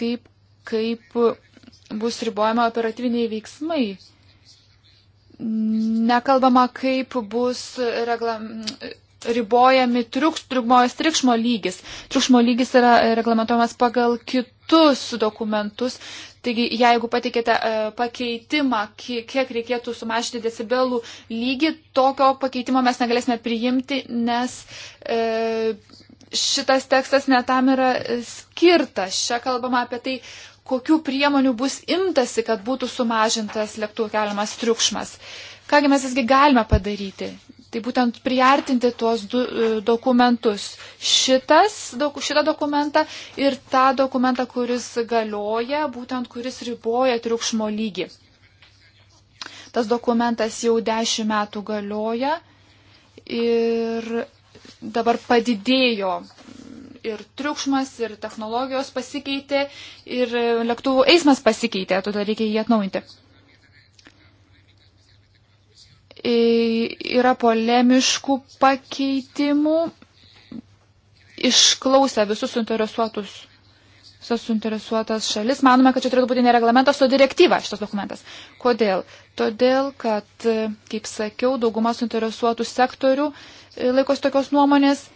taip, kaip bus ribojama operatyviniai veiksmai. Nekalbama, kaip bus reglam, ribojami triuks, ribojas triukšmo lygis. Triukšmo lygis yra reglamentuojamas pagal kitus dokumentus. Taigi, jeigu patikėte e, pakeitimą, kiek, kiek reikėtų sumažinti decibelų lygį, tokio pakeitimo mes negalėsime priimti, nes e, šitas tekstas netam yra e, skirtas. Čia kalbama apie tai, kokių priemonių bus imtasi, kad būtų sumažintas lėktuvų keliamas triukšmas. Kągi mes visgi galime padaryti? Tai būtent priartinti tuos du e, dokumentus. Šitas, šitą dokumentą ir tą dokumentą, kuris galioja, būtent kuris riboja triukšmo lygį. Tas dokumentas jau dešimt metų galioja ir dabar padidėjo ir triukšmas, ir technologijos pasikeitė, ir lėktuvų eismas pasikeitė, todėl reikia jį atnaujinti. E, yra polemiškų pakeitimų, išklausę visus suinteresuotus visas suinteresuotas šalis. Manome, kad čia turėtų būti ne reglamentas, o direktyva šitas dokumentas. Kodėl? Todėl, kad, e, kaip sakiau, dauguma suinteresuotų sektorių e, laikosi tokios nuomonės,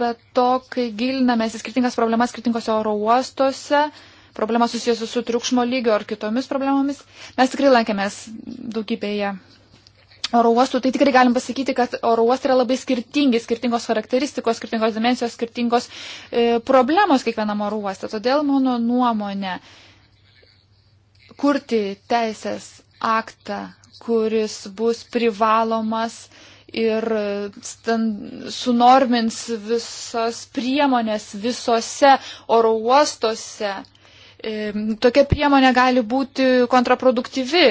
bet to, kai gilinamės į skirtingas problemas skirtingose oro uostuose, problemas susijusios su triukšmo lygio ar kitomis problemomis, mes tikrai lankėmės daugybėje oro uostų, tai tikrai galim pasakyti, kad oro uostai yra labai skirtingi, skirtingos charakteristikos, skirtingos dimensijos, skirtingos e, problemos kiekvienam oro uostą. Todėl mano nuomonė kurti teisės aktą, kuris bus privalomas ir stand, sunormins visas priemonės visose oro uostuose. E, tokia priemonė gali būti kontraproduktyvi,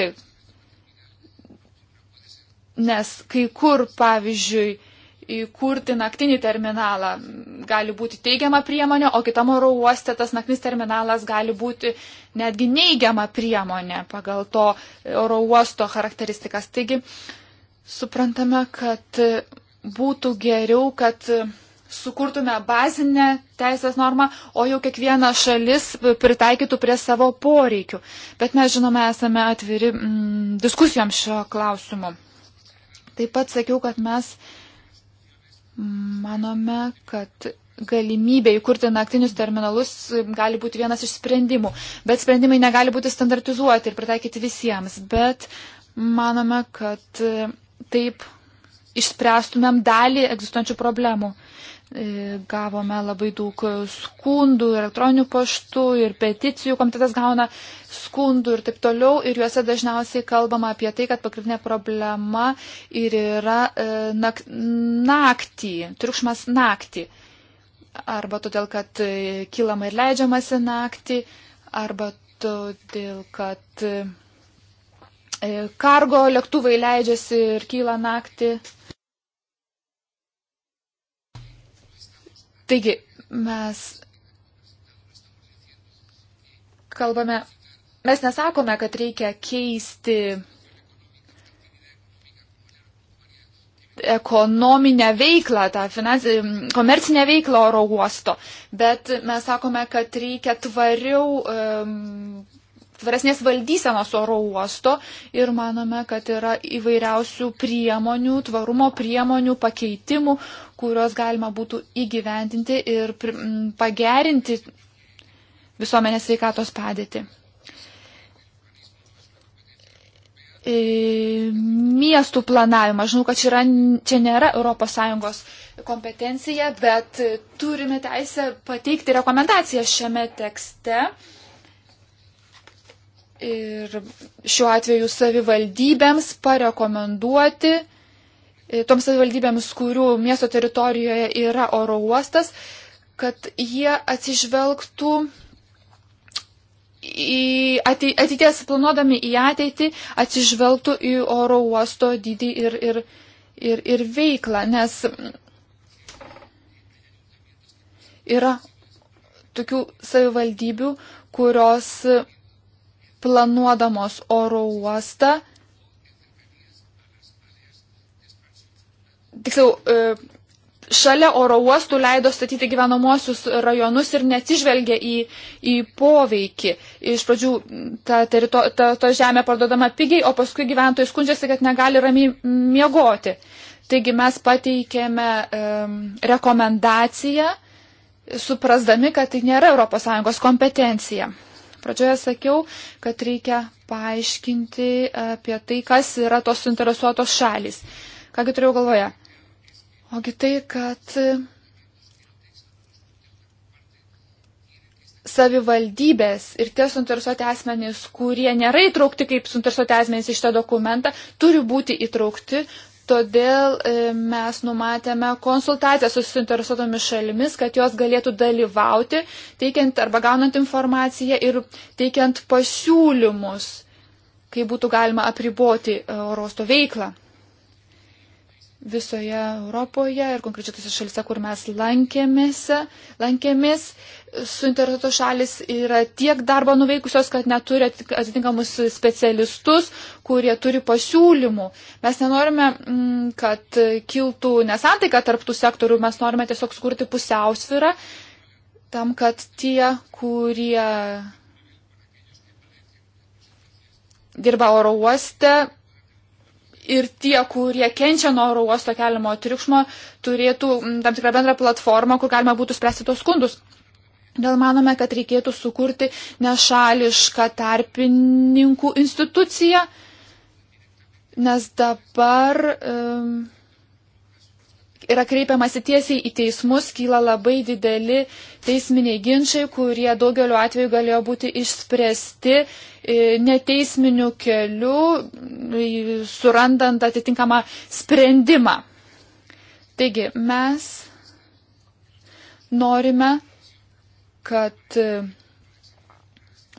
nes kai kur, pavyzdžiui, įkurti naktinį terminalą gali būti teigiama priemonė, o kitam oro uoste tas naktinis terminalas gali būti netgi neigiama priemonė pagal to oro uosto charakteristikas. Taigi suprantame, kad būtų geriau, kad sukurtume bazinę teisės normą, o jau kiekviena šalis pritaikytų prie savo poreikių. Bet mes žinome, esame atviri mm, diskusijoms šio klausimu. Taip pat sakiau, kad mes manome, kad galimybė įkurti naktinius terminalus gali būti vienas iš sprendimų, bet sprendimai negali būti standartizuoti ir pritaikyti visiems. Bet manome, kad taip išspręstumėm dalį egzistuojančių problemų. E, gavome labai daug skundų elektroninių paštų ir peticijų komitetas gauna skundų ir taip toliau. Ir juose dažniausiai kalbama apie tai, kad pagrindinė problema ir yra e, nak naktį, triukšmas naktį. Arba todėl, kad e, kilama ir leidžiamasi naktį, arba todėl, kad kargo lėktuvai leidžiasi ir kyla naktį. Taigi mes kalbame, mes nesakome, kad reikia keisti ekonominę veiklą, tą finans... komercinę veiklą oro uosto, bet mes sakome, kad reikia tvariau um, tvaresnės valdysenos oro uosto ir manome, kad yra įvairiausių priemonių, tvarumo priemonių, pakeitimų, kuriuos galima būtų įgyvendinti ir pagerinti visuomenės veikatos padėtį. E, miestų planavimas. Žinau, kad čia, yra, čia nėra ES kompetencija, bet turime teisę pateikti rekomendaciją šiame tekste ir šiuo atveju savivaldybėms parekomenduoti, e, toms savivaldybėms, kurių miesto teritorijoje yra oro uostas, kad jie atsižvelgtų į ateities planuodami į ateitį, atsižvelgtų į oro uosto dydį ir, ir, ir, ir veiklą, nes yra tokių savivaldybių, kurios planuodamos oro uostą, tiksliau, e, šalia oro uostų leido statyti gyvenamosius rajonus ir neatsižvelgia į, į poveikį. Iš pradžių ta, terito, ta, ta žemė parduodama pigiai, o paskui gyventojai skundžiasi, kad negali ramiai miegoti. Taigi mes pateikėme um, rekomendaciją, suprasdami, kad tai nėra ES kompetencija. Pradžioje sakiau, kad reikia paaiškinti apie tai, kas yra tos suinteresuotos šalis. Kągi turėjau galvoje? Ogi tai, kad savivaldybės ir tie suinteresuoti asmenys, kurie nėra įtraukti kaip suinteresuoti asmenys į šitą dokumentą, turi būti įtraukti, Todėl e, mes numatėme konsultaciją su suinteresuotomis šalimis, kad jos galėtų dalyvauti, teikiant arba gaunant informaciją ir teikiant pasiūlymus, kaip būtų galima apriboti e, orosto veiklą. Visoje Europoje ir konkrečiai tose šalise, kur mes lankėmės, lankėmės suinteresuotos šalis yra tiek darbo nuveikusios, kad neturi atitinkamus specialistus, kurie turi pasiūlymų. Mes nenorime, mm, kad kiltų nesantaika tarptų sektorių, mes norime tiesiog skurti pusiausvyrą tam, kad tie, kurie dirba oro uoste, ir tie, kurie kenčia nuo oro uosto keliamo triukšmo, turėtų mm, tam tikrą bendrą platformą, kur galima būtų spręsti tos skundus. Dėl manome, kad reikėtų sukurti nešališką tarpininkų instituciją, nes dabar um, yra kreipiamasi tiesiai į teismus, kyla labai dideli teisminiai ginčiai, kurie daugeliu atveju galėjo būti išspręsti e, neteisminiu keliu, e, surandant atitinkamą sprendimą. Taigi mes norime kad e,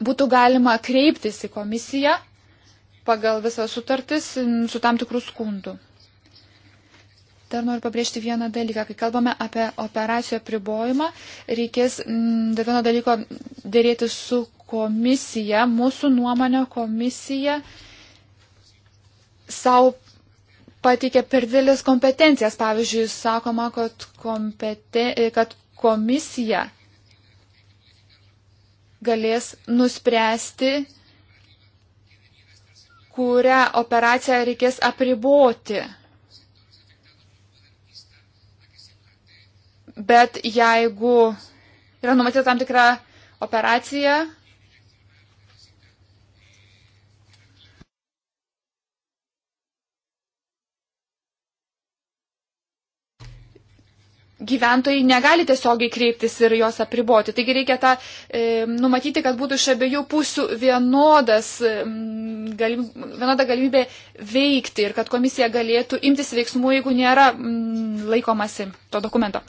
būtų galima kreiptis į komisiją pagal visą sutartis su tam tikrų skundų. Dar noriu pabrėžti vieną dalyką. Kai kalbame apie operacijų apribojimą, reikės dar vieno dalyko dėrėti su komisija. Mūsų nuomonė komisija savo pateikė per didelis kompetencijas. Pavyzdžiui, sakoma, kad, kompeten... kad komisija galės nuspręsti, kurią operaciją reikės apriboti. Bet jeigu yra numatyta tam tikra operacija, gyventojai negali tiesiogiai kreiptis ir jos apriboti. Taigi reikia tą e, numatyti, kad būtų iš abiejų pusių vienodas, galim, vienoda galimybė veikti ir kad komisija galėtų imtis veiksmų, jeigu nėra m, laikomasi to dokumento.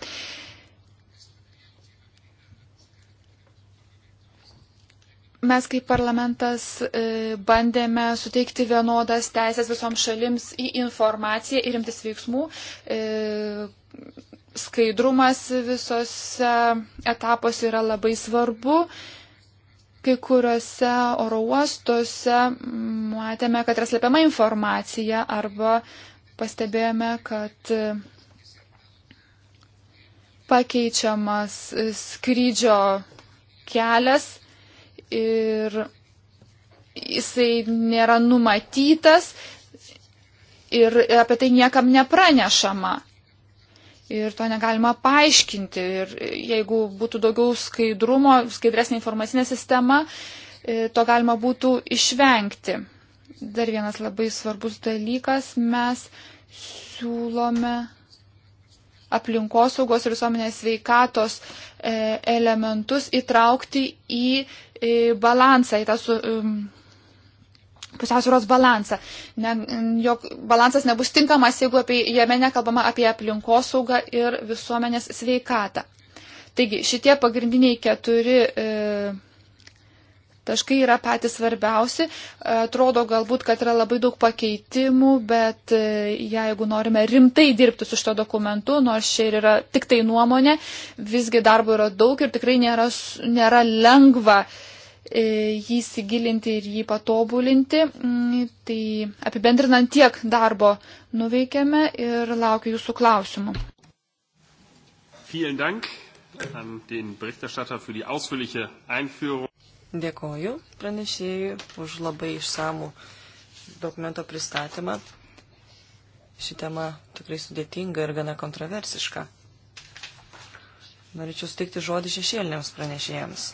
Mes kaip parlamentas e, bandėme suteikti vienodas teisės visoms šalims į informaciją ir imtis veiksmų. E, skaidrumas visose etapuose yra labai svarbu. Kai kuriuose oro uostuose matėme, kad yra slepiama informacija arba pastebėjome, kad pakeičiamas skrydžio kelias ir jisai nėra numatytas ir apie tai niekam nepranešama ir to negalima paaiškinti. Ir jeigu būtų daugiau skaidrumo, skaidresnė informacinė sistema, e, to galima būtų išvengti. Dar vienas labai svarbus dalykas, mes siūlome aplinkosaugos ir visuomenės veikatos e, elementus įtraukti į e, balansą, į tą su, pusiausvėros balansą. Ne, jog balansas nebus tinkamas, jeigu apie, jame nekalbama apie aplinkosaugą ir visuomenės sveikatą. Taigi šitie pagrindiniai keturi e, taškai yra patys svarbiausi. Atrodo galbūt, kad yra labai daug pakeitimų, bet e, jeigu norime rimtai dirbti su šito dokumentu, nors čia ir yra tik tai nuomonė, visgi darbo yra daug ir tikrai nėra, nėra lengva. E, E, jį įsigilinti ir jį patobulinti. Mm, tai apibendrinant tiek darbo nuveikėme ir laukiu jūsų klausimų. Dėkoju pranešėjui už labai išsamų dokumento pristatymą. Ši tema tikrai sudėtinga ir gana kontroversiška. Norėčiau suteikti žodį šešėliniams pranešėjams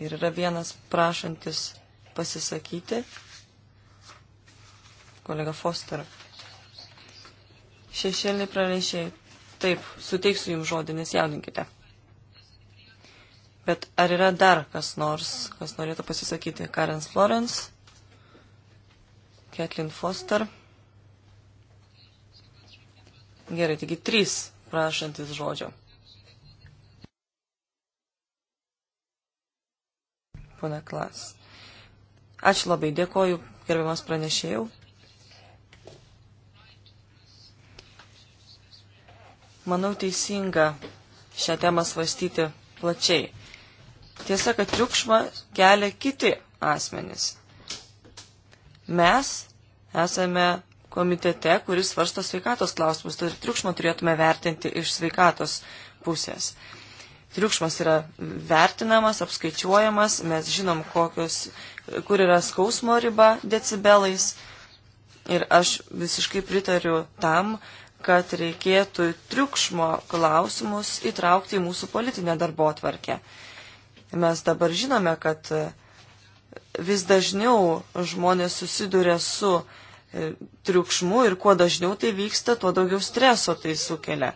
ir yra vienas prašantis pasisakyti, kolega Foster. Šešėlį pranešė, taip, suteiksiu jums žodį, nesjaudinkite. Bet ar yra dar kas nors, kas norėtų pasisakyti? Karen Florence, Kathleen Foster. Gerai, taigi trys prašantis žodžio. pana Klas. Ačiū labai, dėkoju, gerbiamas pranešėjau. Manau teisinga šią temą svastyti plačiai. Tiesa, kad triukšmą kelia kiti asmenys. Mes esame komitete, kuris svarsto sveikatos klausimus, tad triukšmą turėtume vertinti iš sveikatos pusės triukšmas yra vertinamas, apskaičiuojamas, mes žinom, kokios, kur yra skausmo riba decibelais. Ir aš visiškai pritariu tam, kad reikėtų triukšmo klausimus įtraukti į mūsų politinę darbo atvarkę. Mes dabar žinome, kad vis dažniau žmonės susiduria su e, triukšmu ir kuo dažniau tai vyksta, tuo daugiau streso tai sukelia.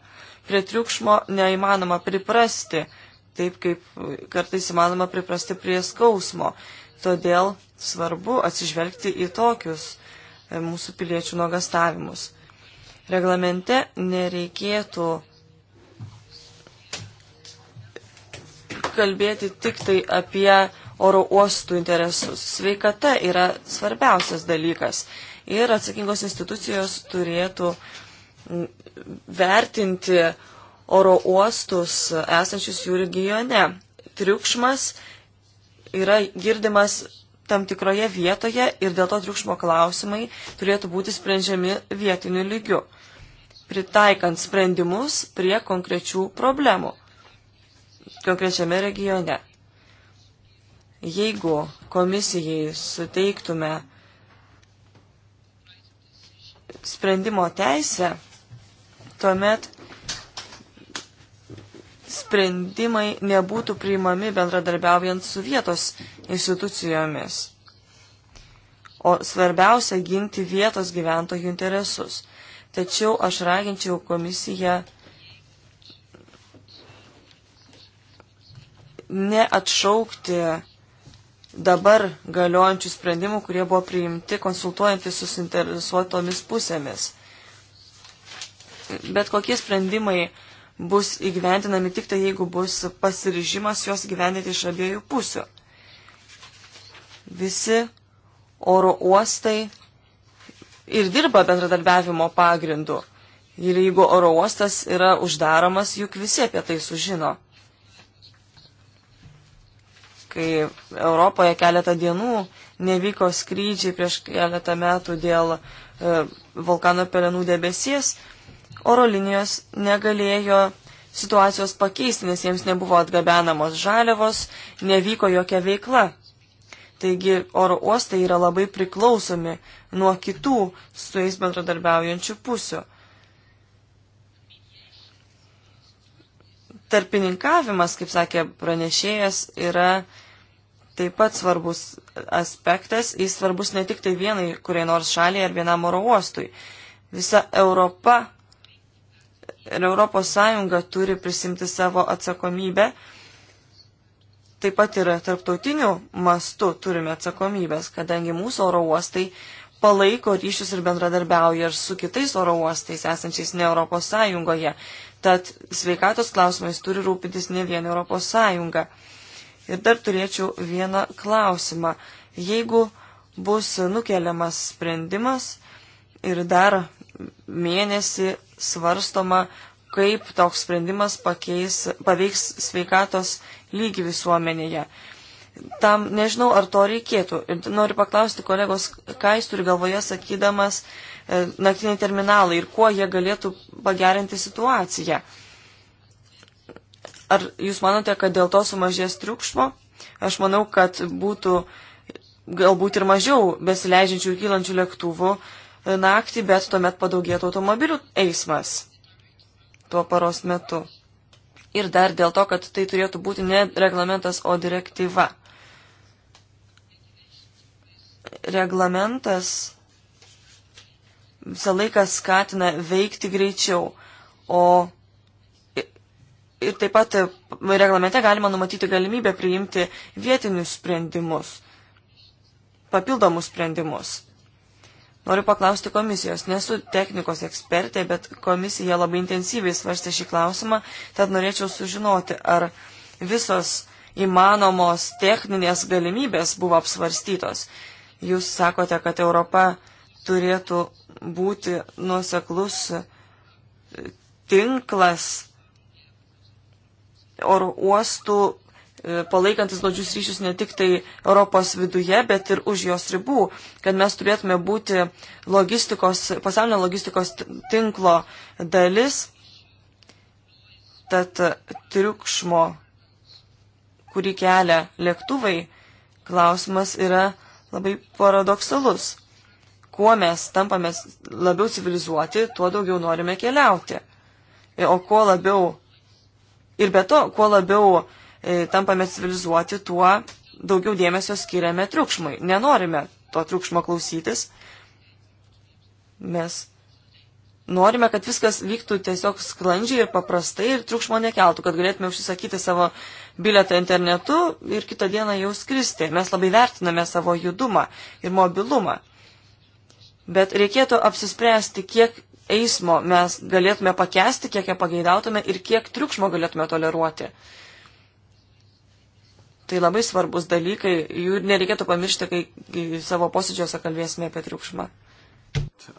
Prie triukšmo neįmanoma priprasti, taip kaip kartais įmanoma priprasti prie skausmo. Todėl svarbu atsižvelgti į tokius e, mūsų piliečių nuogastavimus. Reglamente nereikėtų kalbėti tik tai apie oro uostų interesus. Sveikata yra svarbiausias dalykas ir atsakingos institucijos turėtų uh, vertinti oro uostus esančius jų regione. Triukšmas yra girdimas tam tikroje vietoje ir dėl to triukšmo klausimai turėtų būti sprendžiami vietiniu lygiu, pritaikant sprendimus prie konkrečių problemų konkrečiame regione. Jeigu komisijai suteiktume sprendimo teisę, tuomet sprendimai nebūtų priimami bendradarbiaujant su vietos institucijomis. O svarbiausia ginti vietos gyventojų interesus. Tačiau aš raginčiau komisiją neatšaukti dabar galiojančių sprendimų, kurie buvo priimti konsultuojantys su suinteresuotomis pusėmis bet kokie sprendimai bus įgyventinami tik tai, jeigu bus pasiryžimas juos gyvendyti iš abiejų pusių. Visi oro uostai ir dirba bendradarbiavimo pagrindu. Ir jeigu oro uostas yra uždaromas, juk visi apie tai sužino. Kai Europoje keletą dienų nevyko skrydžiai prieš keletą metų dėl e, vulkano pelenų debesies, oro linijos negalėjo situacijos pakeisti, nes jiems nebuvo atgabenamos žaliavos, nevyko jokia veikla. Taigi oro uostai yra labai priklausomi nuo kitų su jais bendradarbiaujančių pusių. Tarpininkavimas, kaip sakė pranešėjas, yra taip pat svarbus aspektas, jis svarbus ne tik tai vienai kuriai nors šaliai ar vienam oro uostui. Visa Europa ir ES turi prisimti savo atsakomybę. Taip pat ir tarptautinių mastų turime atsakomybės, kadangi mūsų oro uostai palaiko ryšius ir bendradarbiauja ir su kitais oro uostais esančiais ne ES. Tad sveikatos klausimais turi rūpintis ne vien ES. Ir dar turėčiau vieną klausimą. Jeigu bus nukeliamas sprendimas ir dar mėnesį svarstoma, kaip toks sprendimas pakeis, paveiks sveikatos lygį visuomenėje. Tam nežinau, ar to reikėtų. Ir noriu paklausti kolegos, ką jis turi galvoje sakydamas e, naktiniai terminalai ir kuo jie galėtų pagerinti situaciją. Ar jūs manote, kad dėl to sumažės triukšmo? Aš manau, kad būtų galbūt ir mažiau besileidžiančių ir kylančių lėktuvų, naktį, bet tuomet padaugėtų automobilių eismas tuo paros metu. Ir dar dėl to, kad tai turėtų būti ne reglamentas, o direktyva. Reglamentas visą laiką skatina veikti greičiau, o ir taip pat reglamente galima numatyti galimybę priimti vietinius sprendimus, papildomus sprendimus. Noriu paklausti komisijos. Nesu technikos ekspertė, bet komisija labai intensyviai svarstė šį klausimą, tad norėčiau sužinoti, ar visos įmanomos techninės galimybės buvo apsvarstytos. Jūs sakote, kad Europa turėtų būti nuoseklus tinklas oro uostų E, palaikantis glaudžius ryšius ne tik tai Europos viduje, bet ir už jos ribų, kad mes turėtume būti logistikos, pasaulio logistikos tinklo dalis, tad triukšmo, kurį kelia lėktuvai, klausimas yra labai paradoksalus. Kuo mes tampame labiau civilizuoti, tuo daugiau norime keliauti. E, o kuo labiau ir be to, kuo labiau E, tampame civilizuoti, tuo daugiau dėmesio skiriame triukšmui. Nenorime to triukšmo klausytis. Mes norime, kad viskas vyktų tiesiog sklandžiai ir paprastai ir triukšmo nekeltų, kad galėtume užsisakyti savo biletą internetu ir kitą dieną jau skristi. Mes labai vertiname savo judumą ir mobilumą. Bet reikėtų apsispręsti, kiek eismo mes galėtume pakesti, kiek ją pageidautume ir kiek triukšmo galėtume toleruoti. Tai labai svarbus dalykai, jų nereikėtų pamiršti, kai savo posėdžiuose kalbėsime apie triukšmą.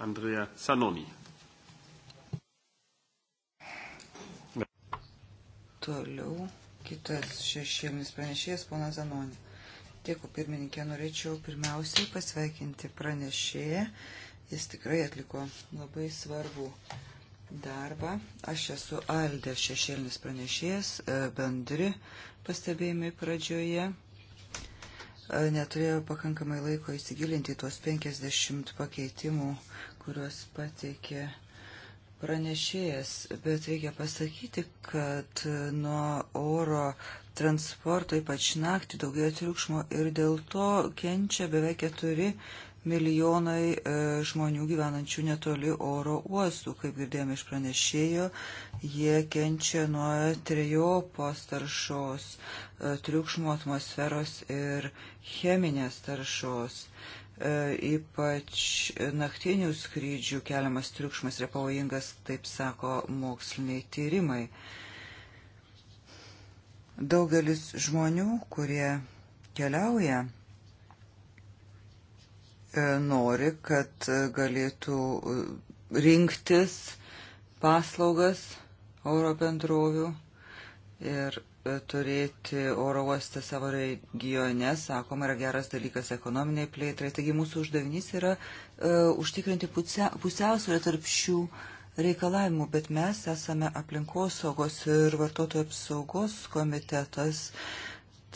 Andrija Sanoni. Toliau kitas šešėlinis pranešėjas, ponas Zanoni. Dėkui pirmininkė, norėčiau pirmiausiai pasveikinti pranešėją. Jis tikrai atliko labai svarbų darbą. Aš esu Aldė šešėlinis pranešėjas, e, bendri pastebėjimai pradžioje. E, neturėjau pakankamai laiko įsigilinti tuos 50 pakeitimų, kuriuos pateikė pranešėjas, bet reikia pasakyti, kad nuo oro transporto, ypač naktį, daugėja triukšmo ir dėl to kenčia beveik 4 milijonai e, žmonių gyvenančių netoli oro uostų. Kaip girdėjome iš pranešėjo, jie kenčia nuo trejopos taršos, e, triukšmo atmosferos ir cheminės taršos. E, ypač naktinių skrydžių keliamas triukšmas yra pavojingas, taip sako moksliniai tyrimai. Daugelis žmonių, kurie keliauja, E, nori, kad e, galėtų e, rinktis paslaugas oro bendrovių ir turėti oro uostą savo regione, sakoma, yra geras dalykas ekonominiai plėtrai. Taigi mūsų uždavinys yra uh, užtikrinti pusiausvyrą tarp šių reikalavimų, bet mes esame aplinkosaugos ir vartotojų apsaugos komitetas,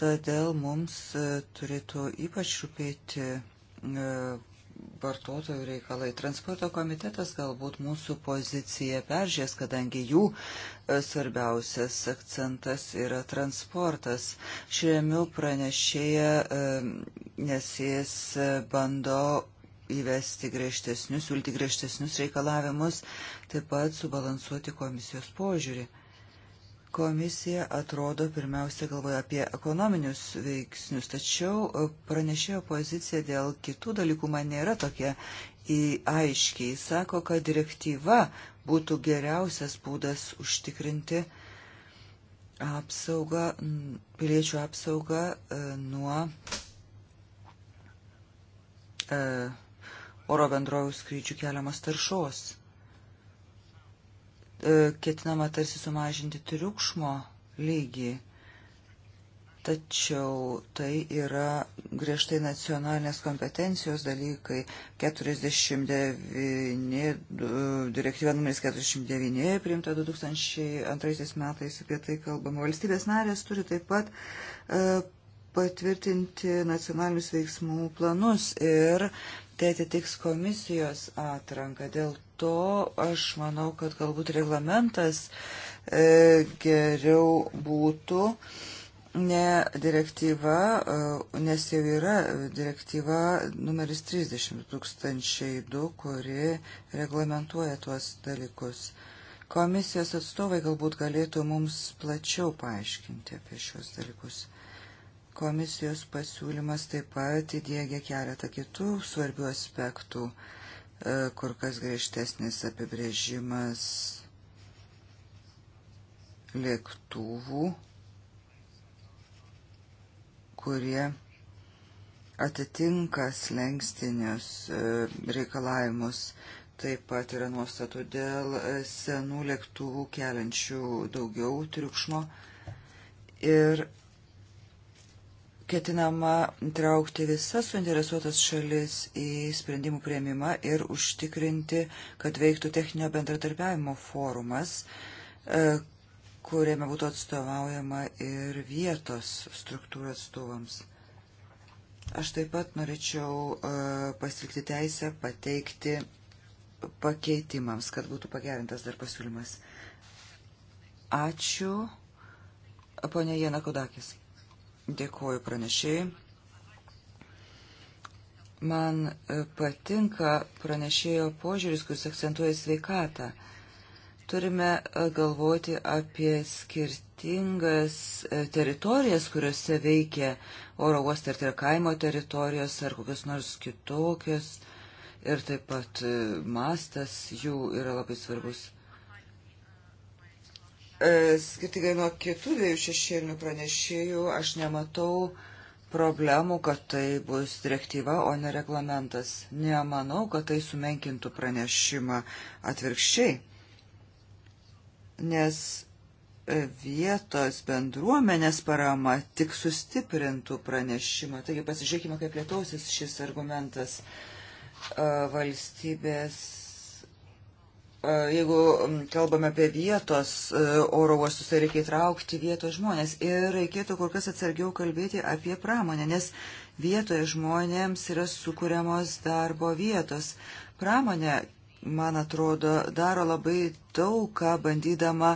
todėl mums uh, turėtų ypač rūpėti E, vartotojų reikalai. Transporto komitetas galbūt mūsų poziciją peržės, kadangi jų e, svarbiausias akcentas yra transportas. Šiame pranešėje, e, nes jis bando įvesti griežtesnius, siūlyti griežtesnius reikalavimus, taip pat subalansuoti komisijos požiūrį. Komisija atrodo pirmiausia galvoja apie ekonominius veiksnius, tačiau e, pranešėjo pozicija dėl kitų dalykų man nėra tokia aiškiai. Sako, kad direktyva būtų geriausias būdas užtikrinti apsaugą, piliečių apsaugą e, nuo e, oro bendrojų skrydžių keliamos taršos. E, ketinama tarsi sumažinti triukšmo lygį. Tačiau tai yra griežtai nacionalinės kompetencijos dalykai. 49, direktyva numeris 49, priimta 2002 metais, apie tai kalbama. Valstybės narės turi taip pat e, patvirtinti nacionalinius veiksmų planus ir tai atitiks komisijos atranką. Dėl to aš manau, kad galbūt reglamentas e, geriau būtų ne direktyva, e, nes jau yra direktyva numeris 30 2002, kuri reglamentuoja tuos dalykus. Komisijos atstovai galbūt galėtų mums plačiau paaiškinti apie šios dalykus. Komisijos pasiūlymas taip pat įdėgia keletą kitų svarbių aspektų, e, kur kas griežtesnis apibrėžimas lėktuvų, kurie atitinka slengstinius e, reikalavimus. Taip pat yra nuostatų dėl e, senų lėktuvų keliančių daugiau triukšmo ir ketinama traukti visas suinteresuotas šalis į sprendimų prieimimą ir užtikrinti, kad veiktų techninio bendradarbiavimo forumas, e, kuriame būtų atstovaujama ir vietos struktūrų atstovams. Aš taip pat norėčiau e, pasilikti teisę pateikti pakeitimams, kad būtų pagerintas dar pasiūlymas. Ačiū, ponė Jena Kodakis. Dėkuoju pranešėjai. Man e, patinka pranešėjo požiūris, kuris akcentuoja sveikatą. Turime e, galvoti apie skirtingas e, teritorijas, kuriuose veikia oro uostai, ar tai yra kaimo teritorijos, ar kokios nors kitokios. Ir taip pat mastas jų yra labai svarbus. E, skirtingai nuo kitų dviejų šešėlinių pranešėjų, aš nematau problemų, kad tai bus direktyva, o ne reglamentas. Nemanau, kad tai sumenkintų pranešimą atvirkščiai, nes vietos bendruomenės parama tik sustiprintų pranešimą. Taigi pasižiūrėkime, kaip lietausis šis argumentas e, valstybės E, jeigu kalbame apie vietos e, oro uostus, tai reikia įtraukti vietos žmonės ir reikėtų kur kas atsargiau kalbėti apie pramonę, nes vietoje žmonėms yra sukūriamos darbo vietos. Pramonė, man atrodo, daro labai daug ką bandydama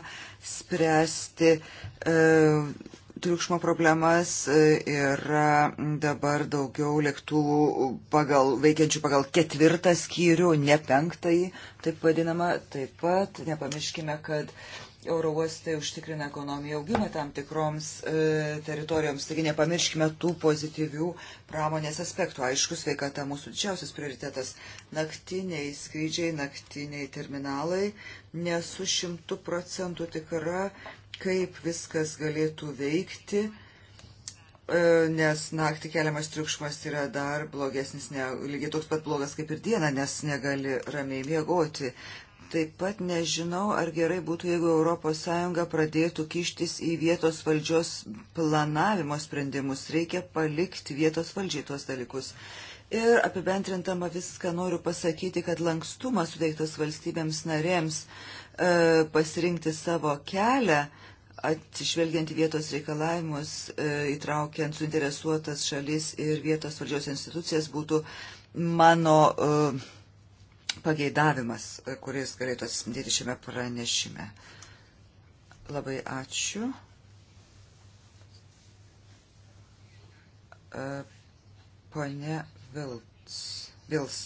spręsti e, triukšmo problemas e, yra dabar daugiau lėktuvų pagal, veikiančių pagal ketvirtą skyrių, ne penktąjį, taip vadinama. Taip pat nepamirškime, kad oro uostai užtikrina ekonomiją augimą tam tikroms e, teritorijoms. Taigi nepamirškime tų pozityvių pramonės aspektų. Aišku, sveikata mūsų didžiausias prioritetas. Naktiniai skrydžiai, naktiniai terminalai. Nesu šimtų procentų tikra, kaip viskas galėtų veikti, e, nes naktį keliamas triukšmas yra dar blogesnis, ne, lygiai toks pat blogas kaip ir diena, nes negali ramiai miegoti. Taip pat nežinau, ar gerai būtų, jeigu ES pradėtų kištis į vietos valdžios planavimo sprendimus. Reikia palikti vietos valdžiai tuos dalykus. Ir apibendrintama viską noriu pasakyti, kad lankstumas suteiktas valstybėms narėms e, pasirinkti savo kelią e, atsižvelgiant į vietos reikalavimus, e, įtraukiant suinteresuotas šalis ir vietos valdžios institucijas būtų mano e, pageidavimas, e, kuris galėtų atsispindėti šiame pranešime. Labai ačiū. Pone Vilts. Vils.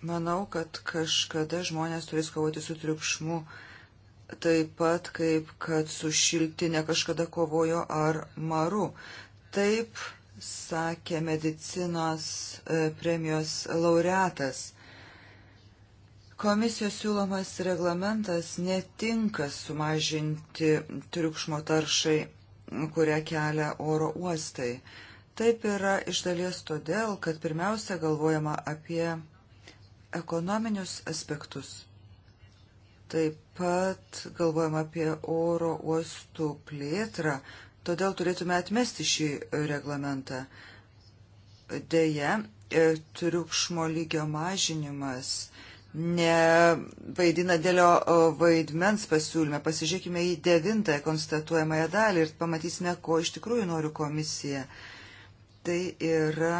Manau, kad kažkada žmonės turės kovoti su triukšmu, taip pat kaip kad su šiltinė kažkada kovojo ar maru. Taip sakė medicinos e, premijos laureatas. Komisijos siūlomas reglamentas netinka sumažinti triukšmo taršai, kurią kelia oro uostai. Taip yra iš dalies todėl, kad pirmiausia galvojama apie ekonominius aspektus. Taip pat galvojam apie oro uostų plėtrą, todėl turėtume atmesti šį reglamentą. Deja, e, triukšmo lygio mažinimas nevaidina dėlio e, vaidmens pasiūlyme. Pasižiūrėkime į devintąją konstatuojamąją dalį ir pamatysime, ko iš tikrųjų nori komisija. Tai yra,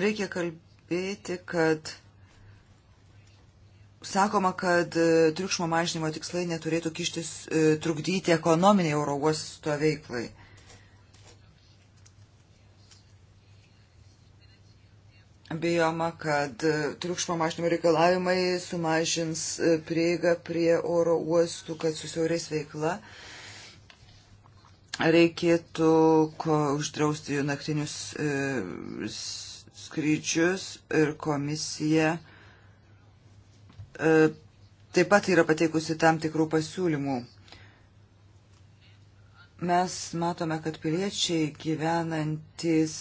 reikia kalbėti pastebėti, kad sakoma, kad e, triukšmo mažinimo tikslai neturėtų kištis e, trukdyti ekonominiai oro uosto veiklai. Bijoma, kad e, triukšmo mažinimo reikalavimai sumažins prieigą prie oro uostų, kad susiaurės veikla. Reikėtų uždrausti naktinius skrydžius ir komisija e, taip pat yra pateikusi tam tikrų pasiūlymų. Mes matome, kad piliečiai gyvenantis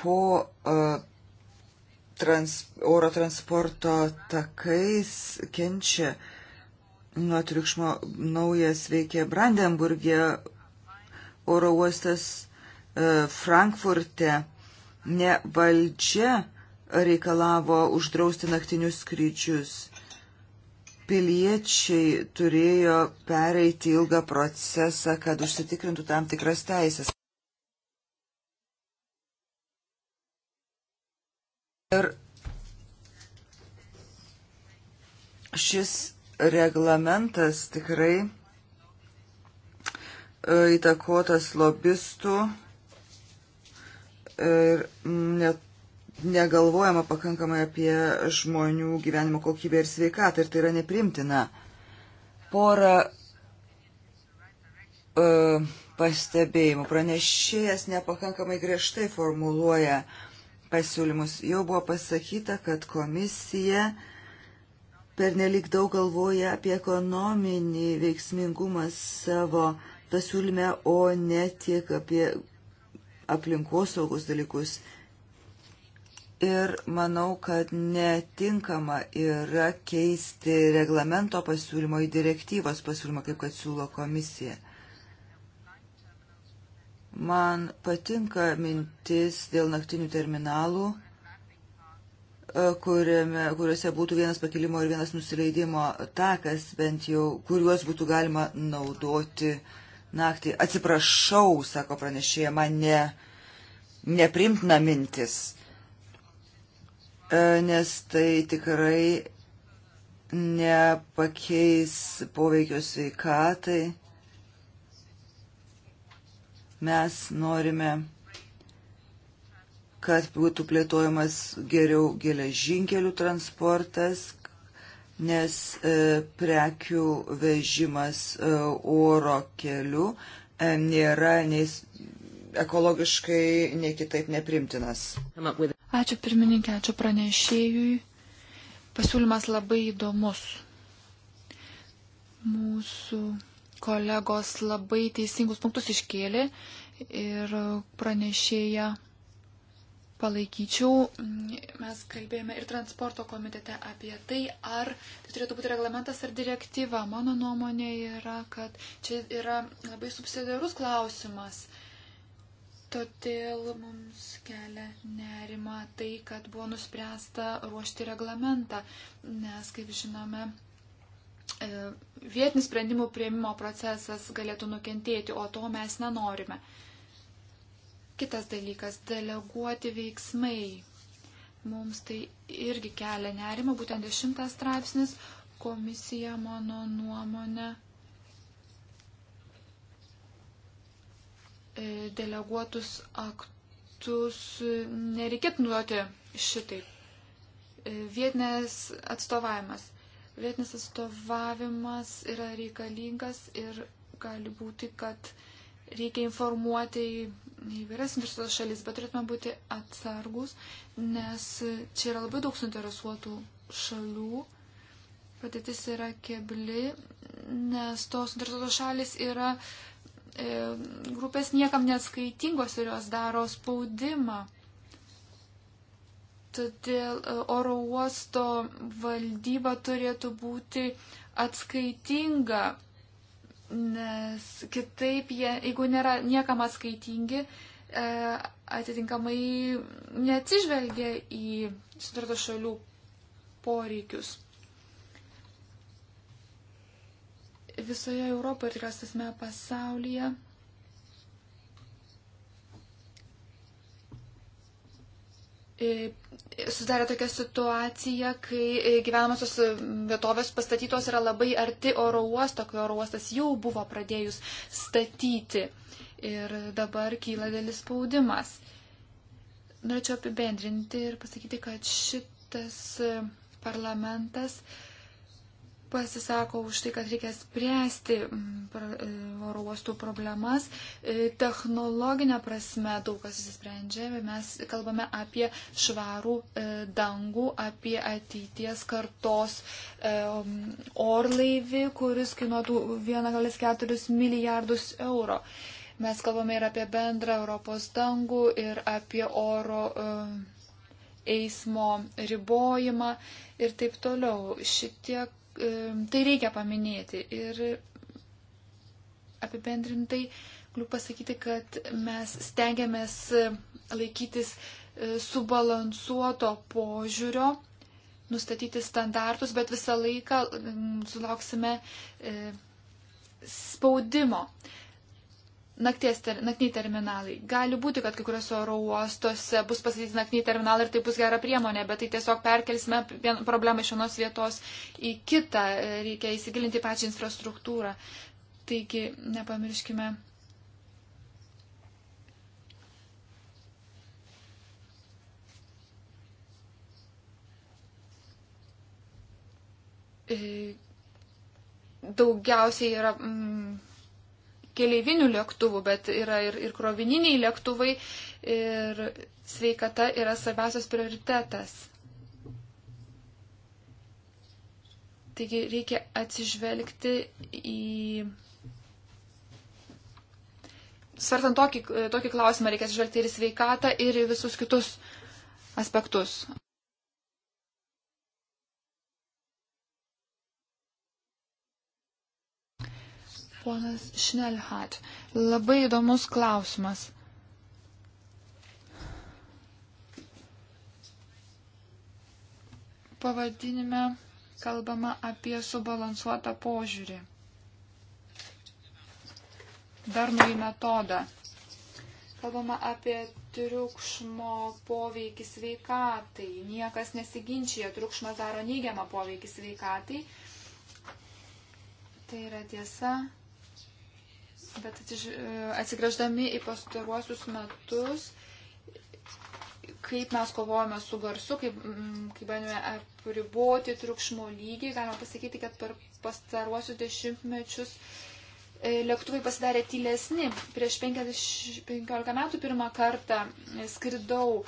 po uh, trans, oro transporto takais kenčia nuo triukšmo naujas veikia Brandenburgė oro uostas uh, Frankfurte ne valdžia reikalavo uždrausti naktinius skrydžius. Piliečiai turėjo pereiti ilgą procesą, kad užsitikrintų tam tikras teisės. Ir šis reglamentas tikrai e, įtakotas lobistų ir net negalvojama pakankamai apie žmonių gyvenimo kokybę ir sveikatą ir tai yra neprimtina. Porą uh, pastebėjimų. Pranešėjas nepakankamai griežtai formuluoja pasiūlymus. Jau buvo pasakyta, kad komisija pernelyg daug galvoja apie ekonominį veiksmingumą savo pasiūlyme, o ne tiek apie aplinkosaugos dalykus. Ir manau, kad netinkama yra keisti reglamento pasiūlymo į direktyvos pasiūlymą, kaip kad siūlo komisija. Man patinka mintis dėl naktinių terminalų, e, kuriame, kuriuose būtų vienas pakilimo ir vienas nusileidimo takas, bent jau kuriuos būtų galima naudoti uh, naktį. Atsiprašau, sako pranešėja, man ne, neprimtina mintis, e, nes tai tikrai nepakeis poveikio sveikatai. Mes norime, kad būtų plėtojamas geriau geležinkelių transportas, nes e, prekių vežimas e, oro keliu e, nėra nei ekologiškai, nei kitaip neprimtinas. Ačiū pirmininkė, ačiū pranešėjui. Pasiūlymas labai įdomus. Mūsų kolegos labai teisingus punktus iškėlė ir pranešėja palaikyčiau. Mes kalbėjome ir transporto komitete apie tai, ar tai turėtų būti reglamentas ar direktyva. Mano nuomonė yra, kad čia yra labai subsidiarus klausimas. Todėl mums kelia nerima tai, kad buvo nuspręsta ruošti reglamentą, nes, kaip žinome, e, vietinis sprendimų prieimimo procesas galėtų nukentėti, o to mes nenorime. Kitas dalykas - deleguoti veiksmai. Mums tai irgi kelia nerima, būtent dešimtas straipsnis komisija mano nuomonė e, deleguotus aktus nereikėtų nuoti šitaip. E, vietinės atstovavimas. Vietinis atstovavimas yra reikalingas ir gali būti, kad reikia informuoti įvairias interesuotas šalis, bet turėtume būti atsargus, nes čia yra labai daug suinteresuotų šalių. Patytis yra kebli, nes tos suinteresuotos šalis yra e, grupės niekam neatskaitingos ir jos daro spaudimą. Todėl e, oro uosto valdyba turėtų būti atskaitinga nes kitaip jie, jeigu nėra niekam atskaitingi, e, atitinkamai neatsižvelgia į sutarto šalių poreikius. Visoje Europoje ir rastasme pasaulyje E, susidarė tokia situacija, kai e, gyvenamosios vietovės pastatytos yra labai arti oro uosto, kai oro uostas jau buvo pradėjus statyti. Ir dabar kyla dėlis spaudimas. Norėčiau apibendrinti ir pasakyti, kad šitas e, parlamentas uh, pasisako už tai, kad reikia spręsti mm, e, oro uostų problemas. E, technologinė prasme daug kas įsisprendžia, mes kalbame apie švarų e, dangų, apie ateities kartos orlaivį, kuris kainuotų 1,4 milijardus eurų. Mes kalbame ir apie bendrą Europos dangų, ir apie oro eismo ribojimą ir taip toliau. Šitie E, tai reikia paminėti. Ir apibendrintai galiu pasakyti, kad mes stengiamės laikytis e, subalansuoto požiūrio, nustatyti standartus, bet visą laiką sulauksime e, spaudimo nakties, ter, naktiniai terminalai. Gali būti, kad kai kuriuose oro uostuose bus pastatyti naktiniai terminalai ir tai bus gera priemonė, bet tai tiesiog perkelsime problemą iš vienos vietos į kitą. Reikia įsigilinti pačią infrastruktūrą. Taigi nepamirškime. E, daugiausiai yra. Mm, keleivinių lėktuvų, bet yra ir, ir krovininiai lėktuvai ir sveikata yra svarbiausias prioritetas. Taigi reikia atsižvelgti į. Svartant tokį, tokį klausimą, reikia atsižvelgti ir į sveikatą, ir į visus kitus aspektus. Ponas Šnelhat, labai įdomus klausimas. Pavadinime kalbama apie subalansuotą požiūrį. Darnų į metodą. Kalbama apie triukšmo poveikį sveikatai. Niekas nesiginčia, triukšmas daro neigiamą poveikį sveikatai. Tai yra tiesa. Bet atsigrėždami į pastaruosius metus, kaip mes kovojame su garsu, kaip, mm, kaip bandėme apriboti triukšmo lygį, galima pasakyti, kad per pastaruosius dešimtmečius e, lėktuvai pasidarė tylesni. Prieš 50, 15 metų pirmą kartą e, skridau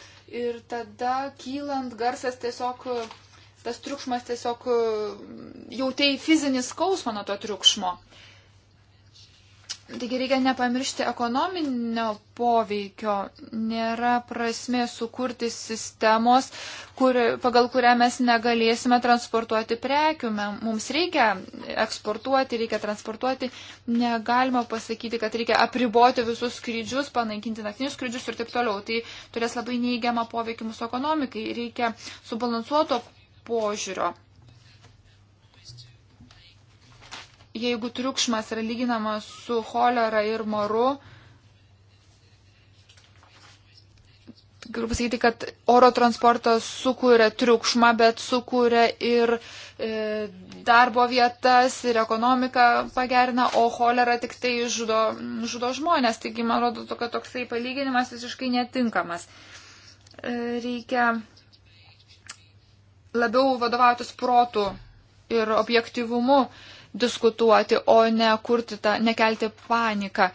ir tada kylant garsas tiesiog, e, tas triukšmas tiesiog jautėjai fizinį skausmą nuo to triukšmo. Uh, Taigi reikia nepamiršti ekonominio poveikio. Nėra prasmė sukurti sistemos, kur, pagal kurią mes negalėsime transportuoti prekių. Mums reikia eksportuoti, reikia transportuoti. Negalima pasakyti, kad reikia apriboti visus skrydžius, panaikinti naktinius skrydžius ir taip toliau. Tai turės labai neįgiamą poveikį mūsų ekonomikai. Reikia subalansuoto požiūrio. jeigu triukšmas yra lyginamas su cholera ir moru, galiu pasakyti, kad oro transportas sukuria triukšmą, bet sukuria ir e, darbo vietas, ir ekonomiką pagerina, o cholera tik tai žudo, žudo žmonės. Taigi, man rodo, kad toksai palyginimas visiškai netinkamas. E, reikia labiau vadovautis protų ir objektivumu. E, diskutuoti, o ne kurti tą, nekelti paniką.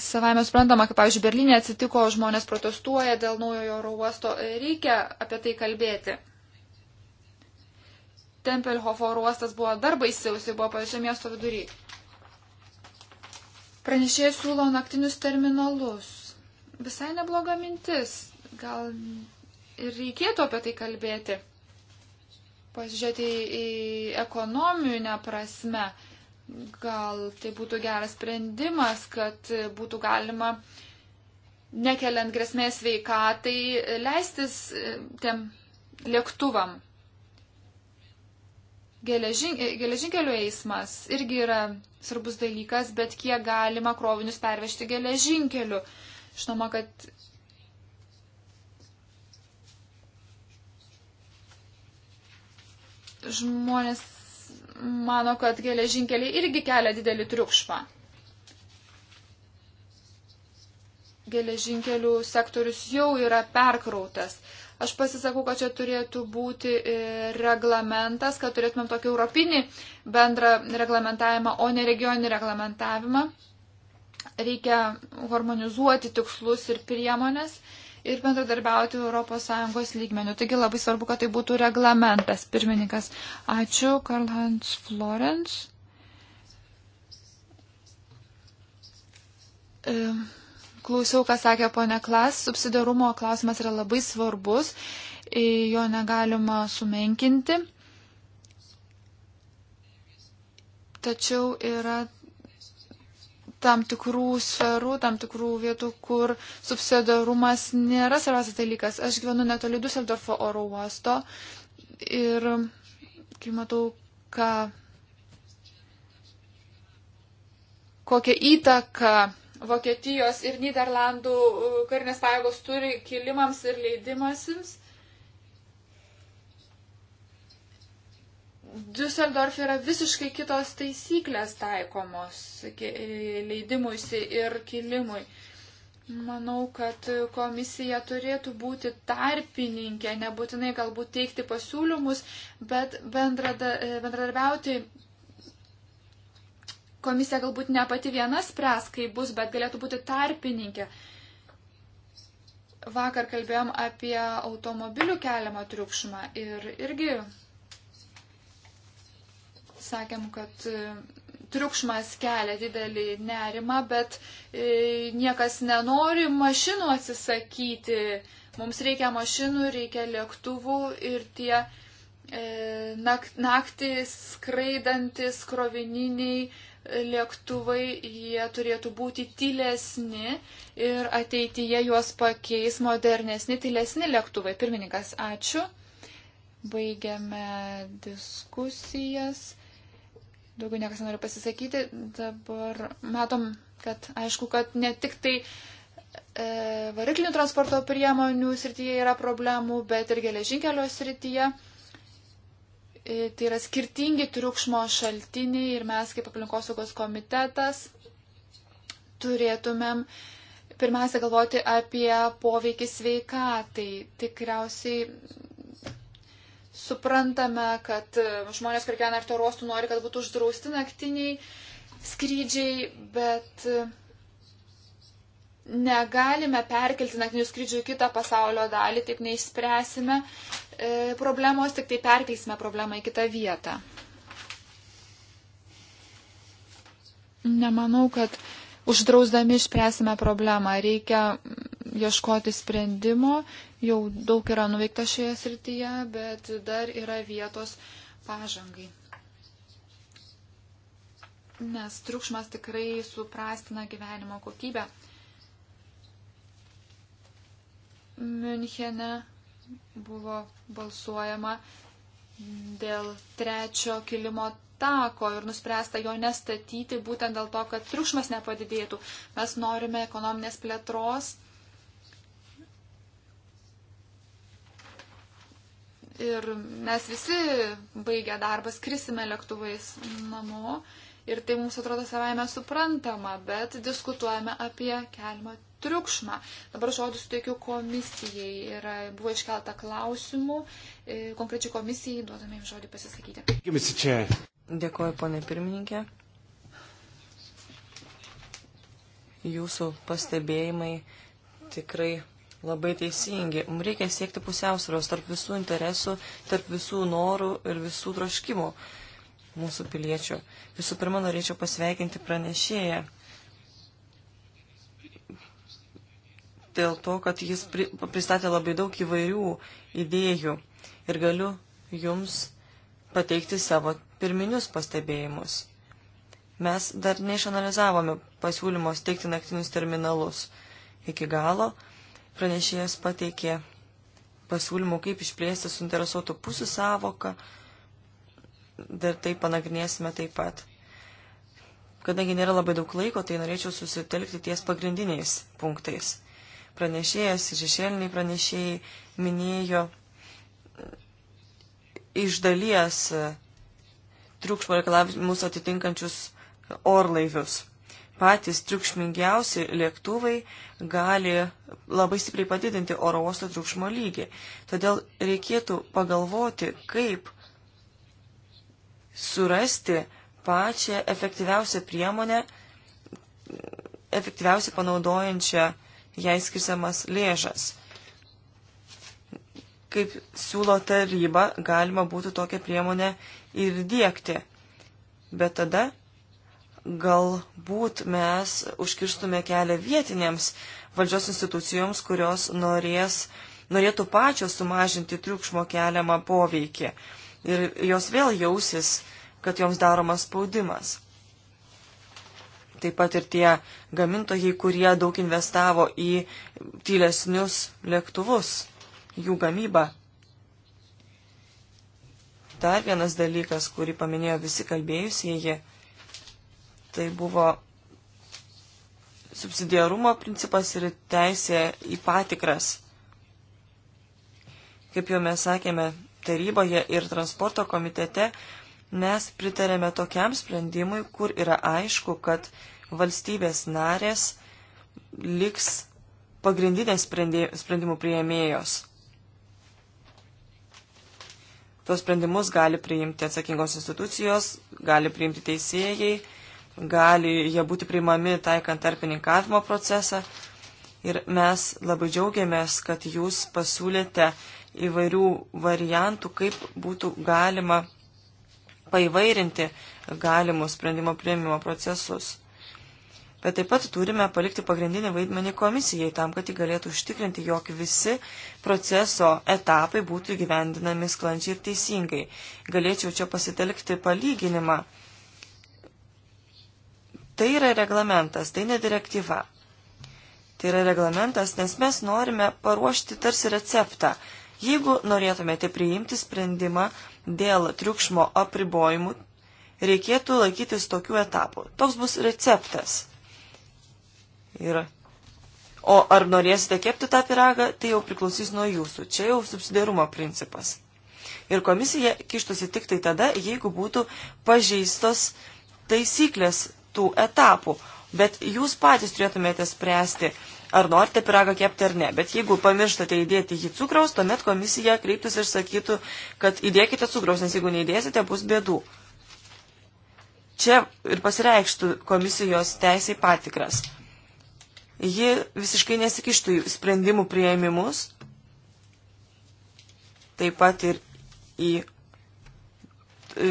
Savai mes suprantama, kaip, pavyzdžiui, Berlinė atsitiko, žmonės protestuoja dėl naujojo oro uosto, reikia apie tai kalbėti. Tempelhofo oro uostas buvo dar baisiausiai, buvo pačiame miesto vidury. Pranešėjas siūlo naktinius terminalus. Visai nebloga mintis. Gal ir reikėtų apie tai kalbėti pasižiūrėti į, į ekonominę prasme. Gal tai būtų geras sprendimas, kad būtų galima, nekeliant grėsmės veikatai, leistis e, tiem lėktuvam. Geležin, e, geležinkelių eismas irgi yra svarbus dalykas, bet kiek galima krovinius pervežti geležinkeliu. Žinoma, kad žmonės mano, kad geležinkeliai irgi kelia didelį triukšmą. Geležinkelių sektorius jau yra perkrautas. Aš pasisakau, kad čia turėtų būti e, reglamentas, kad turėtumėm tokį europinį bendrą reglamentavimą, o ne regioninį reglamentavimą. Reikia harmonizuoti tikslus ir priemonės ir bendradarbiauti ES lygmenių. Taigi labai svarbu, kad tai būtų reglamentas. Pirmininkas, ačiū, Karl-Hans Florence. Klausiau, ką sakė ponė Klas, subsidarumo klausimas yra labai svarbus, e, jo negalima sumenkinti. Tačiau yra tam tikrų sferų, tam tikrų vietų, kur subsidarumas nėra svarbiausias dalykas. Aš gyvenu netoli Düsseldorfo oro uosto ir kai matau, ką, kokią įtaką Vokietijos ir Niderlandų uh, karinės pajėgos turi kilimams ir leidimasims Düsseldorf yra visiškai kitos taisyklės taikomos e, leidimuisi ir kilimui. Manau, kad komisija turėtų būti tarpininkė, nebūtinai galbūt teikti pasiūlymus, bet bendrada, e, bendradarbiauti. Komisija galbūt ne pati viena spręs, kai bus, bet galėtų būti tarpininkė. Vakar kalbėjom apie automobilių keliamą triukšmą ir irgi sakėm, kad e, triukšmas kelia didelį nerimą, bet e, niekas nenori mašinų atsisakyti. Mums reikia mašinų, reikia lėktuvų ir tie e, naktį skraidantis krovininiai lėktuvai, jie turėtų būti tylesni ir ateityje juos pakeis modernesni, tylesni lėktuvai. Pirmininkas, ačiū. Baigiame diskusijas. Daugiau niekas nori pasisakyti. Dabar matom, kad aišku, kad ne tik tai e, variklinių transporto priemonių srityje yra problemų, bet ir geležinkelio srityje. E, tai yra skirtingi triukšmo šaltiniai ir mes kaip aplinkosaugos komitetas turėtumėm pirmiausia galvoti apie poveikį sveikatai. Tikriausiai suprantame, kad e, žmonės, kurie gyvena arti orostų, nori, kad būtų uždrausti naktiniai skrydžiai, bet e, negalime perkelti naktinių skrydžių į kitą pasaulio dalį, taip neišspręsime e, problemos, tik tai perkelsime problemą į kitą vietą. Nemanau, kad uždrausdami išspręsime problemą. Reikia ieškoti sprendimo, jau daug yra nuveikta šioje srityje, bet dar yra vietos pažangai. Nes triukšmas tikrai suprastina gyvenimo kokybę. Münchene buvo balsuojama dėl trečio kilimo tako ir nuspręsta jo nestatyti būtent dėl to, kad triukšmas nepadidėtų. Mes norime ekonominės plėtros. Ir mes visi baigę darbą skrisime lėktuvais namo ir tai mums atrodo savaime suprantama, bet diskutuojame apie kelimo triukšmą. Dabar žodžiu suteikiu komisijai ir buvo iškelta klausimų, e, konkrečiai komisijai duodame jums žodį pasisakyti. Dėkuoju, ponė pirmininkė. Jūsų pastebėjimai tikrai labai teisingi. Mums reikia siekti pusiausvėros tarp visų interesų, tarp visų norų ir visų troškimų mūsų piliečių. Visų pirma, norėčiau pasveikinti pranešėją dėl to, kad jis pristatė labai daug įvairių idėjų. Ir galiu jums pateikti savo pirminius pastebėjimus. Mes dar neišanalizavome pasiūlymo steigti naktinius terminalus. Iki galo pranešėjas pateikė pasiūlymų, kaip išplėsti suinteresuotų pusių savoką. Dar tai panagrinėsime taip pat. Kadangi nėra labai daug laiko, tai norėčiau susitelkti ties pagrindiniais punktais. Pranešėjas ir šešėliniai pranešėjai minėjo iš dalies e, triukšmo reikalavimus atitinkančius orlaivius. Patys triukšmingiausi lėktuvai gali labai stipriai padidinti oro uosto triukšmo lygį. Todėl reikėtų pagalvoti, kaip surasti pačią efektyviausią priemonę, efektyviausiai panaudojančią jai skirsiamas lėšas kaip siūlo taryba, galima būtų tokią priemonę ir dėkti. Bet tada galbūt mes užkirstume kelią vietinėms valdžios institucijoms, kurios norės, norėtų pačios sumažinti triukšmo keliamą poveikį. Ir jos vėl jausis, kad joms daromas spaudimas. Taip pat ir tie gamintojai, kurie daug investavo į tylesnius lėktuvus jų gamybą. Dar vienas dalykas, kurį paminėjo visi kalbėjusieji, tai buvo subsidiarumo principas ir teisė į patikras. Kaip jau mes sakėme taryboje ir transporto komitete, mes pritarėme tokiam sprendimui, kur yra aišku, kad valstybės narės liks pagrindinės sprendimų prieimėjos. Tuos sprendimus gali priimti atsakingos institucijos, gali priimti teisėjai, gali jie būti priimami taikant tarpininkavimo procesą. Ir mes labai džiaugiamės, kad jūs pasiūlėte įvairių variantų, kaip būtų galima paivairinti galimus sprendimo prieimimo procesus bet taip pat turime palikti pagrindinį vaidmenį komisijai tam, kad ji galėtų užtikrinti, jog visi proceso etapai būtų gyvendinami sklandžiai ir teisingai. Galėčiau čia pasitelkti palyginimą. Tai yra reglamentas, tai ne direktyva. Tai yra reglamentas, nes mes norime paruošti tarsi receptą. Jeigu norėtumėte priimti sprendimą dėl triukšmo apribojimų, reikėtų laikytis tokių etapų. Toks bus receptas. Ir, o ar norėsite kepti tą piragą, tai jau priklausys nuo jūsų. Čia jau subsidiarumo principas. Ir komisija kištusi tik tai tada, jeigu būtų pažeistos taisyklės tų etapų. Bet jūs patys turėtumėte spręsti, ar norite piragą kepti ar ne. Bet jeigu pamirštate įdėti jį cukraus, tuomet komisija kreiptųsi ir sakytų, kad įdėkite cukraus, nes jeigu neįdėsite, bus bėdų. Čia ir pasireikštų komisijos teisiai patikras ji visiškai nesikištų į sprendimų prieimimus, taip pat ir į e,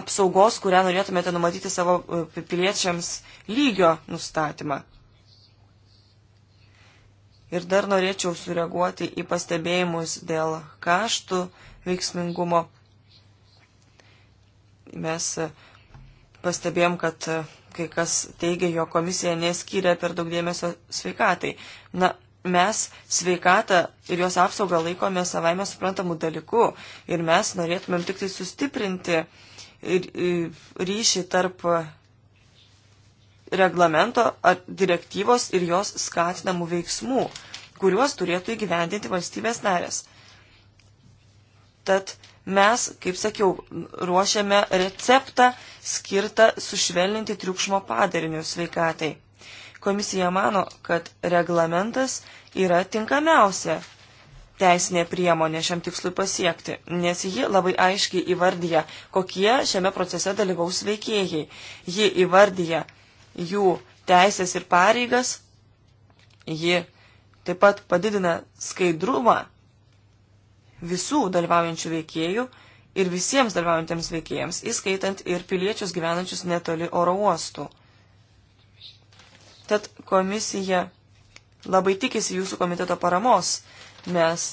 apsaugos, kurią norėtumėte numatyti savo e, piliečiams lygio nustatymą. Ir dar norėčiau sureaguoti į pastebėjimus dėl kaštų veiksmingumo. Mes e, pastebėjom, kad kai kas teigia, jo komisija neskiria per daug dėmesio sveikatai. Na, mes sveikatą ir jos apsaugą laikome savaime suprantamų dalykų ir mes norėtumėm tik tai sustiprinti ryšį tarp reglamento ar direktyvos ir jos skatinamų veiksmų, kuriuos turėtų įgyvendinti valstybės narės. Tad mes, kaip sakiau, ruošiame receptą skirta sušvelninti triukšmo padarinius sveikatai. Komisija mano, kad reglamentas yra tinkamiausia teisinė priemonė šiam tikslui pasiekti, nes ji labai aiškiai įvardyja, kokie šiame procese dalyvaus veikėjai. Ji įvardyja jų teisės ir pareigas, ji taip pat padidina skaidrumą visų dalyvaujančių veikėjų ir visiems dalyvaujantiems veikėjams, įskaitant ir piliečius gyvenančius netoli oro uostų. Tad komisija labai tikisi jūsų komiteto paramos. Mes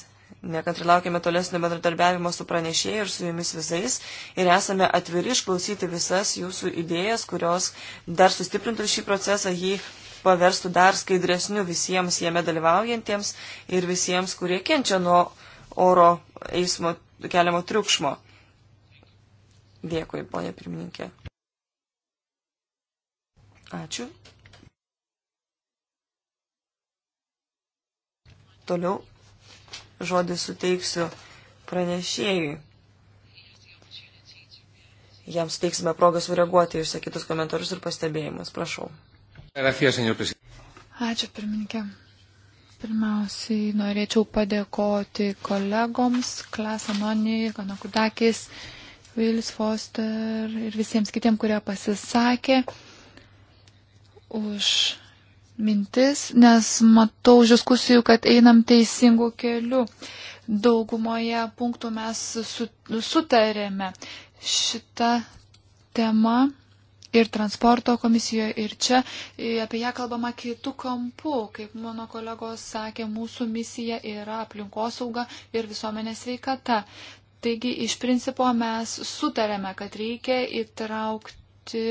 nekantri laukiame tolesnio bendradarbiavimo su pranešėjai ir su jumis visais ir esame atviri išklausyti visas jūsų idėjas, kurios dar sustiprintų šį procesą, jį paverstų dar skaidresniu visiems jame dalyvaujantiems ir visiems, kurie kenčia nuo oro eismo keliamo triukšmo. Dėkui, ponė pirmininkė. Ačiū. Toliau žodį suteiksiu pranešėjui. Jam suteiksime progą sureaguoti išsakytus komentarus ir pastebėjimus. Prašau. Ačiū, pirmininkė. Pirmiausiai norėčiau padėkoti kolegoms, Klasanonijai, Kanakudakis. Kudakis Vilis Foster ir visiems kitiems, kurie pasisakė už mintis, nes matau už diskusijų, kad einam teisingu keliu. Daugumoje punktų mes sutarėme. Šita tema ir transporto komisijoje, ir čia apie ją kalbama kitų kampų. Kaip mano kolegos sakė, mūsų misija yra aplinkosauga ir visuomenės veikata. Taigi, iš principo mes sutarėme, kad reikia įtraukti,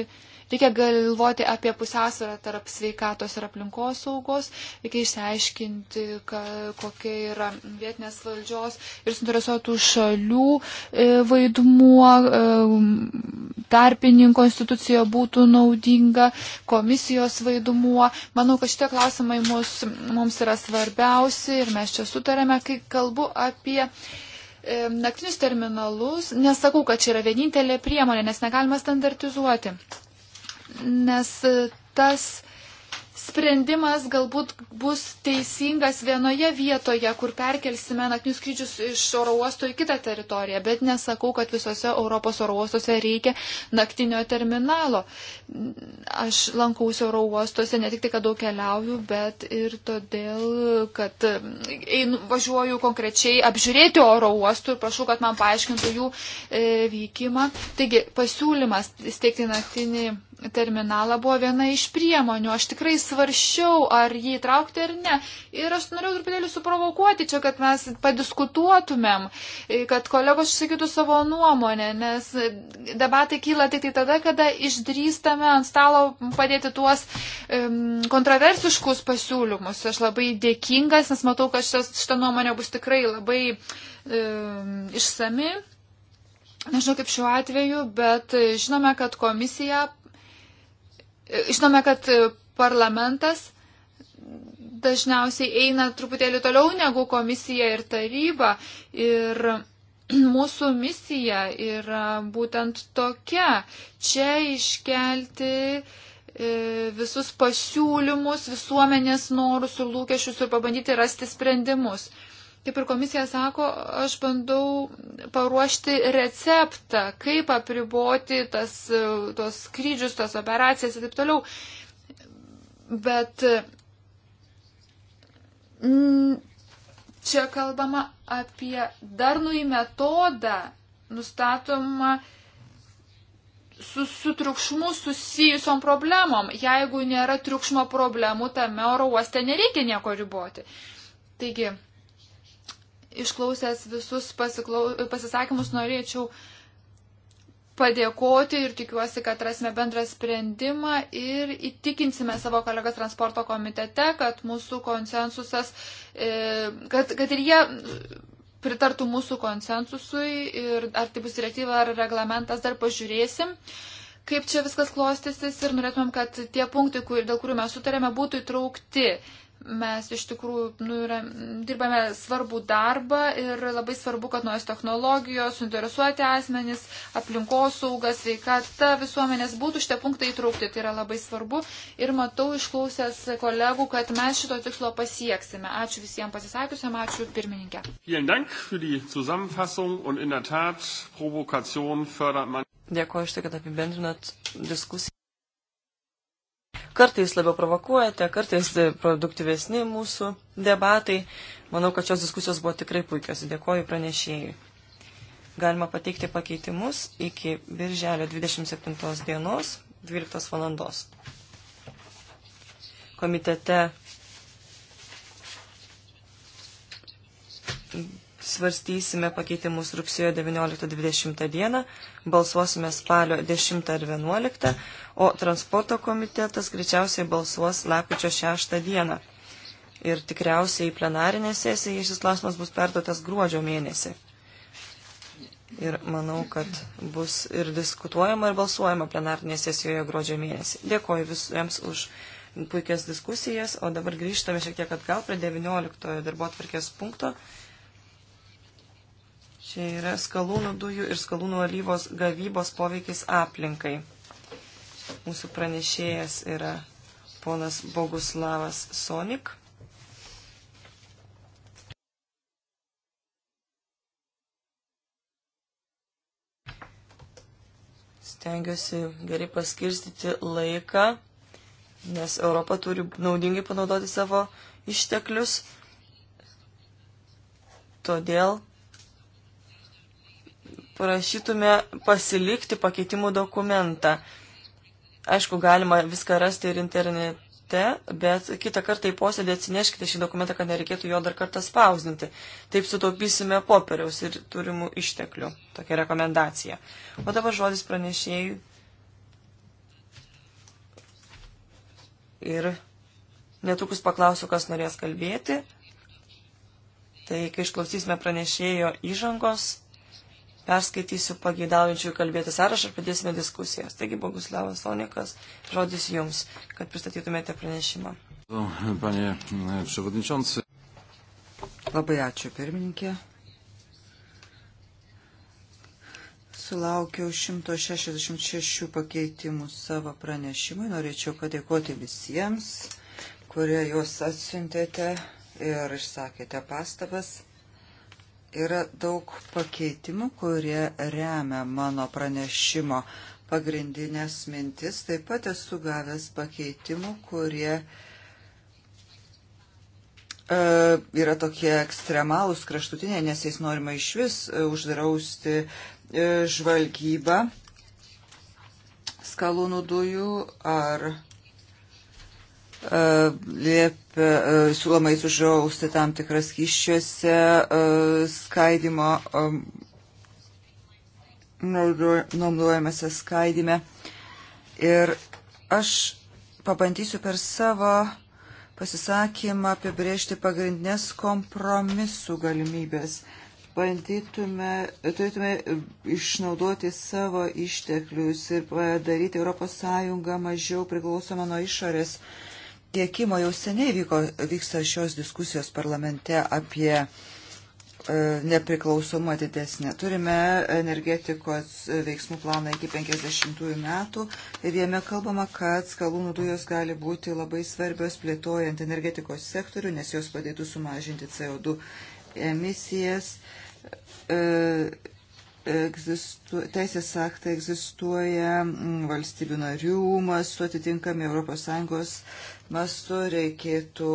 reikia galvoti apie pusiausvyrą tarp sveikatos ir aplinkos saugos, reikia išsiaiškinti, ka, kokia yra vietinės valdžios ir suinteresuotų šalių e, vaidmuo, e, tarpininko institucija būtų naudinga, komisijos vaidmuo. Manau, kad šitie klausimai mus, mums yra svarbiausi ir mes čia sutarėme, kai kalbu apie E, naktinius terminalus, nesakau, kad čia yra vienintelė priemonė, nes negalima standartizuoti. Nes tas sprendimas galbūt bus teisingas vienoje vietoje, kur perkelsime naktinius skrydžius iš oro uosto į kitą teritoriją, bet nesakau, kad visose Europos oro uostuose reikia naktinio terminalo. Aš lankausi oro uostuose ne tik tai, kad daug keliauju, bet ir todėl, kad um, einu, važiuoju konkrečiai apžiūrėti oro uostų ir prašau, kad man paaiškintų jų e, vykimą. Taigi, pasiūlymas steigti naktinį terminalą buvo viena iš priemonių. Aš tikrai svaršiau, ar jį įtraukti ar ne. Ir aš norėjau truputėlį suprovokuoti čia, kad mes padiskutuotumėm, e, kad kolegos išsakytų savo nuomonę, nes debatai kyla tik tai tada, kada išdrįstame ant stalo padėti tuos um, kontroversiškus pasiūlymus. Aš labai dėkingas, nes matau, kad šitas, šita nuomonė bus tikrai labai um, išsami. Nežinau kaip šiuo atveju, bet e, žinome, kad komisija Žinome, kad parlamentas dažniausiai eina truputėlį toliau negu komisija ir taryba. Ir mūsų misija yra būtent tokia. Čia iškelti e, visus pasiūlymus, visuomenės norus ir lūkesčius ir pabandyti rasti sprendimus. Kaip ir komisija sako, aš bandau paruošti receptą, kaip apriboti tas, tos skrydžius, tas operacijas ir taip toliau. Bet mm, čia kalbama apie darnų į metodą nustatoma su, su triukšmu susijusiom problemom. Jeigu nėra triukšmo problemų, tame oro uoste nereikia nieko riboti. Taigi, išklausęs visus pasiklau... pasisakymus, norėčiau padėkoti ir tikiuosi, kad rasime bendrą sprendimą ir įtikinsime savo kolegas transporto komitete, kad mūsų konsensusas, e, kad, kad ir jie pritartų mūsų konsensusui ir ar tai bus direktyva ar reglamentas, dar pažiūrėsim. Kaip čia viskas klostysis ir norėtumėm, kad tie punktai, kur, dėl kurių mes sutarėme, būtų įtraukti Mes iš tikrųjų nu, yra, dirbame svarbų darbą ir labai svarbu, kad nuos technologijos, suinteresuoti asmenys, aplinkosaugas, sveikata visuomenės būtų šitie punktai įtraukti. Tai yra labai svarbu ir matau išklausęs kolegų, kad mes šito tikslo pasieksime. Ačiū visiems pasisakiusiam, ačiū pirmininkė. Dėkuoju, tai, kad apibendrinat diskusiją. Kartais labiau provokuojate, kartais produktyvesni mūsų debatai. Manau, kad šios diskusijos buvo tikrai puikios. Dėkoju pranešėjui. Galima pateikti pakeitimus iki birželio 27 dienos 12 valandos. Komitete svarstysime pakeitimus rugsėjo 19-20 dieną, balsuosime spalio 10 ar 11, o transporto komitetas greičiausiai balsuos lapkričio 6 dieną. Ir tikriausiai plenarinė sesija šis klausimas bus perduotas gruodžio mėnesį. Ir manau, kad bus ir diskutuojama, ir balsuojama plenarinėje sesijoje gruodžio mėnesį. Dėkoju visiems už puikias diskusijas, o dabar grįžtame šiek tiek atgal prie 19 darbo atvarkės punkto. Čia yra skalūnų dujų ir skalūnų alyvos gavybos poveikis aplinkai. Mūsų pranešėjas yra ponas Boguslavas Sonik. Stengiuosi gerai paskirstyti laiką, nes Europa turi naudingai panaudoti savo išteklius. Todėl prašytume pasilikti pakeitimų dokumentą. Aišku, galima viską rasti ir internete, bet kitą kartą į posėdį atsineškite šį dokumentą, kad nereikėtų jo dar kartą spausdinti. Taip sutaupysime popieriaus ir turimų išteklių. Tokia rekomendacija. O dabar žodis pranešėjai. Ir netrukus paklausiu, kas norės kalbėti. Tai kai išklausysime pranešėjo įžangos, perskaitysiu pageidaujančių kalbėti sąrašą ir pradėsime diskusijas. Taigi, Boguslavas Sonikas, žodis jums, kad pristatytumėte pranešimą. Panie Przewodniczący. Labai ačiū, pirmininkė. Sulaukiau 166 pakeitimų savo pranešimui. Norėčiau padėkoti visiems, kurie juos atsiuntėte ir išsakėte pastabas. Yra daug pakeitimų, kurie remia mano pranešimo pagrindinės mintis. Taip pat esu gavęs pakeitimų, kurie e, yra tokie ekstremalūs kraštutiniai, nes jais norima iš vis e, uždrausti e, žvalgybą skalūnų dujų ar liepia, e, siūloma įsužausti tam tikras kiščiuose e, skaidimo, e, naudojamasi skaidime. Ir aš pabandysiu per savo pasisakymą apibriežti pagrindinės kompromisų galimybės. Bandytume, turėtume išnaudoti savo išteklius ir padaryti ES mažiau priklausomą nuo išorės uh, tiekimo jau seniai vyko, vyksta šios diskusijos parlamente apie e, nepriklausomą didesnę. Turime energetikos veiksmų planą iki 50 metų ir jame kalbama, kad skalūnų dujos gali būti labai svarbios plėtojant energetikos sektorių, nes jos padėtų sumažinti CO2 emisijas. E, egzistu, teisės aktai egzistuoja valstybių narių su atitinkami ES mastu, reikėtų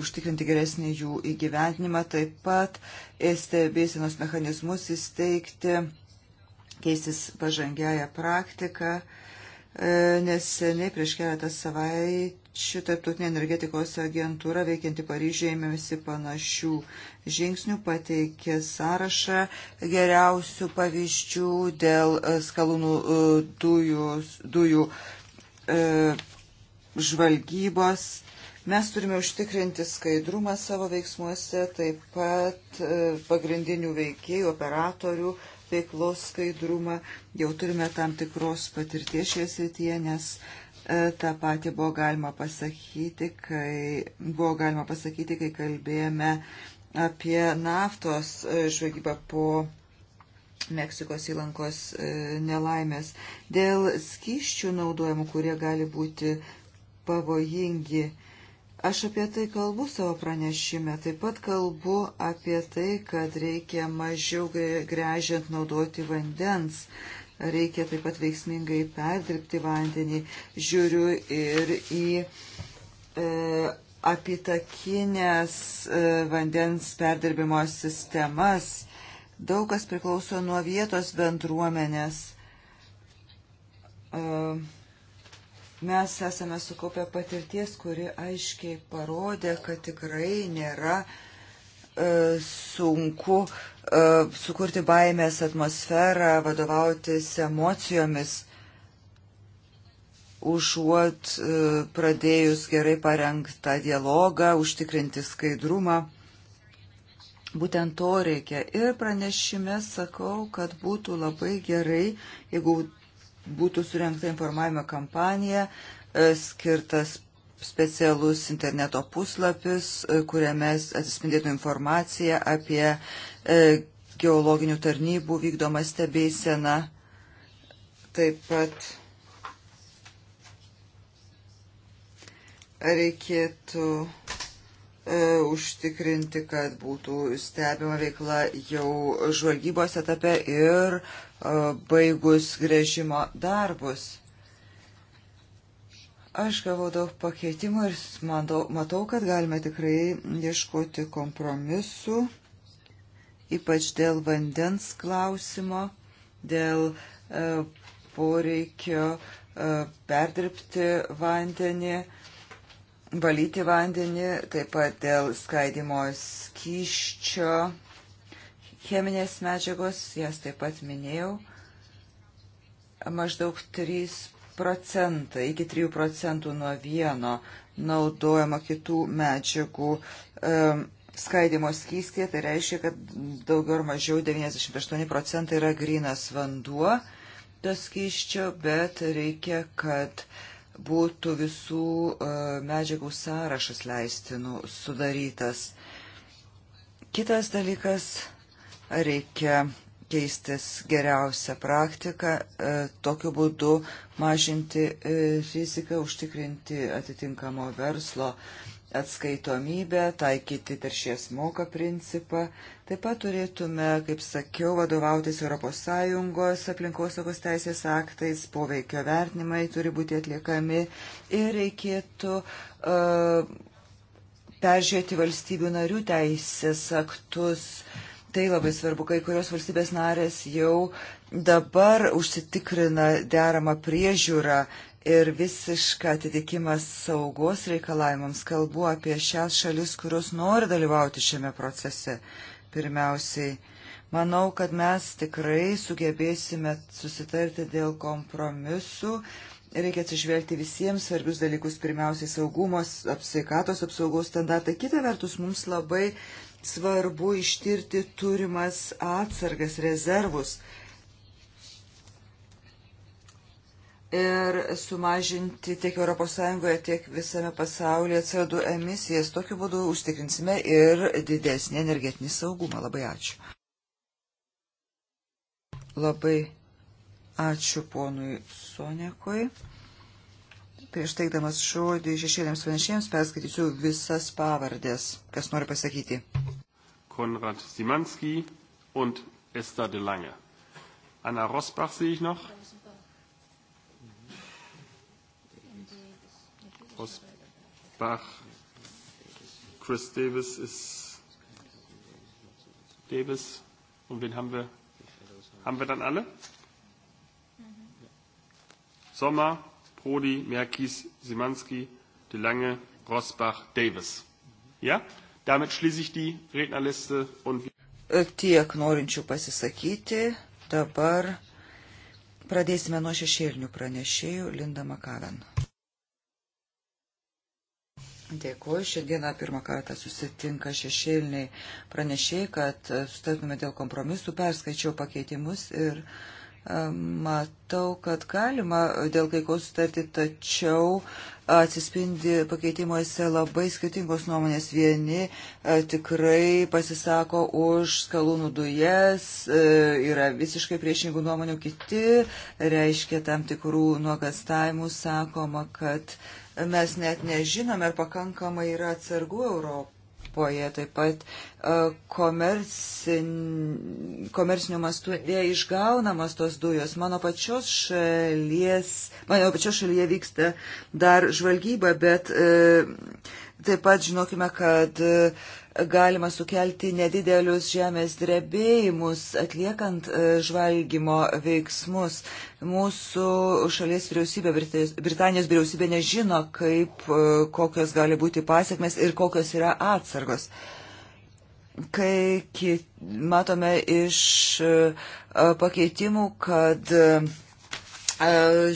užtikrinti geresnį jų įgyventinimą, taip pat stebėsienos mechanizmus įsteigti, keistis pažangiają praktiką. E, neseniai prieš keletą savaičių Tarptautinė energetikos agentūra veikianti Paryžiai ėmėsi panašių žingsnių, pateikė sąrašą geriausių pavyzdžių dėl skalūnų e, dujų, dujų e, žvalgybos. Mes turime užtikrinti skaidrumą savo veiksmuose, taip pat e, pagrindinių veikėjų, operatorių veiklos skaidrumą. Jau turime tam tikros patirties šioje srityje, nes e, tą patį buvo galima pasakyti, kai, buvo galima pasakyti, kai kalbėjome apie naftos e, žvalgybą po Meksikos įlankos nelaimės. Dėl skyščių naudojimų, kurie gali būti pavojingi. Aš apie tai kalbu savo pranešime, taip pat kalbu apie tai, kad reikia mažiau grežiant naudoti vandens, reikia taip pat veiksmingai perdirbti vandenį. Žiūriu ir į e, apitakinės e, vandens perdirbimo sistemas. Daug kas priklauso nuo vietos bendruomenės. E, Mes esame sukaupę patirties, kuri aiškiai parodė, kad tikrai nėra e, sunku e, sukurti baimės atmosferą, vadovautis emocijomis, užuot e, pradėjus gerai parengtą dialogą, užtikrinti skaidrumą. Būtent to reikia. Ir pranešime sakau, kad būtų labai gerai, jeigu būtų surinkta informavimo kampanija, e, skirtas specialus interneto puslapis, e, kuriame atsispindėtų informacija apie e, geologinių tarnybų vykdomą stebėseną. Taip pat reikėtų E, užtikrinti, kad būtų stebima veikla jau žvalgybos etape ir e, baigus grėžimo darbus. Aš gavau daug pakeitimų ir matau, matau, kad galime tikrai ieškoti kompromisų, ypač dėl vandens klausimo, dėl e, poreikio e, perdirbti vandenį. E, valyti vandenį, taip pat dėl skaidimo skyščio, cheminės medžiagos, jas taip pat minėjau, maždaug 3 procentai, iki 3 procentų nuo vieno naudojama kitų medžiagų um, skaidimo skystė, tai reiškia, kad daugiau ar mažiau 98 procentai yra grinas vanduo to skyščio, bet reikia, kad uh, būtų visų e, medžiagų sąrašas leistinų sudarytas. Kitas dalykas, reikia keistis geriausią praktiką, e, tokiu būdu mažinti e, riziką, užtikrinti atitinkamo verslo uh, atskaitomybę, taikyti teršies moka principą. Taip pat turėtume, kaip sakiau, vadovautis ES aplinkosaugos teisės aktais, poveikio vertinimai turi būti atliekami ir reikėtų uh, peržiūrėti valstybių narių teisės aktus. Tai labai svarbu, kai kurios valstybės narės jau dabar užsitikrina deramą priežiūrą ir visišką atitikimą saugos reikalavimams. Kalbu apie šias šalis, kurios nori dalyvauti šiame procese. Pirmiausiai, manau, kad mes tikrai sugebėsime susitarti dėl kompromisų. Reikia atsižvelgti visiems svarbius dalykus, pirmiausiai saugumos, apsaikatos apsaugos standartai. Kita vertus, mums labai svarbu ištirti turimas atsargas, rezervus ir sumažinti tiek ES, tiek visame pasaulyje CO2 emisijas. Tokiu būdu užtikrinsime ir didesnį energetinį saugumą. Labai ačiū. Labai ačiū ponui Sonekui. Prieš teikdamas žodį šešėliams pranešėjams perskaitysiu visas pavardės, kas nori pasakyti. Konrad Simanski und Esther de Lange. Anna Rosbach sehe ich noch. Rosbach. Chris Davis ist Davis. Und wen haben wir? Haben wir dann alle? Sommer, Prodi, Merkis, Simanski, De Lange, Rosbach, Davis. Ja? Damit schließe ich die Rednerliste und tiek norinčių pasisakyti. Dabar pradėsime nuo šešėlinių pranešėjų Linda Makaven. Dėkuoju, šiandieną pirmą kartą susitinka šešėliniai pranešiai, kad sutartume dėl kompromisų, perskaičiau pakeitimus ir e, matau, kad galima dėl kai ko sutarti, tačiau atsispindi pakeitimuose labai skirtingos nuomonės. Vieni e, tikrai pasisako už skalūnų dujas, e, yra visiškai priešingų nuomonių, kiti reiškia tam tikrų nuogastavimų, sakoma, kad mes net nežinome, ar pakankamai yra atsargų Europoje. Taip pat e, komercin, komercinių mastų išgaunamos tos dujos. Mano pačios šalies, mano pačios šalyje vyksta dar žvalgyba, bet e, taip pat žinokime, kad e, galima sukelti nedidelius žemės drebėjimus, atliekant e, žvalgymo veiksmus. Mūsų šalies vyriausybė, Britanijos vyriausybė nežino, kaip, e, kokios gali būti pasiekmes ir kokios yra atsargos. Kai matome iš e, pakeitimų, kad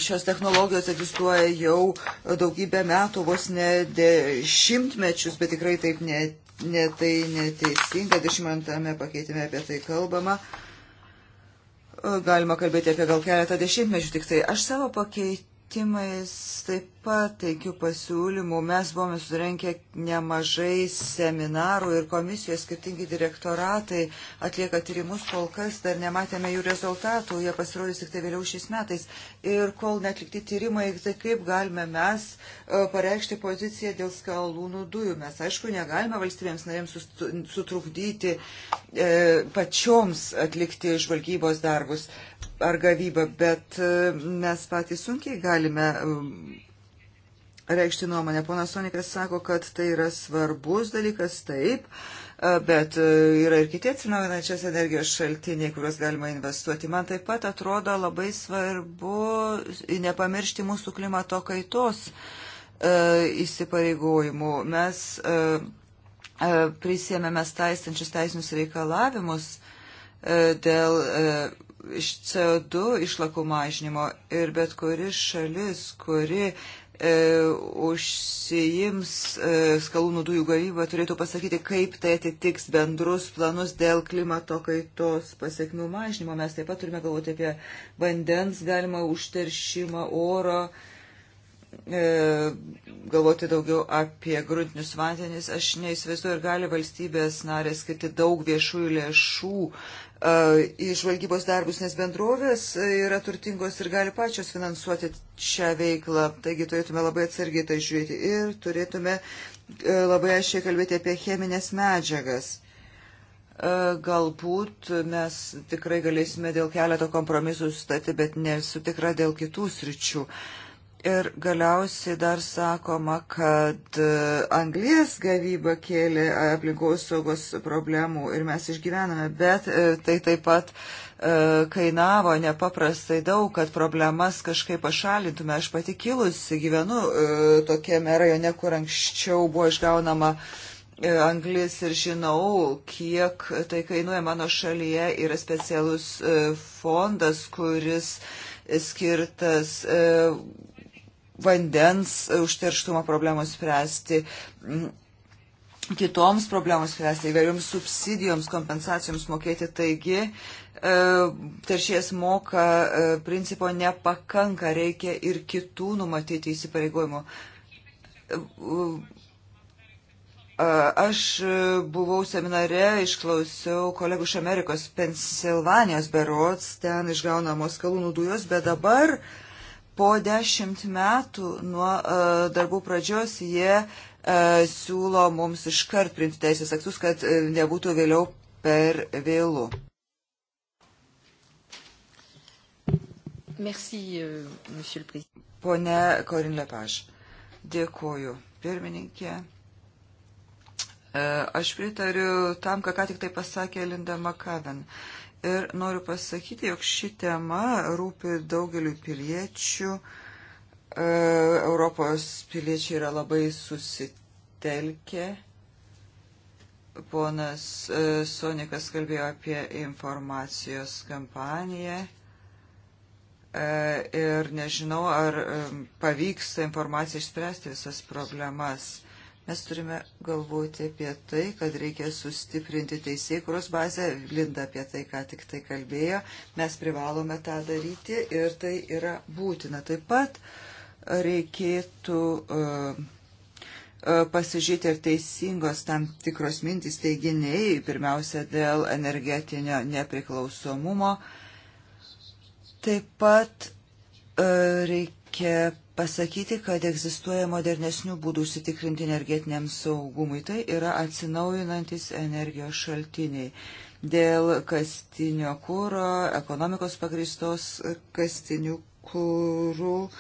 Šios technologijos egzistuoja jau daugybę metų, vos ne dešimtmečius, bet tikrai taip net ne tai neteisinga, 22 pakeitime apie tai kalbama. Galima kalbėti apie gal keletą dešimtmečių tik tai. Aš savo pakeitime pakeitimais taip pat teikiu pasiūlymų. Mes buvome surenkę nemažai seminarų ir komisijos skirtingi direktoratai atlieka tyrimus, kol kas dar nematėme jų rezultatų, jie pasirodys tik tai vėliau šiais metais. Ir kol netlikti tyrimai, tai kaip galime mes e, pareikšti poziciją dėl skalūnų dujų. Mes aišku negalime valstybėms narėms sutrukdyti e, pačioms atlikti žvalgybos darbus ar gavybą, bet e, mes patys sunkiai galime e, reikšti nuomonę. Ponas Sonikas sako, kad tai yra svarbus dalykas, taip, e, bet yra ir kiti atsinaujinančios energijos šaltiniai, kuriuos galima investuoti. Man taip pat atrodo labai svarbu nepamiršti mūsų klimato kaitos įsipareigojimų. Mes prisėmėme taisančius teisinius reikalavimus dėl iš CO2 išlakų mažinimo ir bet kuri šalis, kuri e, užsijims e, skalūnų dujų gavybą, turėtų pasakyti, kaip tai atitiks bendrus planus dėl klimato kaitos pasiekmių mažinimo. Mes taip pat turime galvoti apie vandens galimą užteršimą, oro. E, E, galvoti daugiau apie gruntinius vandenis. Aš neįsivaizduoju, ar gali valstybės narės skirti daug viešųjų lėšų e, į žvalgybos darbus, nes bendrovės yra turtingos ir gali pačios finansuoti šią veiklą. Taigi turėtume labai atsargiai tai žiūrėti ir turėtume e, labai aiškiai kalbėti apie cheminės medžiagas galbūt mes tikrai galėsime dėl keleto kompromisų sustati, bet nesu tikra dėl kitų sričių. Ir galiausiai dar sakoma, kad e, anglės gavyba kėlė aplinkos saugos problemų ir mes išgyvename, bet e, tai taip pat e, kainavo nepaprastai daug, kad problemas kažkaip pašalintume. Aš pati kilusi gyvenu tokiame rajone, kur anksčiau buvo išgaunama anglis ir žinau, kiek tai kainuoja mano šalyje. Yra specialus fondas, kuris skirtas vandens e, užterštumo problemos spręsti, kitoms problemams spręsti, įvairioms subsidijoms, kompensacijoms mokėti. Taigi, e, teršies moka e, principo nepakanka, reikia ir kitų numatyti įsipareigojimų. Aš buvau seminare, išklausiau kolegų iš Amerikos, Pensilvanijos berots, ten išgaunamos kalūnų dujos, bet dabar uh, Po dešimt metų nuo uh, darbų pradžios jie uh, siūlo mums iškart priimti teisės aktus, kad uh, nebūtų vėliau per vėlų. Merci, uh, Pone Korin Lepaž, dėkoju. Pirmininkė. Aš pritariu tam, ką ką tik tai pasakė Linda Makaven. Uh, Ir noriu pasakyti, jog ši tema rūpi daugeliu piliečių. E, Europos piliečiai yra labai susitelkę. Ponas e, Sonikas kalbėjo apie informacijos kampaniją e, ir nežinau, ar pavyks tą informaciją išspręsti visas problemas. Mes turime galvoti apie tai, kad reikia sustiprinti teisėjų, kurios bazę Linda apie tai, ką tik tai kalbėjo. Mes privalome tą daryti ir tai yra būtina. Taip pat reikėtų uh, pasižiūrėti, ar teisingos tam tikros mintys teiginiai, pirmiausia, dėl energetinio nepriklausomumo. Taip pat e, reikia pasakyti, kad egzistuoja modernesnių būdų užsitikrinti energetiniam saugumui. Tai yra atsinaujinantis energijos šaltiniai. Dėl kastinio kūro, ekonomikos pagristos kastinių kūrų e,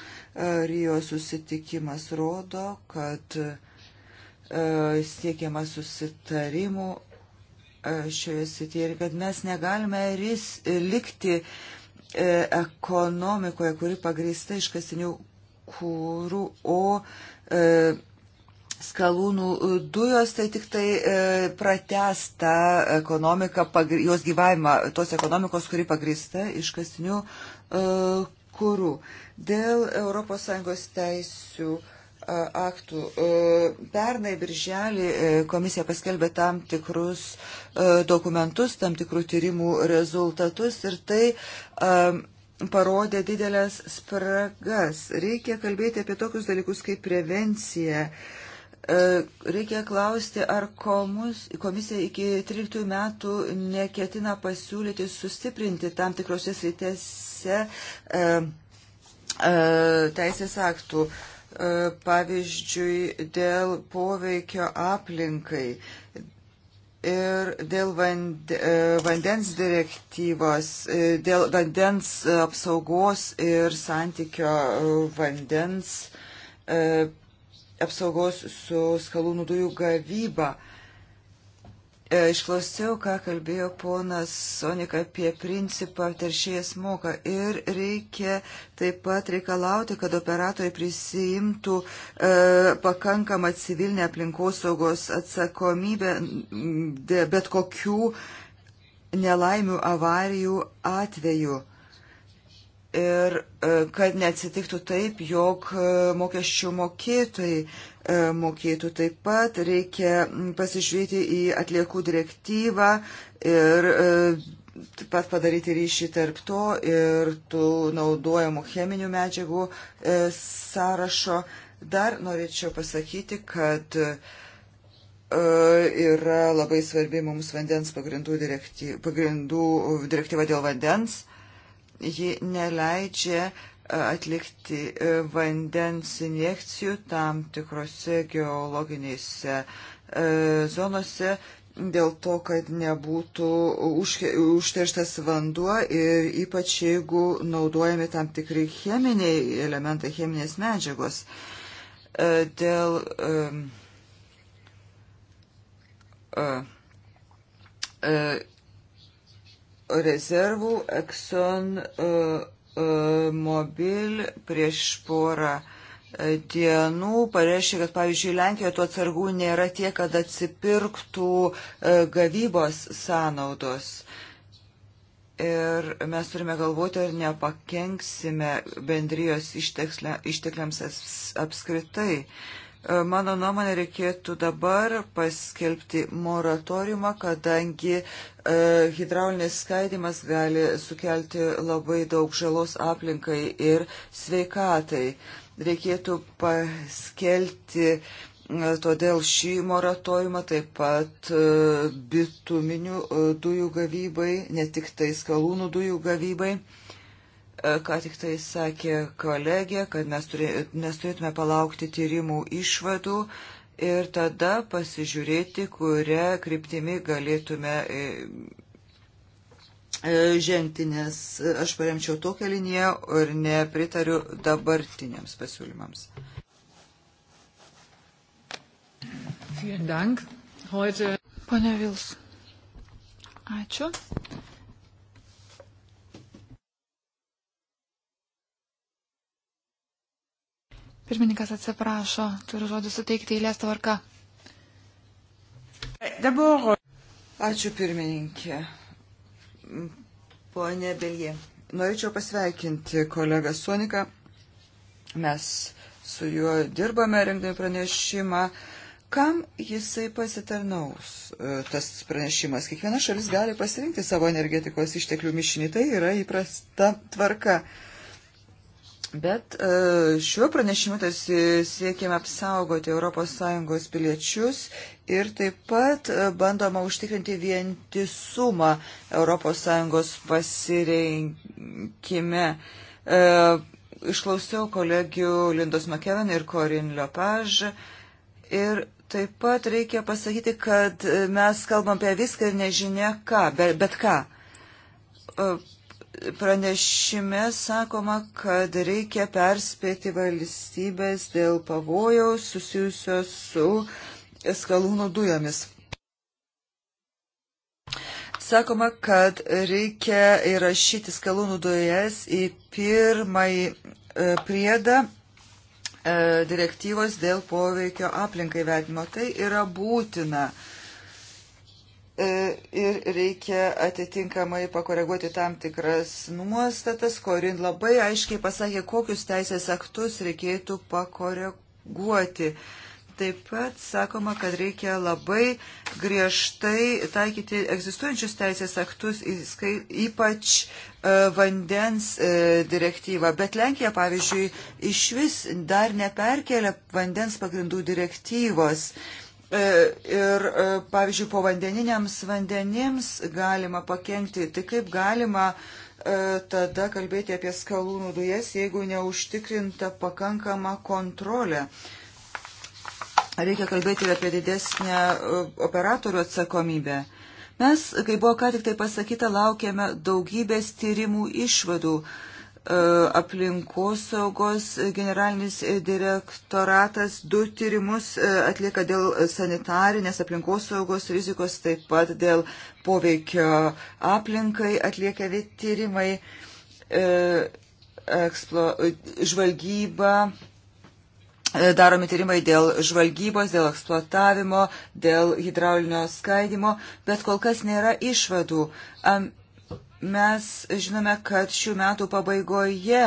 Rio susitikimas rodo, kad e, siekiama susitarimų e, šioje srityje ir kad mes negalime ris, likti ekonomikoje, kuri pagrįsta iškasinių kūrų, o e, skalūnų dujos tai tik tai e, pratesta ekonomika, pagri, jos gyvavimą, tos ekonomikos, kuri pagrįsta iškastinių e, kūrų. Dėl ES teisių e, aktų. E, pernai birželį e, komisija paskelbė tam tikrus dokumentus, tam tikrų tyrimų rezultatus ir tai parodė didelės spragas. Reikia kalbėti apie tokius dalykus kaip prevencija. E, reikia klausti, ar komus, komisija iki 13 metų neketina pasiūlyti sustiprinti tam tikrose sritėse e, e, teisės aktų, e, pavyzdžiui, dėl poveikio aplinkai. E, Ir dėl e, vandens direktyvos, e, dėl vandens apsaugos ir santykio e, vandens apsaugos su skalūnų dujų gavyba. E, išklausiau, ką kalbėjo ponas Sonika apie principą teršėjas moka ir reikia taip pat reikalauti, kad operatoriai prisijimtų e, pakankamą civilinę aplinkosaugos atsakomybę bet kokių nelaimių avarijų atveju ir e, kad neatsitiktų taip, jog e, mokesčių mokėtojai e, mokėtų taip pat, reikia pasižiūrėti į atliekų direktyvą ir taip pat padaryti ryšį tarp to ir tų naudojamų cheminių medžiagų sąrašo. Dar norėčiau pasakyti, kad yra labai svarbi mums vandens pagrindų direktyva, pagrindų direktyva dėl vandens ji neleidžia e, atlikti e, vandens injekcijų tam tikrose geologinėse e, zonose dėl to, kad nebūtų užterštas vanduo ir ypač jeigu naudojami tam tikri cheminiai elementai, cheminės medžiagos. Dėl uh, uh, uh, rezervų Exxon uh, uh, Mobil prieš porą e, dienų pareiškė, kad pavyzdžiui Lenkijoje tų atsargų nėra tiek, kad atsipirktų uh, gavybos sąnaudos. Ir mes turime galvoti, ar nepakenksime bendrijos ištekliams apskritai. Uh, E, mano nuomonė reikėtų dabar paskelbti moratoriumą, kadangi e, hidraulinis skaidimas gali sukelti labai daug žalos aplinkai ir sveikatai. Reikėtų paskelbti e, todėl šį moratoriumą taip pat bituminių dujų gavybai, ne tik tai skalūnų dujų gavybai. E, ką tik tai sakė kolegė, kad mes, turė, mes turėtume palaukti tyrimų išvadų ir tada pasižiūrėti, kurią kryptimį galėtume e, e, žengti, nes aš paremčiau tokią liniją ir nepritariu dabartiniams pasiūlymams. Vielen Dank. Heute. Pone Vils. Ačiū. Pirmininkas atsiprašo, turiu žodį suteikti eilės tvarka. Dabar. Ačiū pirmininkė. Pone Belgė, norėčiau pasveikinti kolegą Soniką. Mes su juo dirbame, rengdami pranešimą. Kam jisai pasitarnaus e, tas pranešimas? Kiekviena šalis gali pasirinkti savo energetikos išteklių mišinį. Tai yra įprasta tvarka. Uh, Bet e, šiuo pranešimu tarsi siekiame apsaugoti ES piliečius ir taip pat e, bandoma užtikrinti vientisumą ES pasirinkime. E, išklausiau kolegių Lindos Makeven ir Korin Liopaž ir taip pat reikia pasakyti, kad mes kalbam apie viską ir nežinia ką, bet, bet ką pranešime sakoma, kad reikia perspėti valstybės dėl pavojaus susijusios su skalūnų dujomis. Sakoma, kad reikia įrašyti skalūnų dujas į pirmąjį e, priedą e, direktyvos dėl poveikio aplinkai vedimo. Tai yra būtina. E, E, ir reikia atitinkamai pakoreguoti tam tikras nuostatas. Korin labai aiškiai pasakė, kokius teisės aktus reikėtų pakoreguoti. Taip pat sakoma, kad reikia labai griežtai taikyti egzistuojančius teisės aktus, ypač e, vandens e, direktyvą. Bet Lenkija, pavyzdžiui, iš vis dar neperkelia vandens pagrindų direktyvos. E, E, ir, e, pavyzdžiui, po vandeniniams vandenims galima pakengti. Tai kaip galima e, tada kalbėti apie skalūnų dujas, jeigu neužtikrinta pakankama kontrolė? Reikia kalbėti ir apie didesnę operatorių atsakomybę. Mes, kaip buvo ką tik tai pasakyta, laukiame daugybės tyrimų išvadų. E, aplinkosaugos generalinis direktoratas du tyrimus e, atlieka dėl sanitarinės aplinkosaugos rizikos, taip pat dėl poveikio aplinkai atlieka tyrimai, e, eksplo, žvalgyba, daromi tyrimai dėl žvalgybos, dėl eksploatavimo, dėl hidraulinio skaidimo, bet kol kas nėra išvadų. Am, Mes žinome, kad šių metų pabaigoje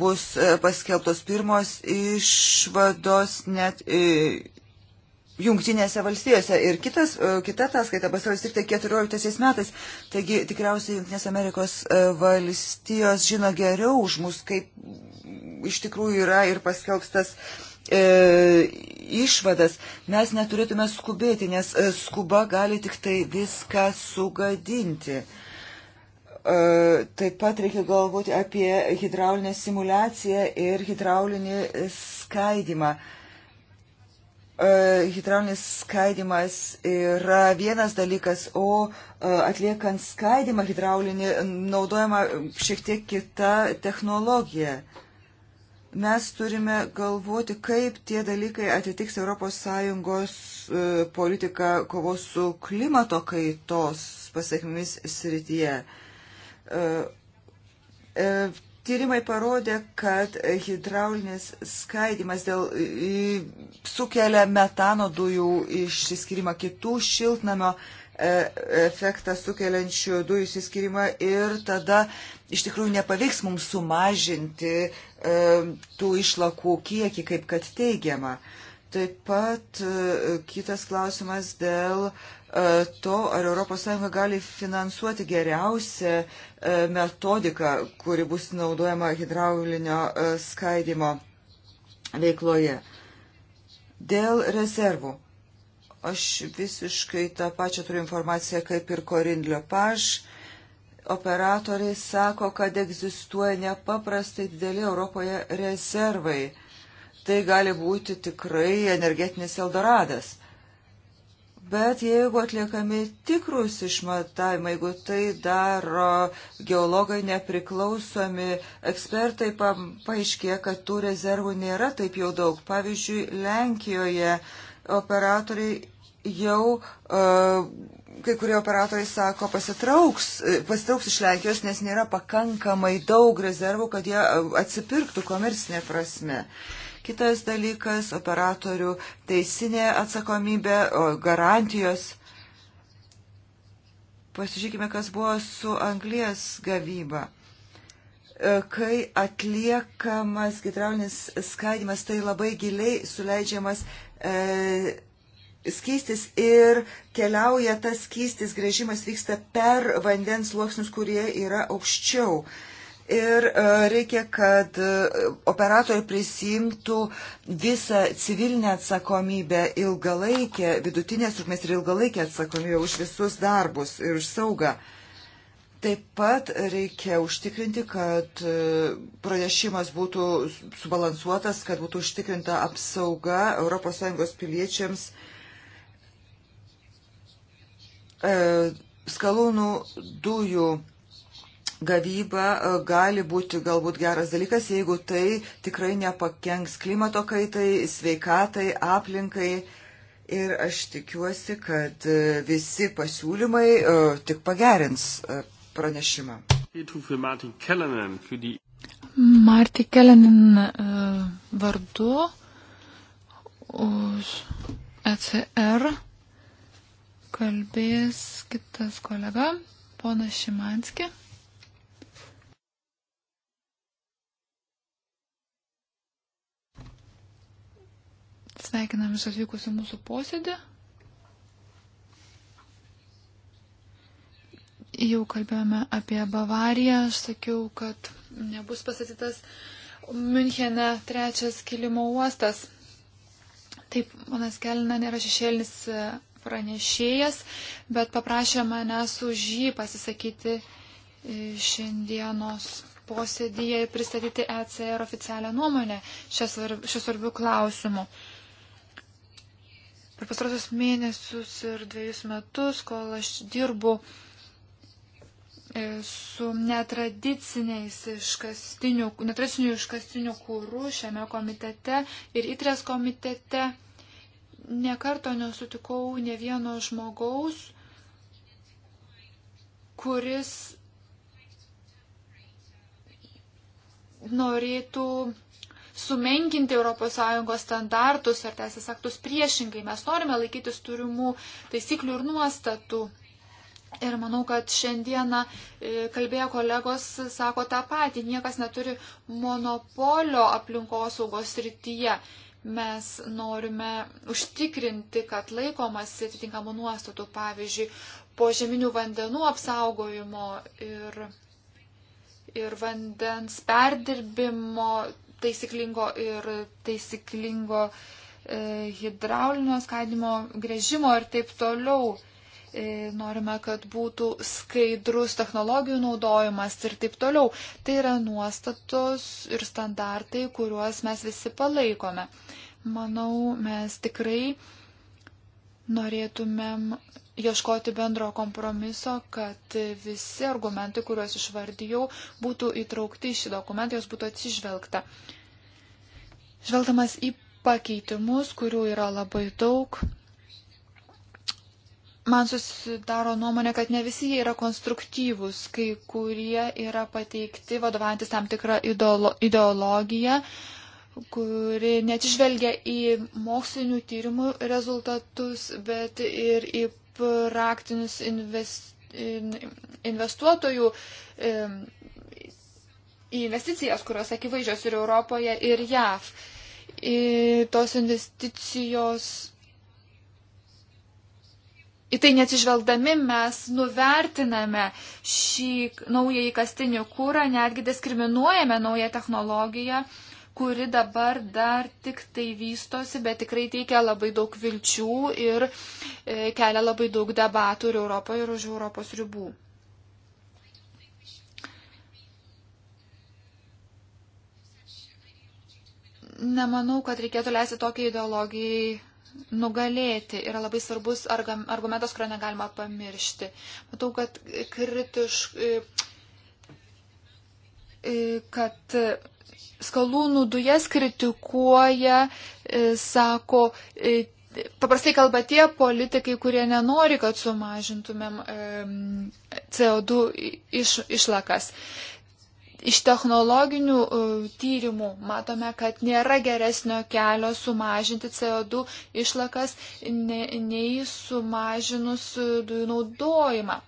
bus e, paskelbtos pirmos išvados net e, Jungtinėse valstijose ir kitas, e, kita ataskaita pasirodys tik tai 14 metais. Taigi tikriausiai Jungtinės Amerikos valstijos žino geriau už mus, kaip iš tikrųjų yra ir paskelbstas e, išvadas. Mes neturėtume skubėti, nes skuba gali tik tai viską sugadinti. E, E, taip pat reikia galvoti apie hidraulinę simulaciją ir hidraulinį skaidimą. E, hidraulinis skaidimas yra vienas dalykas, o e, atliekant skaidimą hidraulinį naudojama šiek tiek kita technologija. Mes turime galvoti, kaip tie dalykai atitiks ES politiką kovos su klimato kaitos pasiekmėmis srityje. E, e, tyrimai parodė, kad hidraulinis skaidimas dėl, sukelia metano dujų išsiskirimą kitų šiltnamio e, efektą sukeliančių dujų įsiskirimą ir tada iš tikrųjų nepavyks mums sumažinti e, tų išlakų kiekį, kaip kad teigiama. Taip pat e, kitas klausimas dėl E, to, ar ES gali finansuoti geriausią e, metodiką, kuri bus naudojama hidraulinio e, skaidimo veikloje. Dėl rezervų. Aš visiškai tą pačią turiu informaciją kaip ir Korindlio paš. Operatoriai sako, kad egzistuoja nepaprastai dideli Europoje rezervai. Tai gali būti tikrai energetinis Eldoradas. Bet jeigu atliekami tikrus išmatavimai, jeigu tai daro geologai nepriklausomi ekspertai, pa, paaiškė, kad tų rezervų nėra taip jau daug. Pavyzdžiui, Lenkijoje operatoriai jau, e, kai kurie operatoriai sako, pasitrauks, e, pasitrauks iš Lenkijos, nes nėra pakankamai daug rezervų, kad jie e, atsipirktų komercinė prasme. Uh, Kitas dalykas - operatorių teisinė atsakomybė, garantijos. Pasižiūrėkime, kas buvo su anglies gavyba. E, kai atliekamas hidraulinis skaidimas, tai labai giliai suleidžiamas e, skystis ir keliauja tas skystis, grėžimas vyksta per vandens sluoksnius, kurie yra aukščiau. E, ir e, reikia, kad e, operatoriai prisimtų visą civilinę atsakomybę, ilgalaikę, vidutinės trukmės ir ilgalaikę atsakomybę už visus darbus ir už saugą. Taip pat reikia užtikrinti, kad e, pranešimas būtų subalansuotas, kad būtų užtikrinta apsauga ES piliečiams. Skalūnų dujų gavyba e, gali būti galbūt geras dalykas, jeigu tai tikrai nepakenks klimato kaitai, sveikatai, aplinkai. Ir aš tikiuosi, kad e, visi pasiūlymai e, tik pagerins pranešimą. Marti Kelenin vardu už ECR kalbės kitas kolega, ponas Šimanski. Sveikinam iš atvykusių mūsų posėdį. Jau kalbėjome apie Bavariją. Aš sakiau, kad nebus pasakytas Münchene trečias kilimo uostas. Taip, manas Kelina nėra šešėlinis pranešėjas, bet paprašė manęs už jį pasisakyti šiandienos posėdyje pristatyti ECR oficialią nuomonę šios svarbių klausimų per pastarosius mėnesius ir dviejus metus, kol aš dirbu e, su netradiciniais iškastiniu, netradiciniu iškastiniu kūru šiame komitete ir įtrės komitete nekarto nesutikau ne vieno žmogaus, kuris norėtų sumenkinti ES standartus ar teisės aktus priešingai. Mes norime laikytis turimų taisyklių ir nuostatų. Ir manau, kad šiandieną e, kalbėjo kolegos, sako tą patį, niekas neturi monopolio aplinkosaugos rytyje. Mes norime užtikrinti, kad laikomas atitinkamų nuostatų, pavyzdžiui, požeminių vandenų apsaugojimo ir, ir vandens perdirbimo taisyklingo ir taisyklingo e, hidraulinio skaidimo grėžimo ir taip toliau. E, norime, kad būtų skaidrus technologijų naudojimas ir taip toliau. Tai yra nuostatos ir standartai, kuriuos mes visi palaikome. Manau, mes tikrai norėtumėm ieškoti bendro kompromiso, kad visi argumentai, kuriuos išvardijau, būtų įtraukti į šį dokumentą, jos būtų atsižvelgta. Žvelgdamas į pakeitimus, kurių yra labai daug, man susidaro nuomonė, kad ne visi jie yra konstruktyvūs, kai kurie yra pateikti vadovantis tam tikrą ideolo ideologiją, uh, kuri neatsižvelgia į mokslinių tyrimų rezultatus, bet ir į praktinius investuotojų investicijas, kurios akivaizdžios ir Europoje, ir JAV. Ir tos investicijos Į tai neatsižvelgdami mes nuvertiname šį naują įkastinį kūrą, netgi diskriminuojame naują technologiją kuri dabar dar tik tai vystosi, bet tikrai teikia labai daug vilčių ir e, kelia labai daug debatų ir Europoje, ir už Europos ribų. Nemanau, kad reikėtų leisti tokiai ideologijai nugalėti yra labai svarbus argumentas, kurio negalima pamiršti. Matau, kad kritiškai, e, e, kad skalūnų dujas kritikuoja, e, sako, e, paprastai kalba tie politikai, kurie nenori, kad sumažintumėm e, CO2 iš, išlakas. Iš technologinių tyrimų matome, kad nėra geresnio kelio sumažinti CO2 išlakas nei sumažinus dujų naudojimą.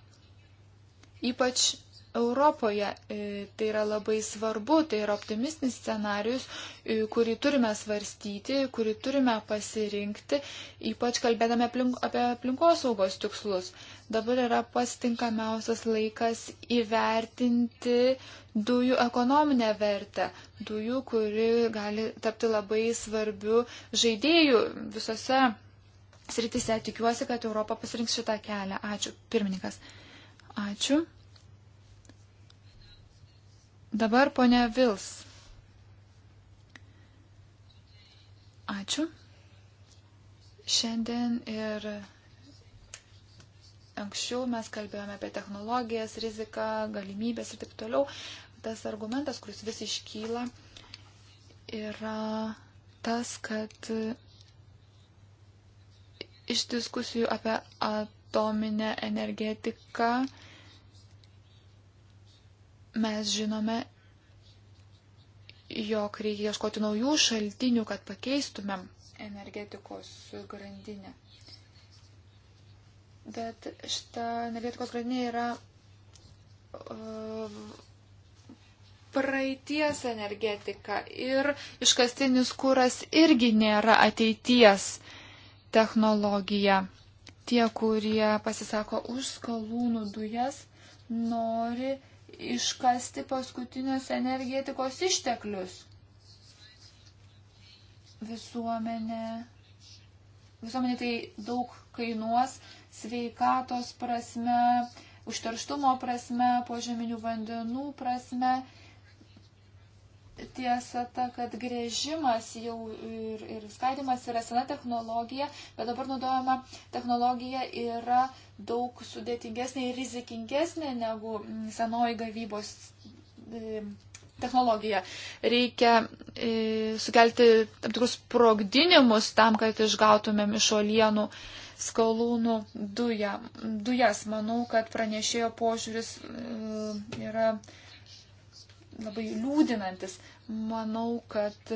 Ypač Europoje. E, tai yra labai svarbu, tai yra optimistinis scenarius, e, kurį turime svarstyti, kurį turime pasirinkti, ypač kalbėdami aplink, apie aplinkosaugos tikslus. Dabar yra pastinkamiausias laikas įvertinti dujų ekonominę vertę, dujų, kuri gali tapti labai svarbiu žaidėjų visose sritise. Tikiuosi, kad Europa pasirinks šitą kelią. Ačiū, pirmininkas. Ačiū. Dabar ponia Vils. Ačiū. Šiandien ir anksčiau mes kalbėjome apie technologijas, riziką, galimybės ir taip toliau. Tas argumentas, kuris vis iškyla, yra tas, kad iš diskusijų apie atominę energetiką Mes žinome, jog reikia ieškoti naujų šaltinių, kad pakeistumėm energetikos grandinę. Bet šita energetikos grandinė yra uh, praeities energetika ir iškastinis kuras irgi nėra ateities technologija. Tie, kurie pasisako už skalūnų dujas, nori iškasti paskutinius energetikos išteklius. Visuomenė. Visuomenė tai daug kainuos sveikatos prasme, užterštumo prasme, požeminių vandenų prasme tiesa ta, kad grėžimas jau ir, ir skaidimas yra sena technologija, bet dabar naudojama technologija yra daug sudėtingesnė ir rizikingesnė negu mm, senoji gavybos e, technologija. Reikia e, sukelti tam tikrus sprogdinimus tam, kad išgautumėm iš olienų skalūnų duja, dujas. Manau, kad pranešėjo požiūris e, yra labai liūdinantis. Manau, kad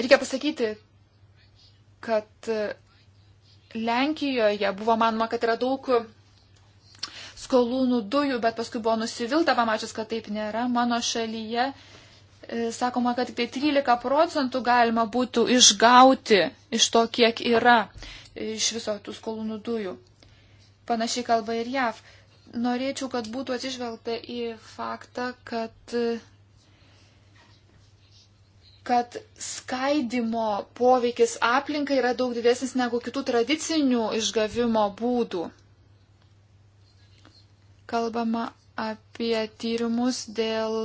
reikia pasakyti, kad Lenkijoje buvo manoma, kad yra daug skolūnų dujų, bet paskui buvo nusivilta, pamačius, kad taip nėra. Mano šalyje e, sakoma, kad tik tai 13 procentų galima būtų išgauti iš to, kiek yra iš viso tų skolūnų dujų. Panašiai kalba ir JAV norėčiau, kad būtų atsižvelgta į faktą, kad, kad skaidimo poveikis aplinkai yra daug didesnis negu kitų tradicinių išgavimo būdų. Kalbama apie tyrimus dėl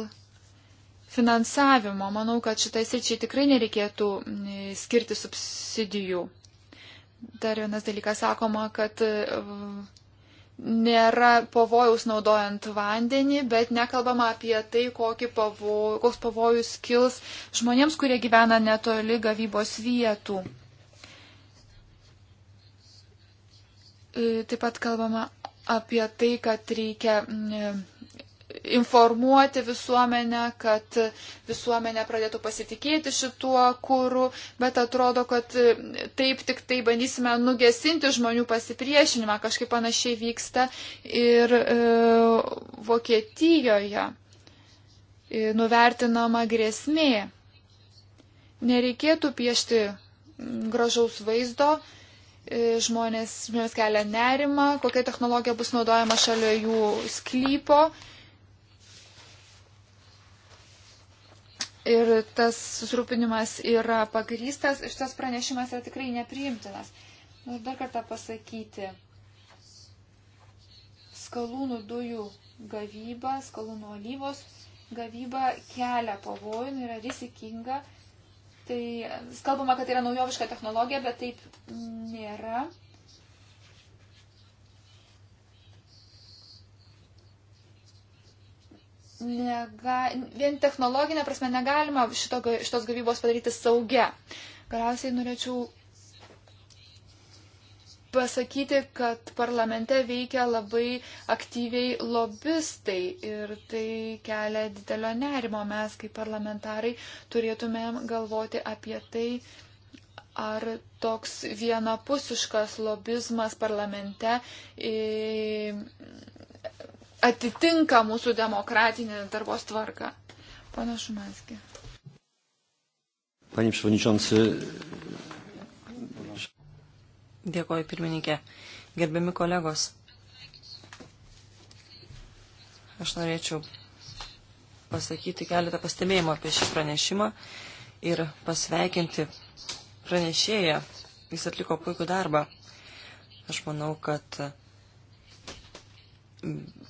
finansavimo. Manau, kad šitai sričiai tikrai nereikėtų e, skirti subsidijų. Dar vienas dalykas sakoma, kad e, nėra pavojaus naudojant vandenį, bet nekalbama apie tai, pavojų, koks pavojus kils žmonėms, kurie gyvena netoli gavybos vietų. E, taip pat kalbama apie tai, kad reikia informuoti visuomenę, kad visuomenė pradėtų pasitikėti šituo kūru, bet atrodo, kad taip tik tai bandysime nugesinti žmonių pasipriešinimą, kažkaip panašiai vyksta ir e, Vokietijoje e, nuvertinama grėsmė. Nereikėtų piešti gražaus vaizdo, e, žmonės, žmonės kelia nerimą, kokia technologija bus naudojama šalia jų sklypo. ir tas susirūpinimas yra pagrystas, šitas pranešimas yra tikrai nepriimtinas. Noriu dar kartą pasakyti, skalūnų dujų gavyba, skalūnų olyvos gavyba kelia pavojų, yra rizikinga. Tai kalbama, kad tai yra naujoviška technologija, bet taip nėra. nega, vien technologinė prasme negalima šito, šitos gavybos padaryti saugia. Galiausiai norėčiau pasakyti, kad parlamente veikia labai aktyviai lobistai ir tai kelia didelio nerimo. Mes kaip parlamentarai turėtumėm galvoti apie tai, ar toks vienapusiškas lobizmas parlamente atitinka mūsų demokratinį darbos tvarką. Pana Šumanskė. Panie Przewodniczący. Dėkoju pirmininkė. Gerbiami kolegos. Aš norėčiau pasakyti keletą pastebėjimų apie šį pranešimą ir pasveikinti pranešėją. Jis atliko puikų darbą. Aš manau, kad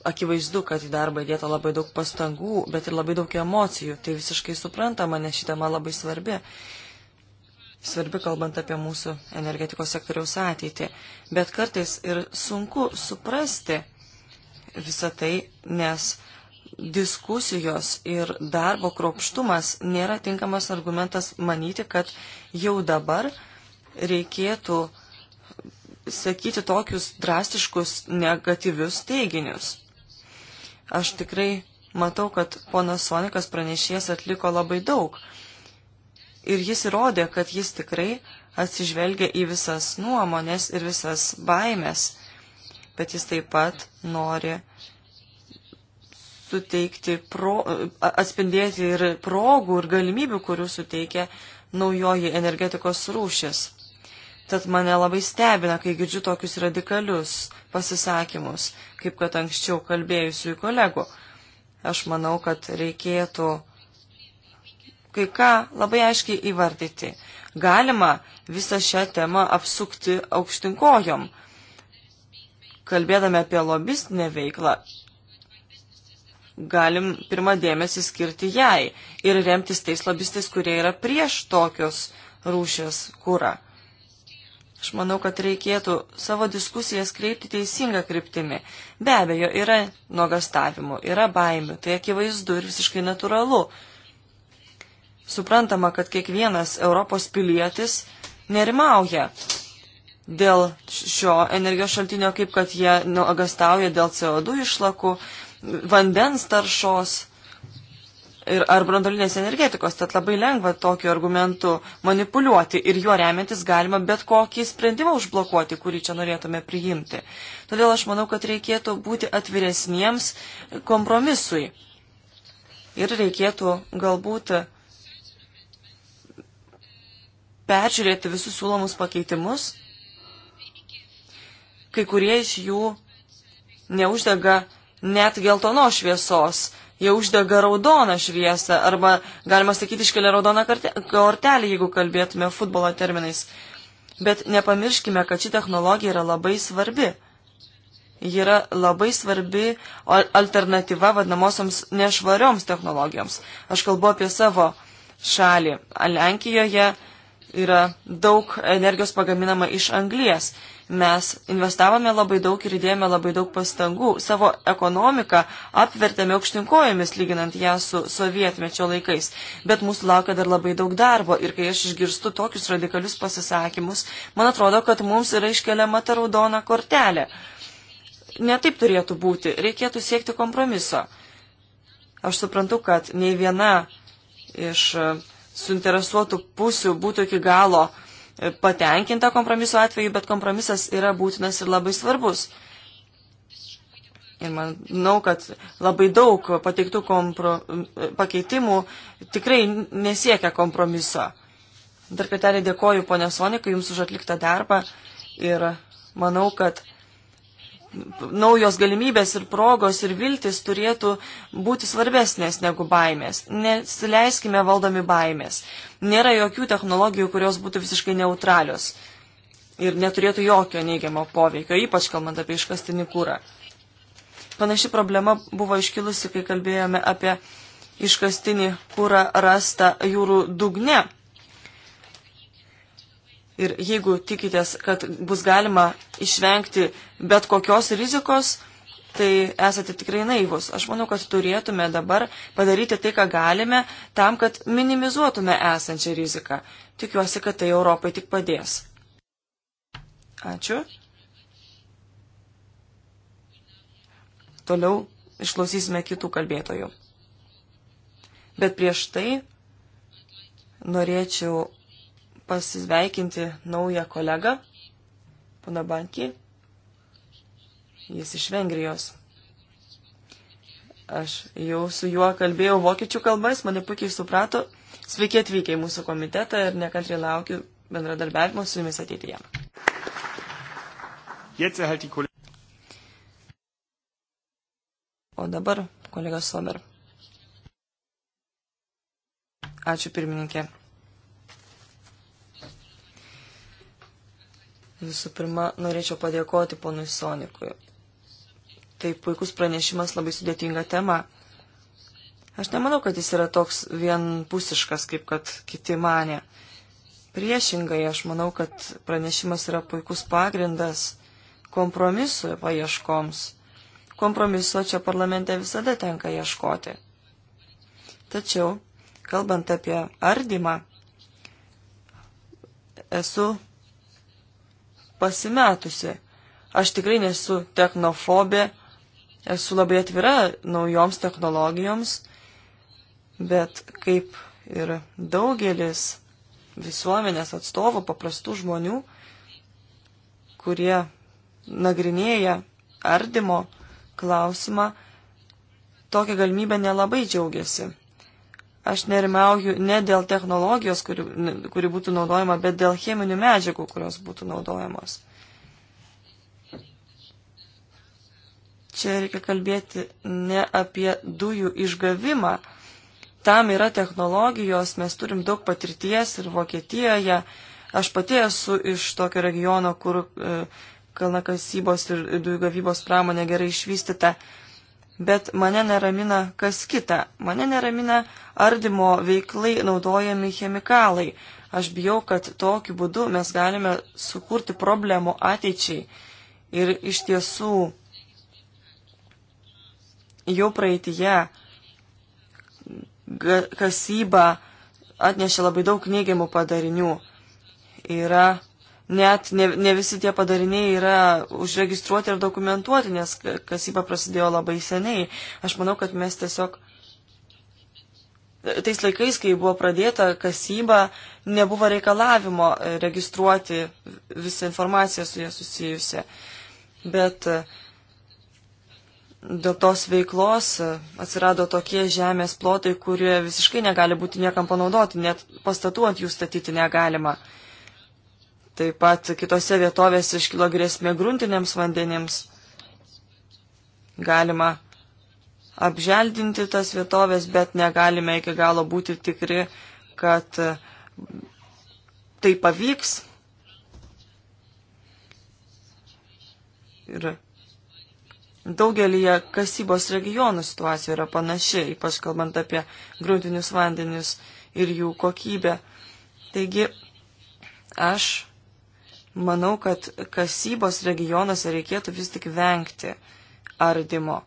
akivaizdu, kad į darbą įdėta labai daug pastangų, bet ir labai daug emocijų. Tai visiškai suprantama, nes ši tema labai svarbi. Svarbi kalbant apie mūsų energetikos sektoriaus ateitį. Bet kartais ir sunku suprasti visą tai, nes diskusijos ir darbo kropštumas nėra tinkamas argumentas manyti, kad jau dabar reikėtų sakyti tokius drastiškus negatyvius teiginius. Aš tikrai matau, kad ponas Sonikas pranešėjas atliko labai daug. Ir jis įrodė, kad jis tikrai atsižvelgia į visas nuomonės ir visas baimės, bet jis taip pat nori suteikti, pro, atspindėti ir progų ir galimybių, kurių suteikia naujoji energetikos rūšis. Tad mane labai stebina, kai girdžiu tokius radikalius pasisakymus, kaip kad anksčiau kalbėjusių kolegų. Aš manau, kad reikėtų kai ką labai aiškiai įvardyti. Galima visą šią temą apsukti aukštinkojom. Kalbėdami apie lobistinę veiklą, galim pirmą dėmesį skirti jai ir remtis tais lobistais, kurie yra prieš tokios rūšės kūrą. Aš manau, kad reikėtų savo diskusijas kreipti teisingą kryptimį. Be abejo, yra nuogastavimų, yra baimių, tai akivaizdu ir visiškai natūralu. Suprantama, kad kiekvienas Europos pilietis nerimauja dėl šio energijos šaltinio, kaip kad jie nuogastauja dėl CO2 išlakų, vandens taršos ir, ar brandolinės energetikos, tad labai lengva tokiu argumentu manipuliuoti ir juo remiantis galima bet kokį sprendimą užblokuoti, kurį čia norėtume priimti. Todėl aš manau, kad reikėtų būti atviresniems kompromisui ir reikėtų galbūt peržiūrėti visus siūlomus pakeitimus. Kai kurie iš jų neuždega net geltono šviesos jau uždega raudoną šviesą arba, galima sakyti, iškelia raudoną kortelį, jeigu kalbėtume futbolo terminais. Bet nepamirškime, kad ši technologija yra labai svarbi. Ji yra labai svarbi alternatyva vadinamosioms nešvarioms technologijoms. Aš kalbu apie savo šalį. Lenkijoje yra daug energijos pagaminama iš anglies. Mes investavome labai daug ir įdėjome labai daug pastangų. Savo ekonomiką apvertėme aukštinkojomis, lyginant ją su sovietmečio laikais. Bet mūsų laukia dar labai daug darbo. Ir kai aš išgirstu tokius radikalius pasisakymus, man atrodo, kad mums yra iškeliama ta raudona kortelė. Netaip turėtų būti. Reikėtų siekti kompromiso. Aš suprantu, kad nei viena iš uh, suinteresuotų pusių būtų iki galo e, patenkinta kompromiso atveju, bet kompromisas yra būtinas ir labai svarbus. Ir manau, kad labai daug pateiktų kompro, e, pakeitimų tikrai nesiekia kompromiso. Dar kartelį dėkoju ponė Sonikai Jums už atliktą darbą ir manau, kad naujos galimybės ir progos ir viltis turėtų būti svarbesnės negu baimės. Nesileiskime valdomi baimės. Nėra jokių technologijų, kurios būtų visiškai neutralios ir neturėtų jokio neigiamo poveikio, ypač kalbant apie iškastinį kūrą. Panaši problema buvo iškilusi, kai kalbėjome apie iškastinį kūrą rastą jūrų dugne Ir jeigu tikitės, kad bus galima išvengti bet kokios rizikos, tai esate tikrai naivus. Aš manau, kad turėtume dabar padaryti tai, ką galime, tam, kad minimizuotume esančią riziką. Tikiuosi, kad tai Europai tik padės. Ačiū. Toliau išklausysime kitų kalbėtojų. Bet prieš tai norėčiau pasisveikinti naują kolegą, pana Bankį. Jis iš Vengrijos. Aš jau su juo kalbėjau vokiečių kalba, jis mane puikiai suprato. Sveiki atvykę į mūsų komitetą ir nekantriai laukiu bendradarbiavimo su jumis ateityje. O dabar kolega Somer. Ačiū pirmininkė. Visų pirma, norėčiau padėkoti ponui Sonikui. Tai puikus pranešimas labai sudėtinga tema. Aš nemanau, kad jis yra toks vienpusiškas, kaip kad kiti mane. Priešingai, aš manau, kad pranešimas yra puikus pagrindas kompromisų paieškoms. Kompromiso čia parlamente visada tenka ieškoti. Tačiau, kalbant apie ardymą, esu pasimetusi. Aš tikrai nesu technofobė, esu labai atvira naujoms technologijoms, bet kaip ir daugelis visuomenės atstovų, paprastų žmonių, kurie nagrinėja ardymo klausimą, tokią galimybę nelabai džiaugiasi aš nerimauju ne dėl technologijos, kuri, kuri būtų naudojama, bet dėl cheminių medžiagų, kurios būtų naudojamos. Čia reikia kalbėti ne apie dujų išgavimą. Tam yra technologijos, mes turim daug patirties ir Vokietijoje. Aš pati esu iš tokio regiono, kur e, kalnakasybos ir dujų gavybos pramonė gerai išvystyta. E, bet mane neramina kas kita. Mane neramina ardymo veiklai naudojami chemikalai. Aš bijau, kad tokiu būdu mes galime sukurti problemų ateičiai. Ir iš tiesų jau praeitie kasyba atnešė labai daug neigiamų padarinių. Yra net ne, ne visi tie padariniai yra užregistruoti ir dokumentuoti, nes kasyba prasidėjo labai seniai. Aš manau, kad mes tiesiog. Tais laikais, kai buvo pradėta kasyba, nebuvo reikalavimo registruoti visą informaciją su jie susijusią. Bet dėl tos veiklos atsirado tokie žemės plotai, kurie visiškai negali būti niekam panaudoti, net pastatų ant jų statyti negalima. Taip pat kitose vietovėse iškilo grėsmė gruntiniams vandenims. Galima apželdinti tas vietovės, bet negalime iki galo būti tikri, kad tai pavyks. Ir daugelį kasybos regionų situacija yra panaši, ypač kalbant apie gruntinius vandenis ir jų kokybę. Taigi, aš Manau, kad kasybos regionuose reikėtų vis tik vengti ardymo.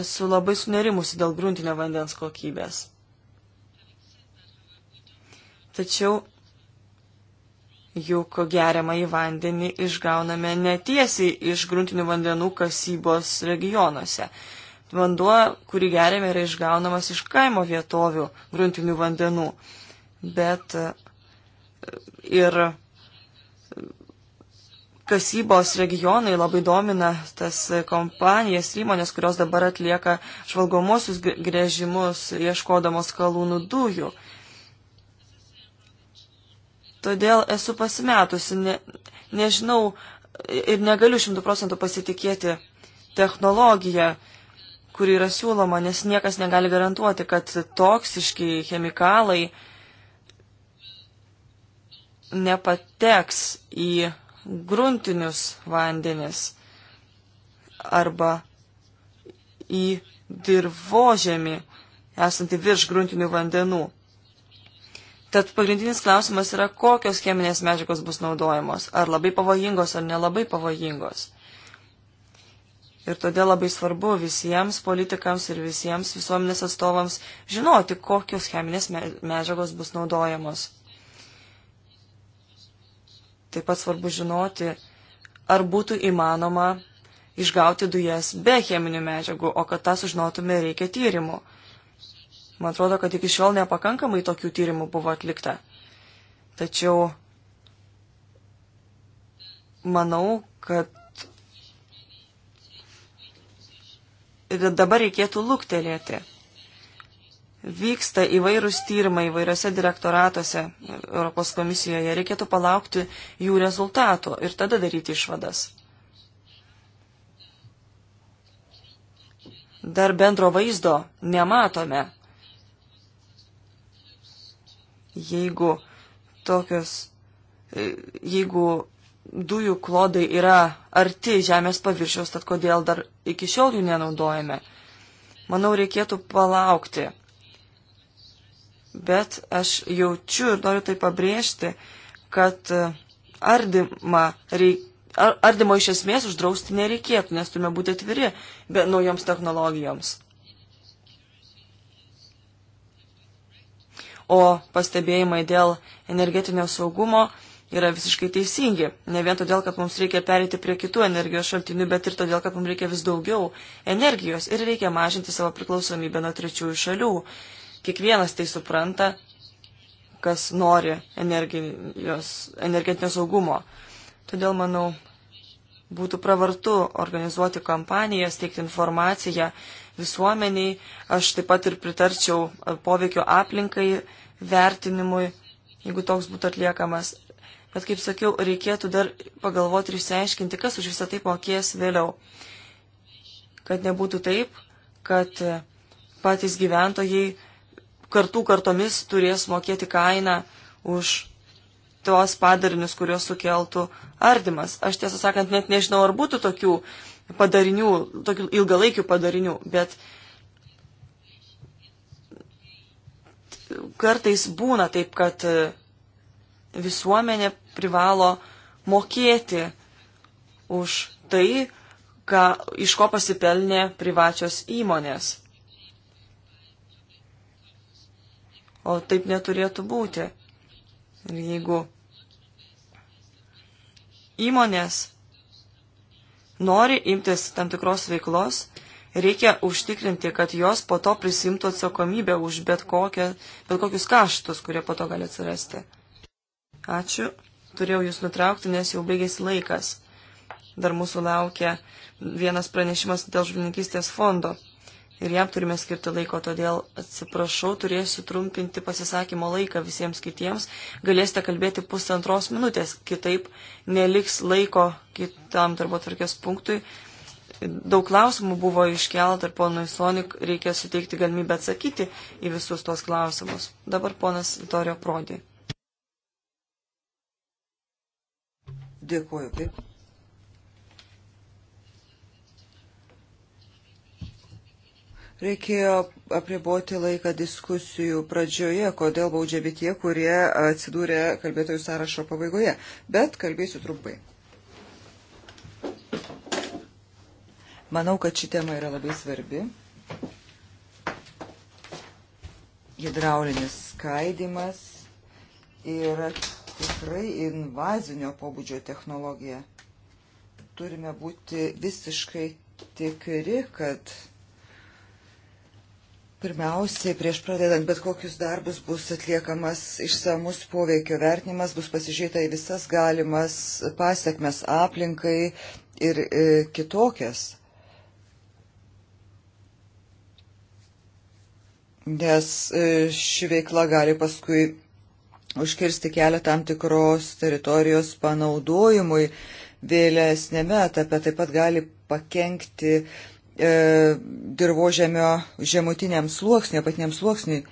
Esu labai sunerimusi dėl gruntinio vandens kokybės. Tačiau juk geriamą į vandenį išgauname netiesiai iš gruntinių vandenų kasybos regionuose. Vanduo, kurį geriame, yra išgaunamas iš kaimo vietovių gruntinių vandenų. Bet uh, ir kasybos regionai labai domina tas kompanijas, įmonės, kurios dabar atlieka žvalgomosius grėžimus, ieškodamos kalūnų dujų. Todėl esu pasimetusi, ne, nežinau ir negaliu šimtų procentų pasitikėti technologiją, kuri yra siūloma, nes niekas negali garantuoti, kad toksiški chemikalai, uh, nepateks į gruntinius vandenis arba į dirbožemį esantį virš gruntinių vandenų. Tad pagrindinis klausimas yra, kokios cheminės medžiagos bus naudojamos, ar labai pavojingos, ar nelabai pavojingos. Ir todėl labai svarbu visiems politikams ir visiems visuomenės atstovams žinoti, kokios cheminės medžiagos bus naudojamos. Taip pat svarbu žinoti, ar būtų įmanoma išgauti dujas be cheminių medžiagų, o kad tą sužinotume reikia tyrimų. Man atrodo, kad iki šiol nepakankamai tokių tyrimų buvo atlikta. Tačiau manau, kad dabar reikėtų luktelėti vyksta įvairūs tyrimai įvairiose direktoratuose Europos komisijoje, reikėtų palaukti jų rezultatų ir tada daryti išvadas. Dar bendro vaizdo nematome. Jeigu tokios, jeigu dujų klodai yra arti žemės paviršiaus, tad kodėl dar iki šiol jų nenaudojame? Manau, reikėtų palaukti bet aš jaučiu ir noriu tai pabrėžti, kad e, ardymą reikia. Ar, ardymo iš esmės uždrausti nereikėtų, nes turime būti atviri be naujoms technologijoms. O pastebėjimai dėl energetinio saugumo yra visiškai teisingi. Ne vien todėl, kad mums reikia perėti prie kitų energijos šaltinių, bet ir todėl, kad mums reikia vis daugiau energijos ir reikia mažinti savo priklausomybę nuo trečiųjų šalių. Kiekvienas tai supranta, kas nori energetinio saugumo. Todėl, manau, būtų pravartu organizuoti kampanijas, teikti informaciją visuomeniai. Aš taip pat ir pritarčiau e, poveikio aplinkai vertinimui, jeigu toks būtų atliekamas. Bet, kaip sakiau, reikėtų dar pagalvoti ir išsiaiškinti, kas už visą tai mokės vėliau. Kad nebūtų taip, kad e, patys gyventojai kartų kartomis turės mokėti kainą už tuos padarinius, kuriuos sukeltų ardimas. Aš tiesą sakant, net nežinau, ar būtų tokių padarinių, tokių ilgalaikių padarinių, bet kartais būna taip, kad visuomenė privalo mokėti už tai, ką, iš ko pasipelnė privačios įmonės. o taip neturėtų būti. Ir jeigu įmonės nori imtis tam tikros veiklos, reikia užtikrinti, kad jos po to prisimtų atsakomybę už bet, kokią, bet kokius kaštus, kurie po to gali atsirasti. Ačiū, turėjau jūs nutraukti, nes jau baigėsi laikas. Dar mūsų laukia vienas pranešimas dėl žuvininkystės fondo ir jam turime skirti laiko, todėl atsiprašau, turėsiu trumpinti pasisakymo laiką visiems kitiems, galėsite kalbėti pusantros minutės, kitaip neliks laiko kitam darbo tvarkės punktui. Daug klausimų buvo iškelta ir ponui Sonik reikia suteikti galimybę atsakyti į visus tuos klausimus. Dabar ponas Vitorio Prodi. Dėkuoju. Taip. Reikėjo apriboti laiką diskusijų pradžioje, kodėl baudžiami tie, kurie atsidūrė kalbėtojų sąrašo pabaigoje. Bet kalbėsiu trumpai. Manau, kad ši tema yra labai svarbi. Hidraulinis skaidimas yra tikrai invazinio pobūdžio technologija. Turime būti visiškai tikri, kad Pirmiausiai, prieš pradedant bet kokius darbus, bus atliekamas išsamus poveikio vertinimas, bus pasižiūrėta į visas galimas pasiekmes aplinkai ir e, kitokias. Nes e, ši veikla gali paskui užkirsti kelią tam tikros teritorijos panaudojimui vėlesnėme etape, taip pat gali pakengti e, dirbožėmio žemutiniam sluoksniui, apatiniam sluoksniui.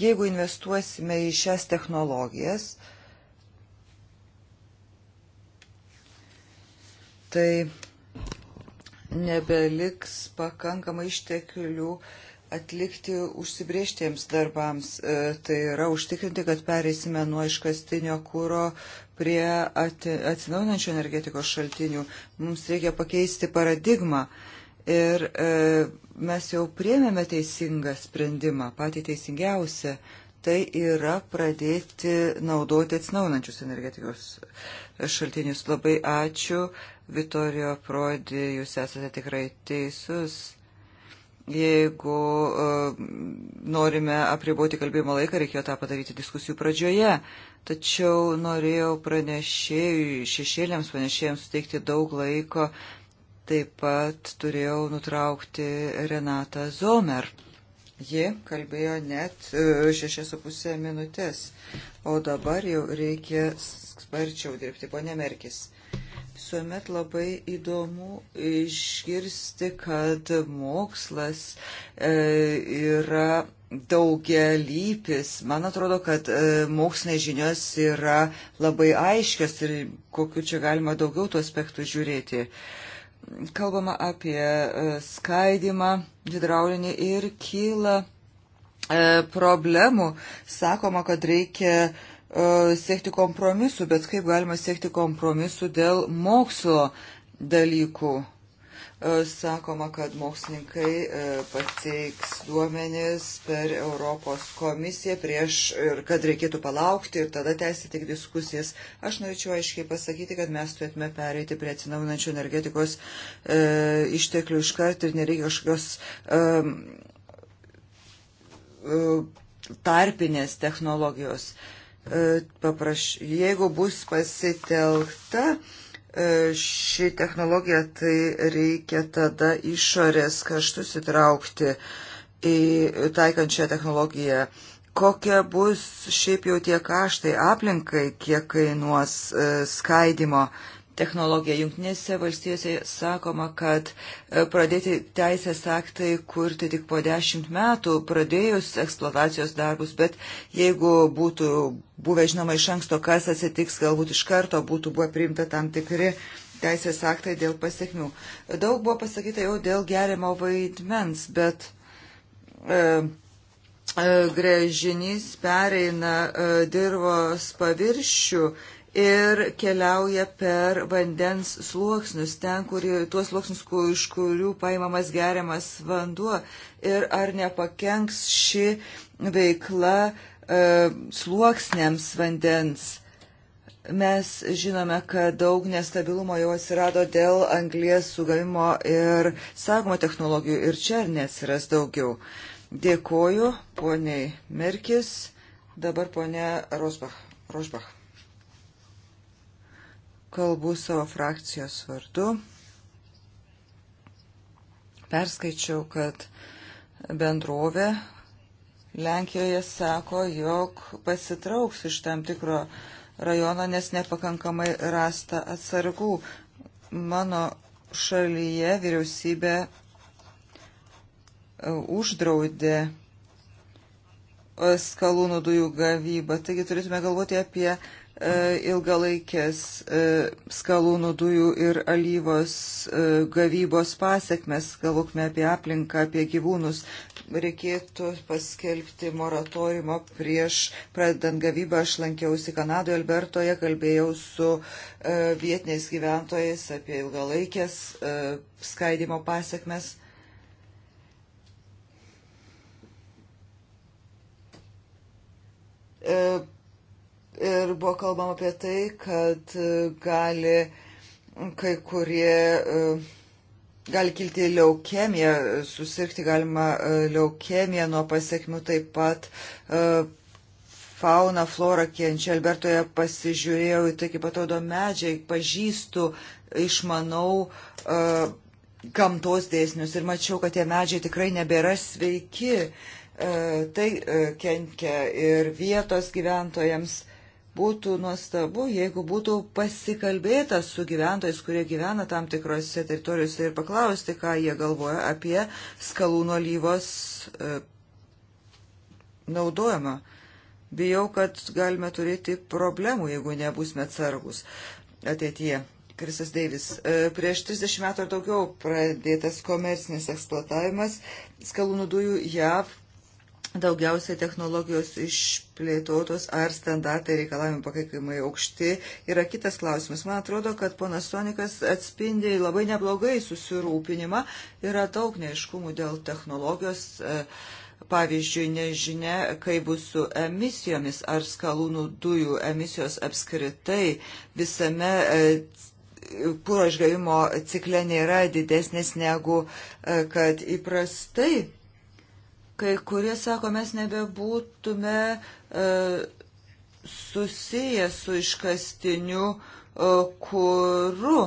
Jeigu investuosime į šias technologijas, tai nebeliks pakankamai išteklių atlikti užsibrieštiems darbams. E, tai yra užtikrinti, kad pereisime nuo iškastinio kūro prie atsinaujinančių energetikos šaltinių. Mums reikia pakeisti paradigmą. Ir e, mes jau priemėme teisingą sprendimą, patį teisingiausią. Tai yra pradėti naudoti atsinaujinančius energetikos e, šaltinius. Labai ačiū, Vitorio Prodi, jūs esate tikrai teisus Jeigu uh, norime apriboti kalbėjimo laiką, reikėjo tą padaryti diskusijų pradžioje. Tačiau norėjau pranešėjų, šešėliams pranešėjams suteikti daug laiko. Taip pat turėjau nutraukti Renatą Zomer. Ji kalbėjo net e, šešias su pusė minutės, o dabar jau reikia sparčiau dirbti, ponė Merkis visuomet labai įdomu išgirsti, kad mokslas e, yra daugialypis. Man atrodo, kad e, mokslinės žinios yra labai aiškios ir kokiu čia galima daugiau tų aspektų žiūrėti. Kalbama apie e, skaidimą hidraulinį ir kyla problemų. Sakoma, kad reikia E, siekti kompromisų, bet kaip galima siekti kompromisų dėl mokslo dalykų. E, sakoma, kad mokslininkai e, pateiks duomenis per Europos komisiją prieš ir kad reikėtų palaukti ir tada tęsti tik diskusijas. Aš norėčiau aiškiai pasakyti, kad mes turėtume pereiti prie atsinaujinančių energetikos e, išteklių iškart ir nereikia kažkokios. E, e, tarpinės technologijos. E, E, papraš, jeigu bus pasitelkta e, ši technologija, tai reikia tada išorės kaštus įtraukti į taikant šią technologiją. Kokie bus šiaip jau tie kaštai aplinkai, kiek kainuos e, skaidimo technologiją. Junktinėse valstijose sakoma, kad e, pradėti teisės aktai kurti tik po dešimt metų, pradėjus eksploatacijos darbus, bet jeigu būtų buvę žinoma iš anksto, kas atsitiks, galbūt iš karto būtų buvę priimta tam tikri teisės aktai dėl pasiekmių. Daug buvo pasakyta jau dėl gerimo vaidmens, bet. E, e Grežinys pereina e, dirbos paviršių ir keliauja per vandens sluoksnius, ten, kur, tuos sluoksnius, kur, iš kurių paimamas geriamas vanduo. Ir ar nepakenks ši veikla e, sluoksniams vandens? Mes žinome, kad daug nestabilumo jau atsirado dėl anglies sugavimo ir sagumo technologijų ir čia neatsiras daugiau. Dėkoju poniai Merkis, dabar ponia Rosbach. Rosbach kalbu savo frakcijos vardu. Perskaičiau, kad bendrovė Lenkijoje sako, jog pasitrauks iš tam tikro rajono, nes nepakankamai rasta atsargų. Mano šalyje vyriausybė e, uždraudė e, skalūnų dujų gavybą. Taigi turėtume galvoti apie E, ilgalaikės e, skalūnų dujų ir alyvos e, gavybos pasiekmes, galvokime apie aplinką, apie gyvūnus, reikėtų paskelbti moratoriumo prieš pradedant gavybą. Aš lankiausi Kanadoje, Albertoje, kalbėjau su vietiniais gyventojais apie ilgalaikės skaidimo pasiekmes. E, ir buvo kalbama apie tai, kad e, gali kai kurie e, gali kilti leukemija, susirgti galima e, leukemija nuo pasiekmių taip pat. Fauna, flora, kienčia, Albertoje pasižiūrėjau į tai, kaip atrodo medžiai, pažįstu, išmanau gamtos dėsnius ir mačiau, kad tie medžiai tikrai nebėra sveiki. Tai kenkia ir vietos gyventojams Būtų nuostabu, jeigu būtų pasikalbėta su gyventojais, kurie gyvena tam tikrose teritorijose ir paklausti, ką jie galvoja apie skalūno lyvos e, naudojimą. Bijau, kad galime turėti problemų, jeigu nebusime atsargus ateityje. Krisas Deivis. E, prieš 30 metų ar daugiau pradėtas komercinis eksploatavimas skalūnų dujų JAV Daugiausiai technologijos išplėtotos ar standartai reikalavimai pakaikamai aukšti yra kitas klausimas. Man atrodo, kad ponas Sonikas atspindi labai neblogai susirūpinimą. Yra daug neiškumų dėl technologijos. E, pavyzdžiui, nežinia, kaip bus su emisijomis ar skalūnų dujų emisijos apskritai visame e, kūro išgavimo cikle nėra didesnės negu e, kad įprastai Kai kurie sako, mes nebebūtume e, susiję su iškastiniu e, kūru.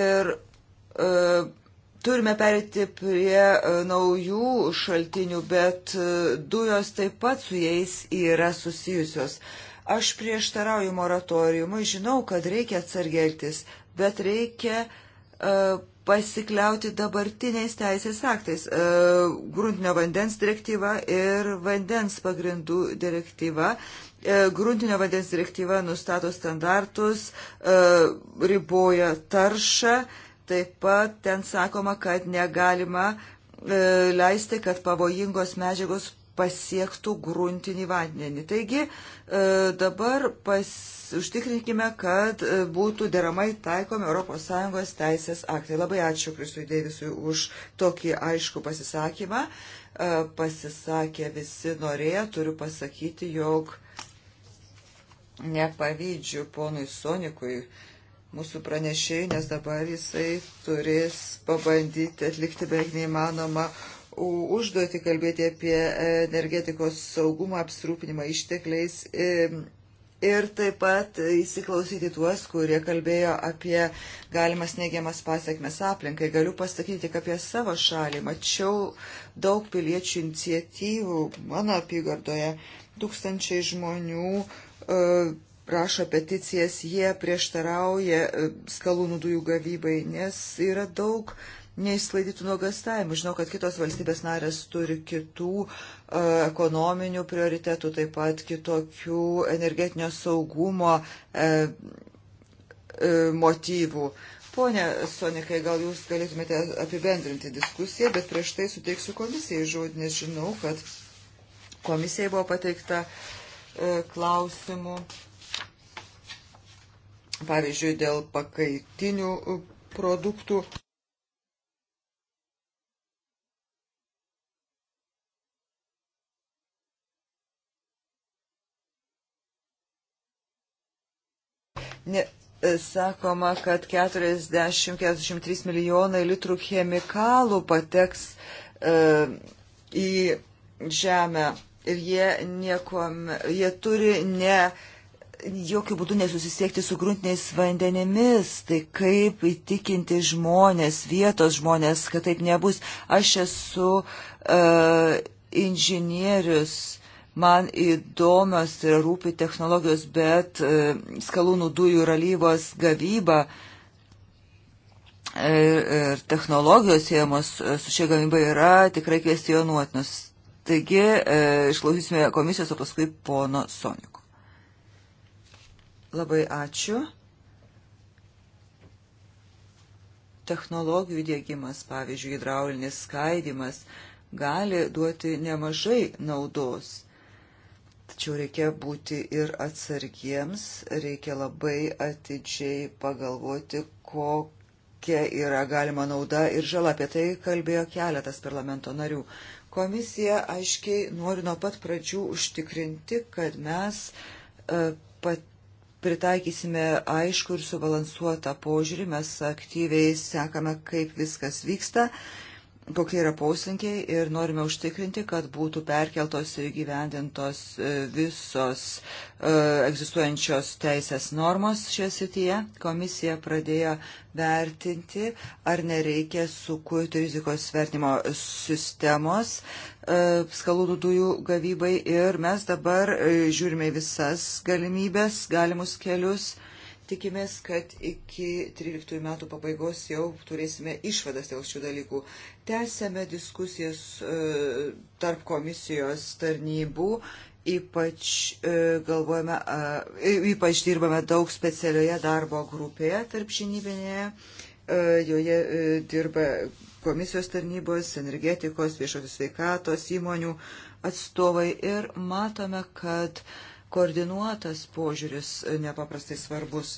Ir e, turime perėti prie e, naujų šaltinių, bet e, dujos taip pat su jais yra susijusios. Aš prieštarauju moratoriumui, žinau, kad reikia atsargeltis, bet reikia uh, pasikliauti dabartiniais teisės aktais e, - gruntinio vandens direktyva ir vandens pagrindų direktyva. E, gruntinio vandens direktyva nustato standartus, e, riboja taršą, taip pat ten sakoma, kad negalima e, leisti, kad pavojingos medžiagos pasiektų gruntinį vandenį. Taigi e, dabar pas, užtikrinkime, kad e, būtų deramai taikomi ES teisės aktai. Labai ačiū Kristui Deivisui už tokį aišku pasisakymą. E, pasisakė visi norėję, turiu pasakyti, jog nepavydžiu ponui Sonikui mūsų pranešėjai, nes dabar jisai turės pabandyti atlikti beveik neįmanomą uh, užduoti kalbėti apie energetikos saugumą, apsirūpinimą ištekliais ir taip pat įsiklausyti tuos, kurie kalbėjo apie galimas neigiamas pasiekmes aplinkai. Galiu pasakyti tik apie savo šalį. Mačiau daug piliečių iniciatyvų mano apygardoje. Tūkstančiai žmonių e, rašo peticijas, jie prieštarauja e, skalūnų dujų gavybai, nes yra daug neįsklaidytų nuogastavimų. Žinau, kad kitos valstybės narės turi kitų e, ekonominių prioritetų, taip pat kitokių energetinio saugumo e, e, motyvų. Pone Sonikai, gal jūs galėtumėte apibendrinti diskusiją, bet prieš tai suteiksiu komisijai žodį, nes žinau, kad komisijai buvo pateikta e, klausimų, pavyzdžiui, dėl pakaitinių e, produktų. Ne, e, sakoma, kad 40-43 milijonai litrų chemikalų pateks e, į žemę ir jie, nieko, jie turi ne, jokių būdų nesusisiekti su gruntiniais vandenimis. Tai kaip įtikinti žmonės, vietos žmonės, kad taip nebus. Aš esu e, inžinierius Man įdomios ir rūpi technologijos, bet e, skalūnų dujų ir alyvos gavyba e, ir technologijos siejamos su šia gamyba yra tikrai kvestionuotinos. Taigi e, išklausysime komisijos, o paskui pono Soniko. Labai ačiū. technologijų dėgymas, pavyzdžiui, hidraulinis skaidimas, gali duoti nemažai naudos. Tačiau reikia būti ir atsargiems, reikia labai atidžiai pagalvoti, kokia yra galima nauda ir žala. Apie tai kalbėjo keletas parlamento narių. Komisija aiškiai nori nuo pat pradžių užtikrinti, kad mes e, pat pritaikysime aišku ir subalansuotą požiūrį, mes aktyviai sekame, kaip viskas vyksta kokie yra poslinkiai ir norime užtikrinti, kad būtų perkeltos ir gyvendintos e, visos e, egzistuojančios teisės normos šioje srityje. Komisija pradėjo vertinti, ar nereikia sukurti rizikos vertimo sistemos e, skalūnų dujų gavybai ir mes dabar e, žiūrime visas galimybės, galimus kelius. E, Tikimės, kad iki 13 metų pabaigos jau turėsime išvadas dėl šių dalykų. Tęsėme diskusijas e, tarp komisijos tarnybų, ypač e, galvojame, e, ypač dirbame daug specialioje darbo grupėje tarp žinybinėje, e, joje e, dirba komisijos tarnybos, energetikos, viešosios sveikatos įmonių atstovai ir matome, kad e, Koordinuotas požiūris nepaprastai svarbus.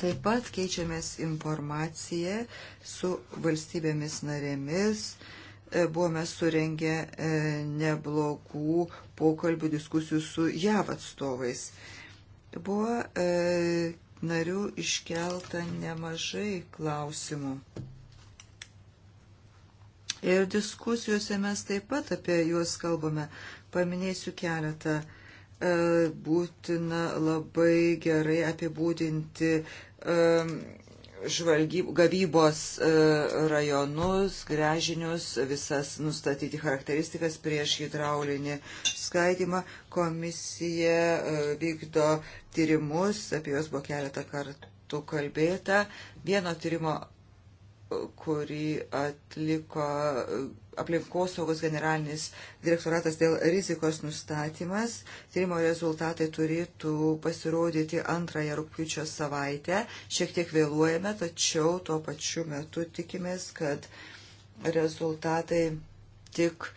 Taip pat keičiamės informaciją su valstybėmis narėmis. E, buvome surengę e, neblogų pokalbių diskusijų su JAV atstovais. Buvo e, narių iškelta nemažai klausimų. Ir diskusijose mes taip pat apie juos kalbame. Paminėsiu keletą klausimų E, būtina labai gerai apibūdinti e, žvalgyb, gavybos e, rajonus, grežinius, visas nustatyti charakteristikas prieš hidraulinį skaidimą. Komisija vykdo tyrimus, apie juos buvo keletą kartų kalbėta. Vieno tyrimo kurį atliko aplinkosaugos generalinis direktoratas dėl rizikos nustatymas. Tyrimo rezultatai turėtų pasirodyti antrąją rūpiučio savaitę. Šiek tiek vėluojame, tačiau tuo pačiu metu tikimės, kad rezultatai tik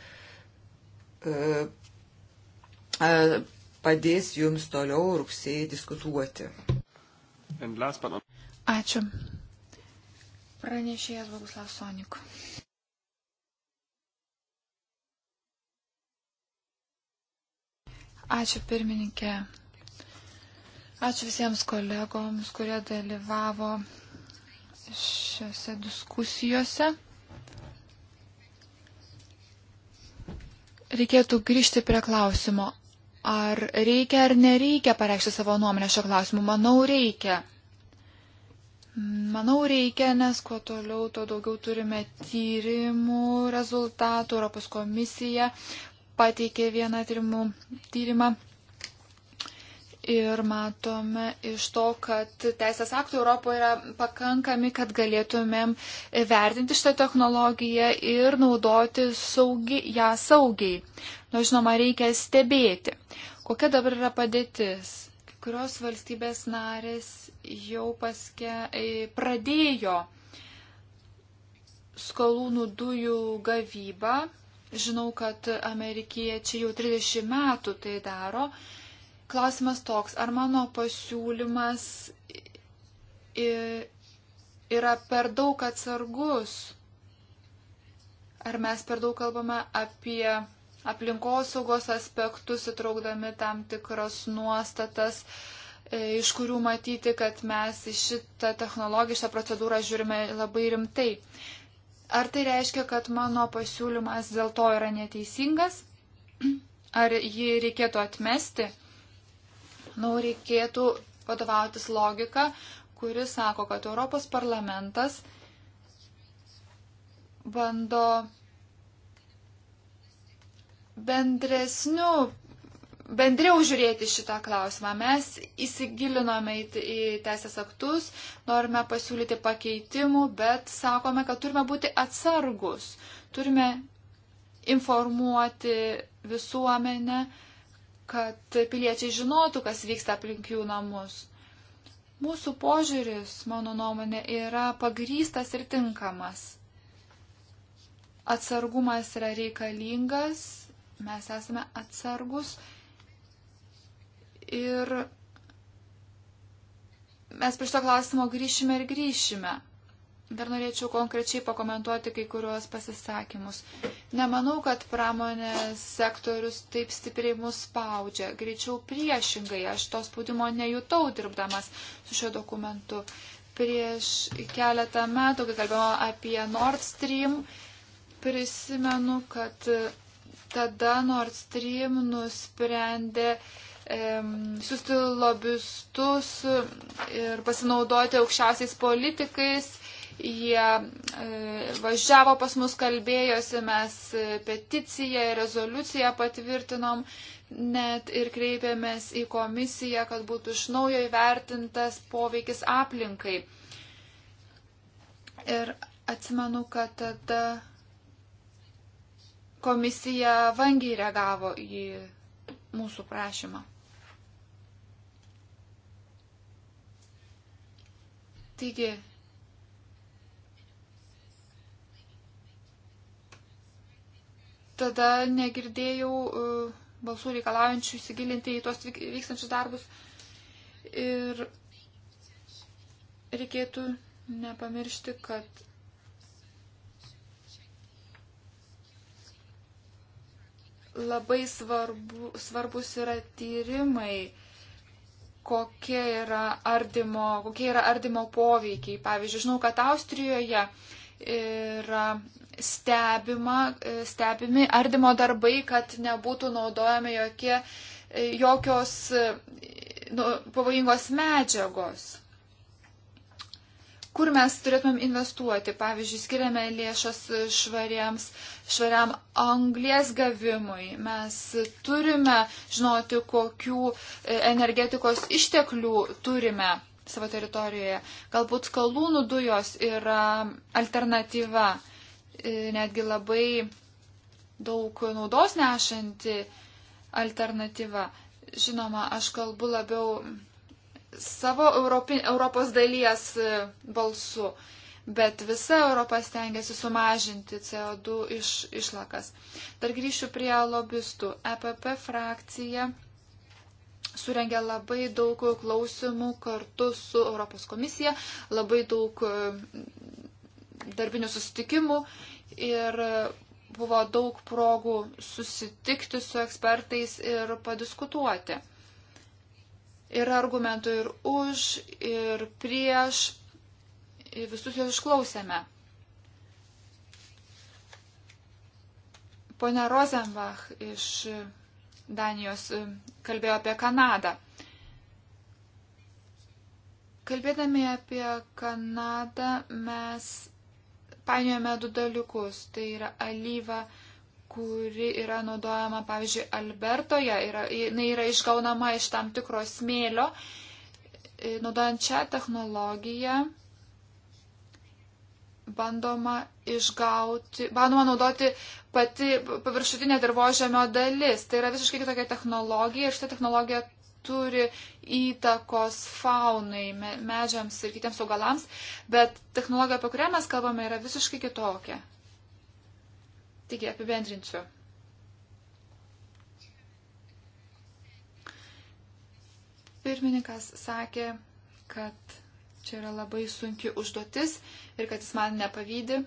e, e, padės jums toliau rugsėjai diskutuoti. Ačiū. Pranešėjas Boguslavas Sonik. Ačiū pirmininkė. Ačiū visiems kolegoms, kurie dalyvavo šiuose diskusijose. Reikėtų grįžti prie klausimo, ar reikia ar nereikia pareikšti savo nuomonę šio klausimu. Manau, reikia. Manau, reikia, nes kuo toliau, tuo daugiau turime tyrimų rezultatų. Europos komisija pateikė vieną tyrimų, tyrimą. Ir matome iš to, kad teisės aktų Europoje yra pakankami, kad galėtumėm vertinti šitą technologiją ir naudoti saugi, ją saugiai. Nu, žinoma, reikia stebėti. Kokia dabar yra padėtis? Kai kurios valstybės narės jau paske, e, pradėjo skalūnų dujų gavybą Žinau, kad amerikiečiai jau 30 metų tai daro. Klausimas toks, ar mano pasiūlymas yra per daug atsargus? Ar mes per daug kalbame apie aplinkosaugos aspektus, įtraukdami tam tikras nuostatas, e, iš kurių matyti, kad mes į šitą technologiją, šią procedūrą žiūrime labai rimtai. Ar tai reiškia, kad mano pasiūlymas dėl to yra neteisingas? Ar jį reikėtų atmesti? Manau, reikėtų vadovautis logika, kuri sako, kad Europos parlamentas bando bendresniu bendriau žiūrėti šitą klausimą. Mes įsigilinome į, į teisės aktus, norime pasiūlyti pakeitimų, bet sakome, kad turime būti atsargus, turime informuoti visuomenę, kad piliečiai žinotų, kas vyksta aplink jų namus. Mūsų požiūris, mano nuomonė, yra pagrystas ir tinkamas. Atsargumas yra reikalingas, mes esame atsargus Ir mes prie šito klausimo grįšime ir grįšime. Dar norėčiau konkrečiai pakomentuoti kai kuriuos pasisakymus. Nemanau, kad pramonės sektorius taip stipriai mus spaudžia. Greičiau priešingai, aš to spaudimo nejutau dirbdamas su šiuo dokumentu. Prieš keletą metų, kai kalbėjome apie Nord Stream, prisimenu, kad tada Nord Stream nusprendė uh, siūsti lobistus ir pasinaudoti aukščiausiais politikais. Jie e, važiavo pas mus, kalbėjosi, mes e, peticiją ir rezoliuciją patvirtinom, net ir kreipėmės į komisiją, kad būtų iš naujo įvertintas poveikis aplinkai. Ir atsimenu, kad tada komisija vangiai reagavo į mūsų prašymą. Taigi, tada negirdėjau uh, balsų reikalaujančių įsigilinti į tuos vykstančius darbus. Ir reikėtų nepamiršti, kad labai svarbu, svarbus yra tyrimai kokie yra ardymo, kokie yra ardymo poveikiai. Pavyzdžiui, žinau, kad Austrijoje yra stebima, e, stebimi ardymo darbai, kad nebūtų naudojami jokie, e, jokios e, nu, pavojingos medžiagos kur mes turėtumėm investuoti. Pavyzdžiui, skiriame lėšas švariems, švariam anglės gavimui. Mes turime žinoti, kokių e, energetikos išteklių turime savo teritorijoje. Galbūt skalūnų dujos yra alternatyva, e, netgi labai daug naudos nešanti alternatyva. Žinoma, aš kalbu labiau savo Europi, Europos dalies e, balsu, bet visa Europa stengiasi sumažinti CO2 iš, išlakas. Dar grįšiu prie lobistų. EPP frakcija surengė labai daug klausimų kartu su Europos komisija, labai daug e, darbinių susitikimų ir buvo daug progų susitikti su ekspertais ir padiskutuoti. Yra argumentų ir už, ir prieš. Ir visus juos išklausėme. Pone Rosenbach iš Danijos e, kalbėjo apie Kanadą. Kalbėdami apie Kanadą mes painiojame du dalykus. Tai yra alyva kuri yra naudojama, pavyzdžiui, Albertoje, yra, jinai yra išgaunama iš tam tikro smėlio, e, naudojant šią technologiją bandoma išgauti, bandoma naudoti pati paviršutinė dirbožėmio dalis. Tai yra visiškai kitokia technologija ir šitą technologiją turi įtakos faunai, medžiams ir kitiems augalams, bet technologija, apie kurią mes kalbame, yra visiškai kitokia. Taigi apibendrinsiu. Pirmininkas sakė, kad čia yra labai sunki užduotis ir kad jis man nepavydė.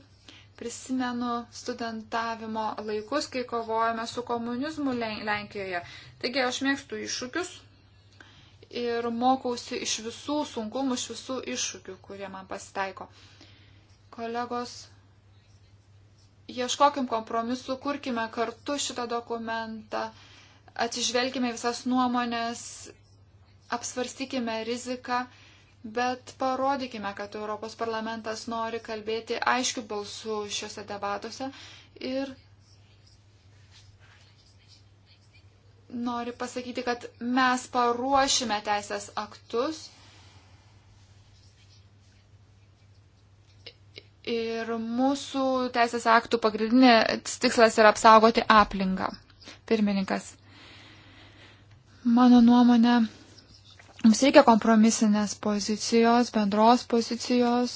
Prisimenu studentavimo laikus, kai kovojame su komunizmu Lenkijoje. Taigi aš mėgstu iššūkius ir mokausi iš visų sunkumų, iš visų iššūkių, kurie man pasitaiko. Kolegos ieškokim kompromisų, kurkime kartu šitą dokumentą, atsižvelgime visas nuomonės, apsvarstykime riziką, bet parodykime, kad Europos parlamentas nori kalbėti aiškių balsų šiuose debatuose ir nori pasakyti, kad mes paruošime teisės aktus Ir mūsų teisės aktų pagrindinės tikslas yra apsaugoti aplinką. Pirmininkas. Mano nuomonė, mums reikia kompromisinės pozicijos, bendros pozicijos.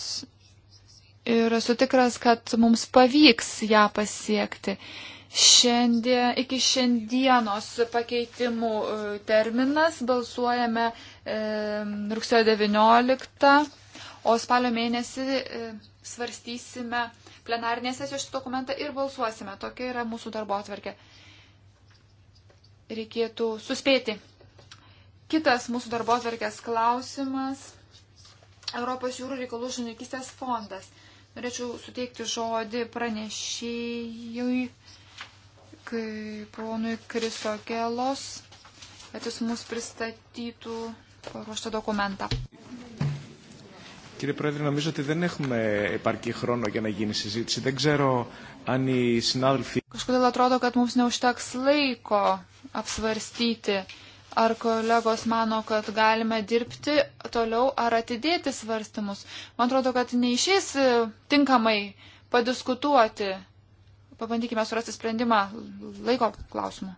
Ir esu tikras, kad mums pavyks ją pasiekti. Šiandien, iki šiandienos pakeitimų e, terminas balsuojame e, rugsėjo 19 O spalio mėnesį e, svarstysime plenarinės sesijos šitą dokumentą ir balsuosime. Tokia yra mūsų darbo atverkė. Reikėtų suspėti. Kitas mūsų darbo atverkės klausimas. Europos jūrų reikalų žuvininkystės fondas. Norėčiau suteikti žodį pranešėjui ponui Kristokelos, kad jis mus pristatytų paruoštą dokumentą. Κύριε Πρόεδρε, νομίζω ότι δεν έχουμε επαρκή χρόνο για να γίνει συζήτηση. Δεν ξέρω αν οι συνάδελφοι. Kažkodėl atrodo, kad mums neužteks laiko apsvarstyti, ar kolegos mano, kad galime dirbti toliau ar atidėti svarstymus. Man atrodo, kad neišės e, tinkamai padiskutuoti. Pabandykime surasti sprendimą laiko klausimu.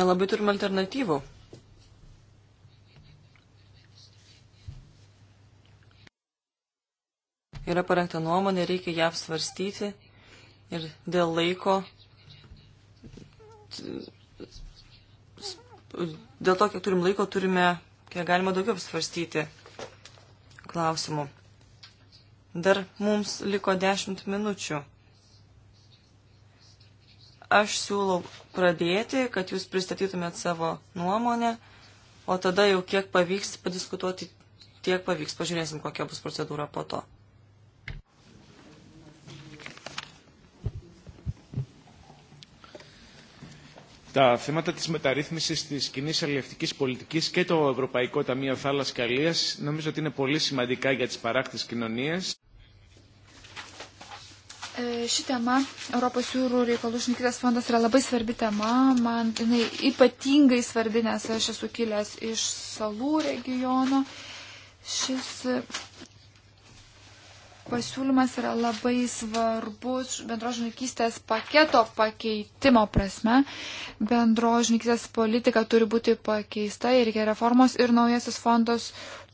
Nelabai turim alternatyvų. yra parengta nuomonė, reikia ją apsvarstyti ir dėl laiko, dėl to, kiek turim laiko, turime, kiek galima daugiau apsvarstyti klausimų. Dar mums liko dešimt minučių. Aš siūlau pradėti, kad jūs pristatytumėt savo nuomonę, o tada jau kiek pavyks padiskutuoti, tiek pavyks. Pažiūrėsim, kokia bus procedūra po to. τα θέματα της μεταρρύθμισης της κοινή αλληλευτικής πολιτικής και το Ευρωπαϊκό Ταμείο Θάλασσας και Αλίας νομίζω ότι είναι πολύ σημαντικά για τις παράκτης κοινωνίες. Ši tema, Europos jūrų reikalų šnikytas fondas, yra labai svarbi tema. Man jinai ypatingai svarbi, nes aš esu kilęs iš salų regiono. Šis pasiūlymas yra labai svarbus bendrožininkystės paketo pakeitimo prasme. Bendrožininkystės politika turi būti pakeista ir reikia reformos ir naujasis fondas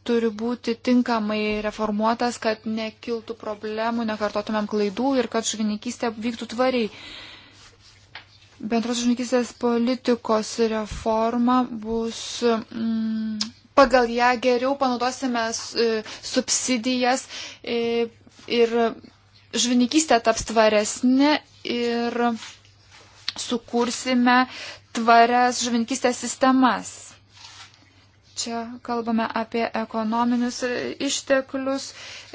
turi būti tinkamai reformuotas, kad nekiltų problemų, nekartotumėm klaidų ir kad žuvininkystė vyktų tvariai. Bendros žuvininkystės politikos reforma bus. Mm, pagal ją geriau panaudosime e, subsidijas e, ir žvinikystė taps tvaresnė ir sukursime tvarias žvinkistės sistemas. Čia kalbame apie ekonominius išteklius,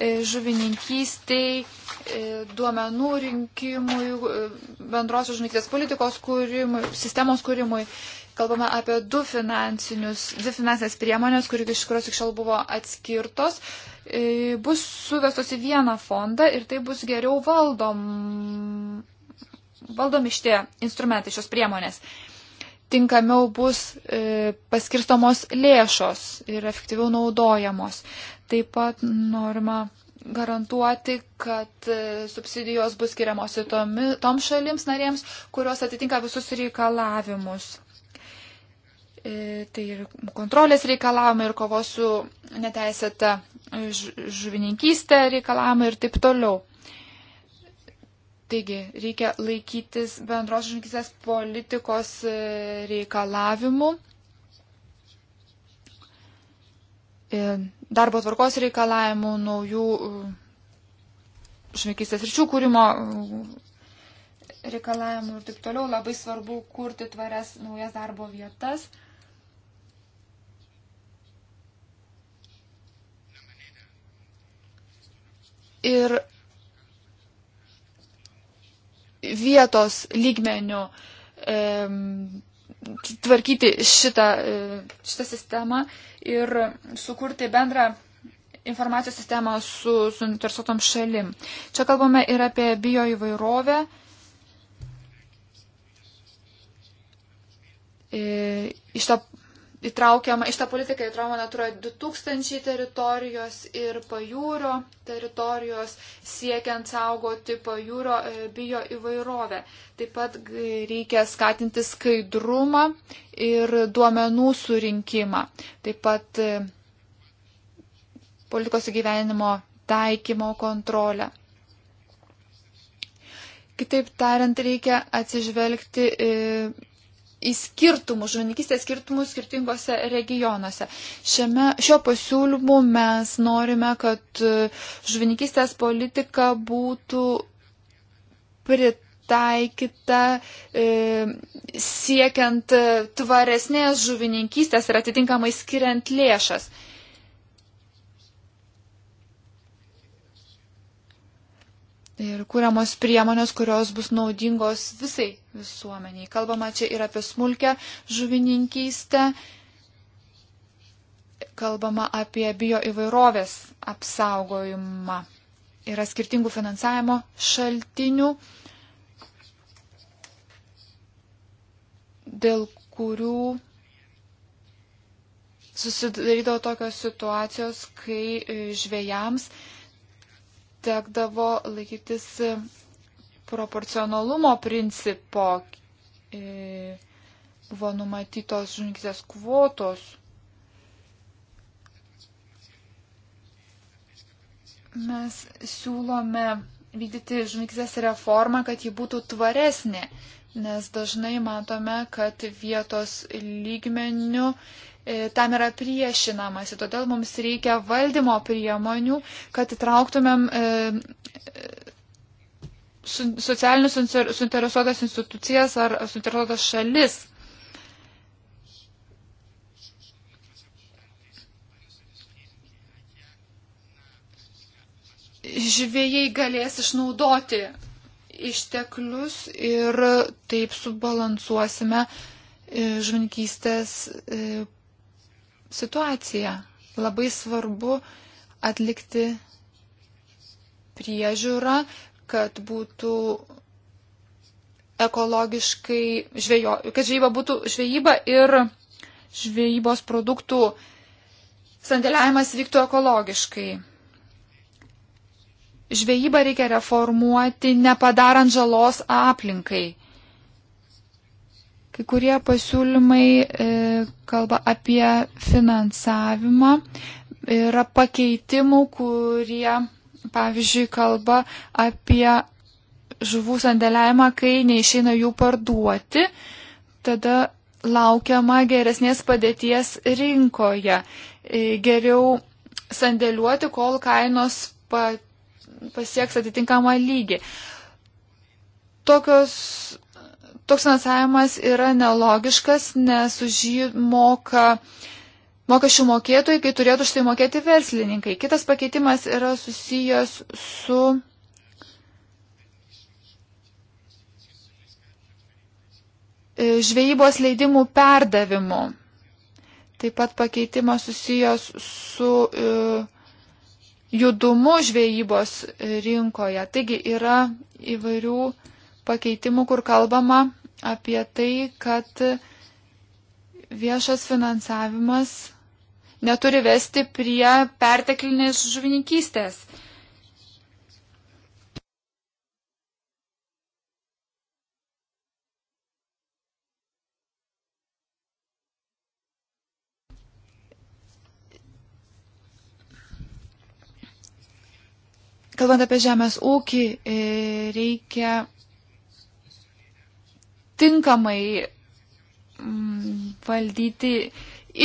e, žuvininkystiai, e, duomenų rinkimui, e, bendrosios žuvininkystės politikos kūrimui, sistemos kūrimui Kalbame apie du finansinius, dvi finansinės priemonės, kurių iš kurios iki šiol buvo atskirtos, e, bus suvestos į vieną fondą ir tai bus geriau valdom, valdomi šitie instrumentai, šios priemonės. Tinkamiau bus e, paskirstomos lėšos ir efektyviau naudojamos. Taip pat norima garantuoti, kad e, subsidijos bus skiriamos toms šalims narėms, kurios atitinka visus reikalavimus. E, tai ir kontrolės reikalavimai, ir kovos su neteisėta žuvininkystė reikalavimai ir taip toliau. Taigi, reikia laikytis bendros žuvininkystės politikos e, reikalavimų. E, darbo tvarkos reikalavimų, naujų žuvininkystės ryčių kūrimo reikalavimų ir taip toliau labai svarbu kurti tvarias naujas darbo vietas. ir vietos lygmenių e, tvarkyti šitą, e, šitą sistemą ir sukurti bendrą informacijos sistemą su suinteresuotom šalim. Čia kalbame ir apie bio įvairovę. E, iš to įtraukiama, iš tą politiką įtraukiama Natura 2000 teritorijos ir pajūrio teritorijos, siekiant saugoti pajūrio e, bio įvairovę. Taip pat reikia skatinti skaidrumą ir duomenų surinkimą. Taip pat e, politikos įgyvenimo taikymo kontrolę. Kitaip tariant, reikia atsižvelgti e, į skirtumus, žuvininkystės skirtumus skirtingose regionuose. Šiame, šio pasiūlymu mes norime, kad e, žuvininkystės politika būtų pritaikyta e, siekiant e, tvaresnės žuvininkystės ir atitinkamai skiriant lėšas. E, ir kūriamos priemonės, kurios bus naudingos visai visuomeniai. Kalbama čia ir apie smulkę žuvininkystę, kalbama apie bioįvairovės apsaugojimą. Yra skirtingų finansavimo šaltinių, dėl kurių susidarydavo tokios situacijos, kai žvėjams tekdavo laikytis proporcionalumo principo. E, buvo numatytos žunkistės kvotos. Mes siūlome vykdyti žunkistės reformą, kad ji būtų tvaresnė, nes dažnai matome, kad vietos lygmenių E, tam yra priešinamasi. Todėl mums reikia valdymo priemonių, kad įtrauktumėm e, e, socialinius suinteresuotas institucijas ar suinteresuotas šalis. Žvėjai galės išnaudoti išteklius ir taip subalansuosime žvankystės situaciją. Labai svarbu atlikti priežiūrą, kad būtų ekologiškai žvėjo, kad žvejyba būtų žvejyba ir žvejybos produktų sandėliavimas vyktų ekologiškai. Žvejybą reikia reformuoti, nepadarant žalos aplinkai. Kai kurie pasiūlymai e, kalba apie finansavimą. Yra pakeitimų, kurie, pavyzdžiui, kalba apie žuvų sandėliavimą, kai neišeina jų parduoti. Tada laukiama geresnės padėties rinkoje. E, geriau sandėliuoti, kol kainos pa, pasieks atitinkamą lygį. Tokios toks finansavimas yra nelogiškas, nes už jį moka mokesčių mokėtojai, kai turėtų už tai mokėti verslininkai. Kitas pakeitimas yra susijęs su. E, žvejybos leidimų perdavimu. Taip pat pakeitimas susijęs su e, judumu žvejybos rinkoje. Taigi yra įvairių pakeitimų, kur kalbama apie tai, kad viešas finansavimas neturi vesti prie perteklinės žuvininkystės. Kalbant apie žemės ūkį, e, reikia tinkamai mm, valdyti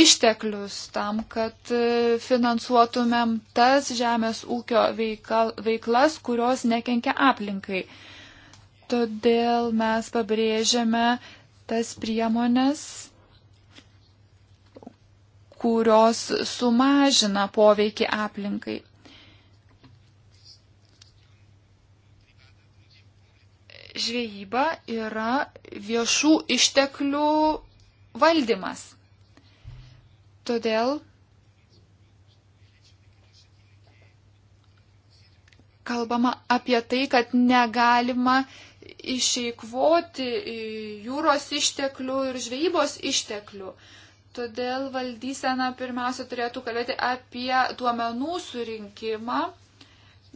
išteklius tam, kad e, finansuotumėm tas žemės ūkio veiklas, kurios nekenkia aplinkai. Todėl mes pabrėžiame tas priemonės, kurios sumažina poveikį aplinkai. žvejyba yra viešų išteklių valdymas. Todėl kalbama apie tai, kad negalima išeikvoti jūros išteklių ir žvejybos išteklių. Todėl valdysena pirmiausia turėtų kalbėti apie duomenų surinkimą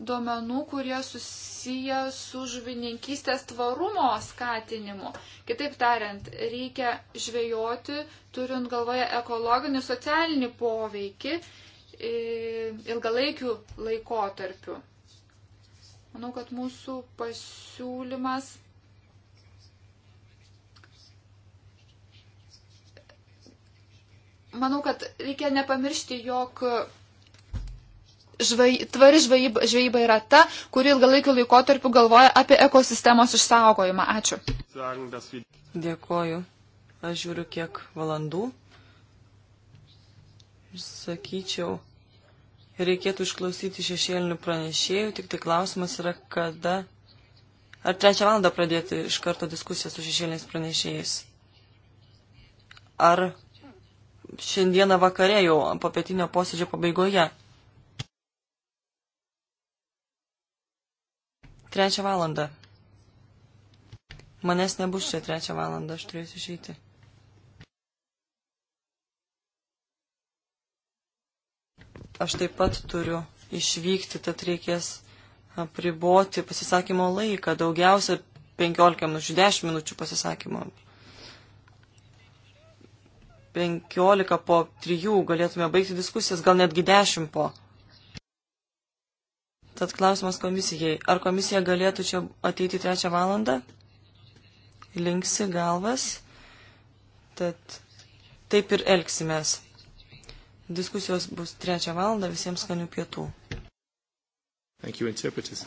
duomenų, kurie susiję su žuvininkystės tvarumo skatinimu. Kitaip tariant, reikia žvejoti, turint galvoje ekologinį, socialinį poveikį e, ilgalaikių laikotarpių. Manau, kad mūsų pasiūlymas manau, kad reikia nepamiršti, jog žvai, tvari žvaiba, žvaiba yra ta, kuri ilgalaikiu laikotarpiu galvoja apie ekosistemos išsaugojimą. Ačiū. Dėkoju. Aš žiūriu, kiek valandų. Sakyčiau, reikėtų išklausyti šešėlinių pranešėjų, tik tai klausimas yra, kada. Ar trečią valandą pradėti iš karto diskusiją su šešėliniais pranešėjais? Ar šiandieną vakare jau po pietinio posėdžio pabaigoje? Trečią valandą. Manęs nebus čia trečią valandą, aš turėsiu išeiti. Aš taip pat turiu išvykti, tad reikės apriboti pasisakymo laiką. Daugiausia 15 minučių, 10 minučių pasisakymo. 15 po 3 galėtume baigti diskusijas, gal netgi 10 po. Tad klausimas komisijai. Ar komisija galėtų čia ateiti trečią valandą? Linksi galvas. Tad taip ir elgsimės. Diskusijos bus trečią valandą visiems skanių pietų. Thank you, interpreters.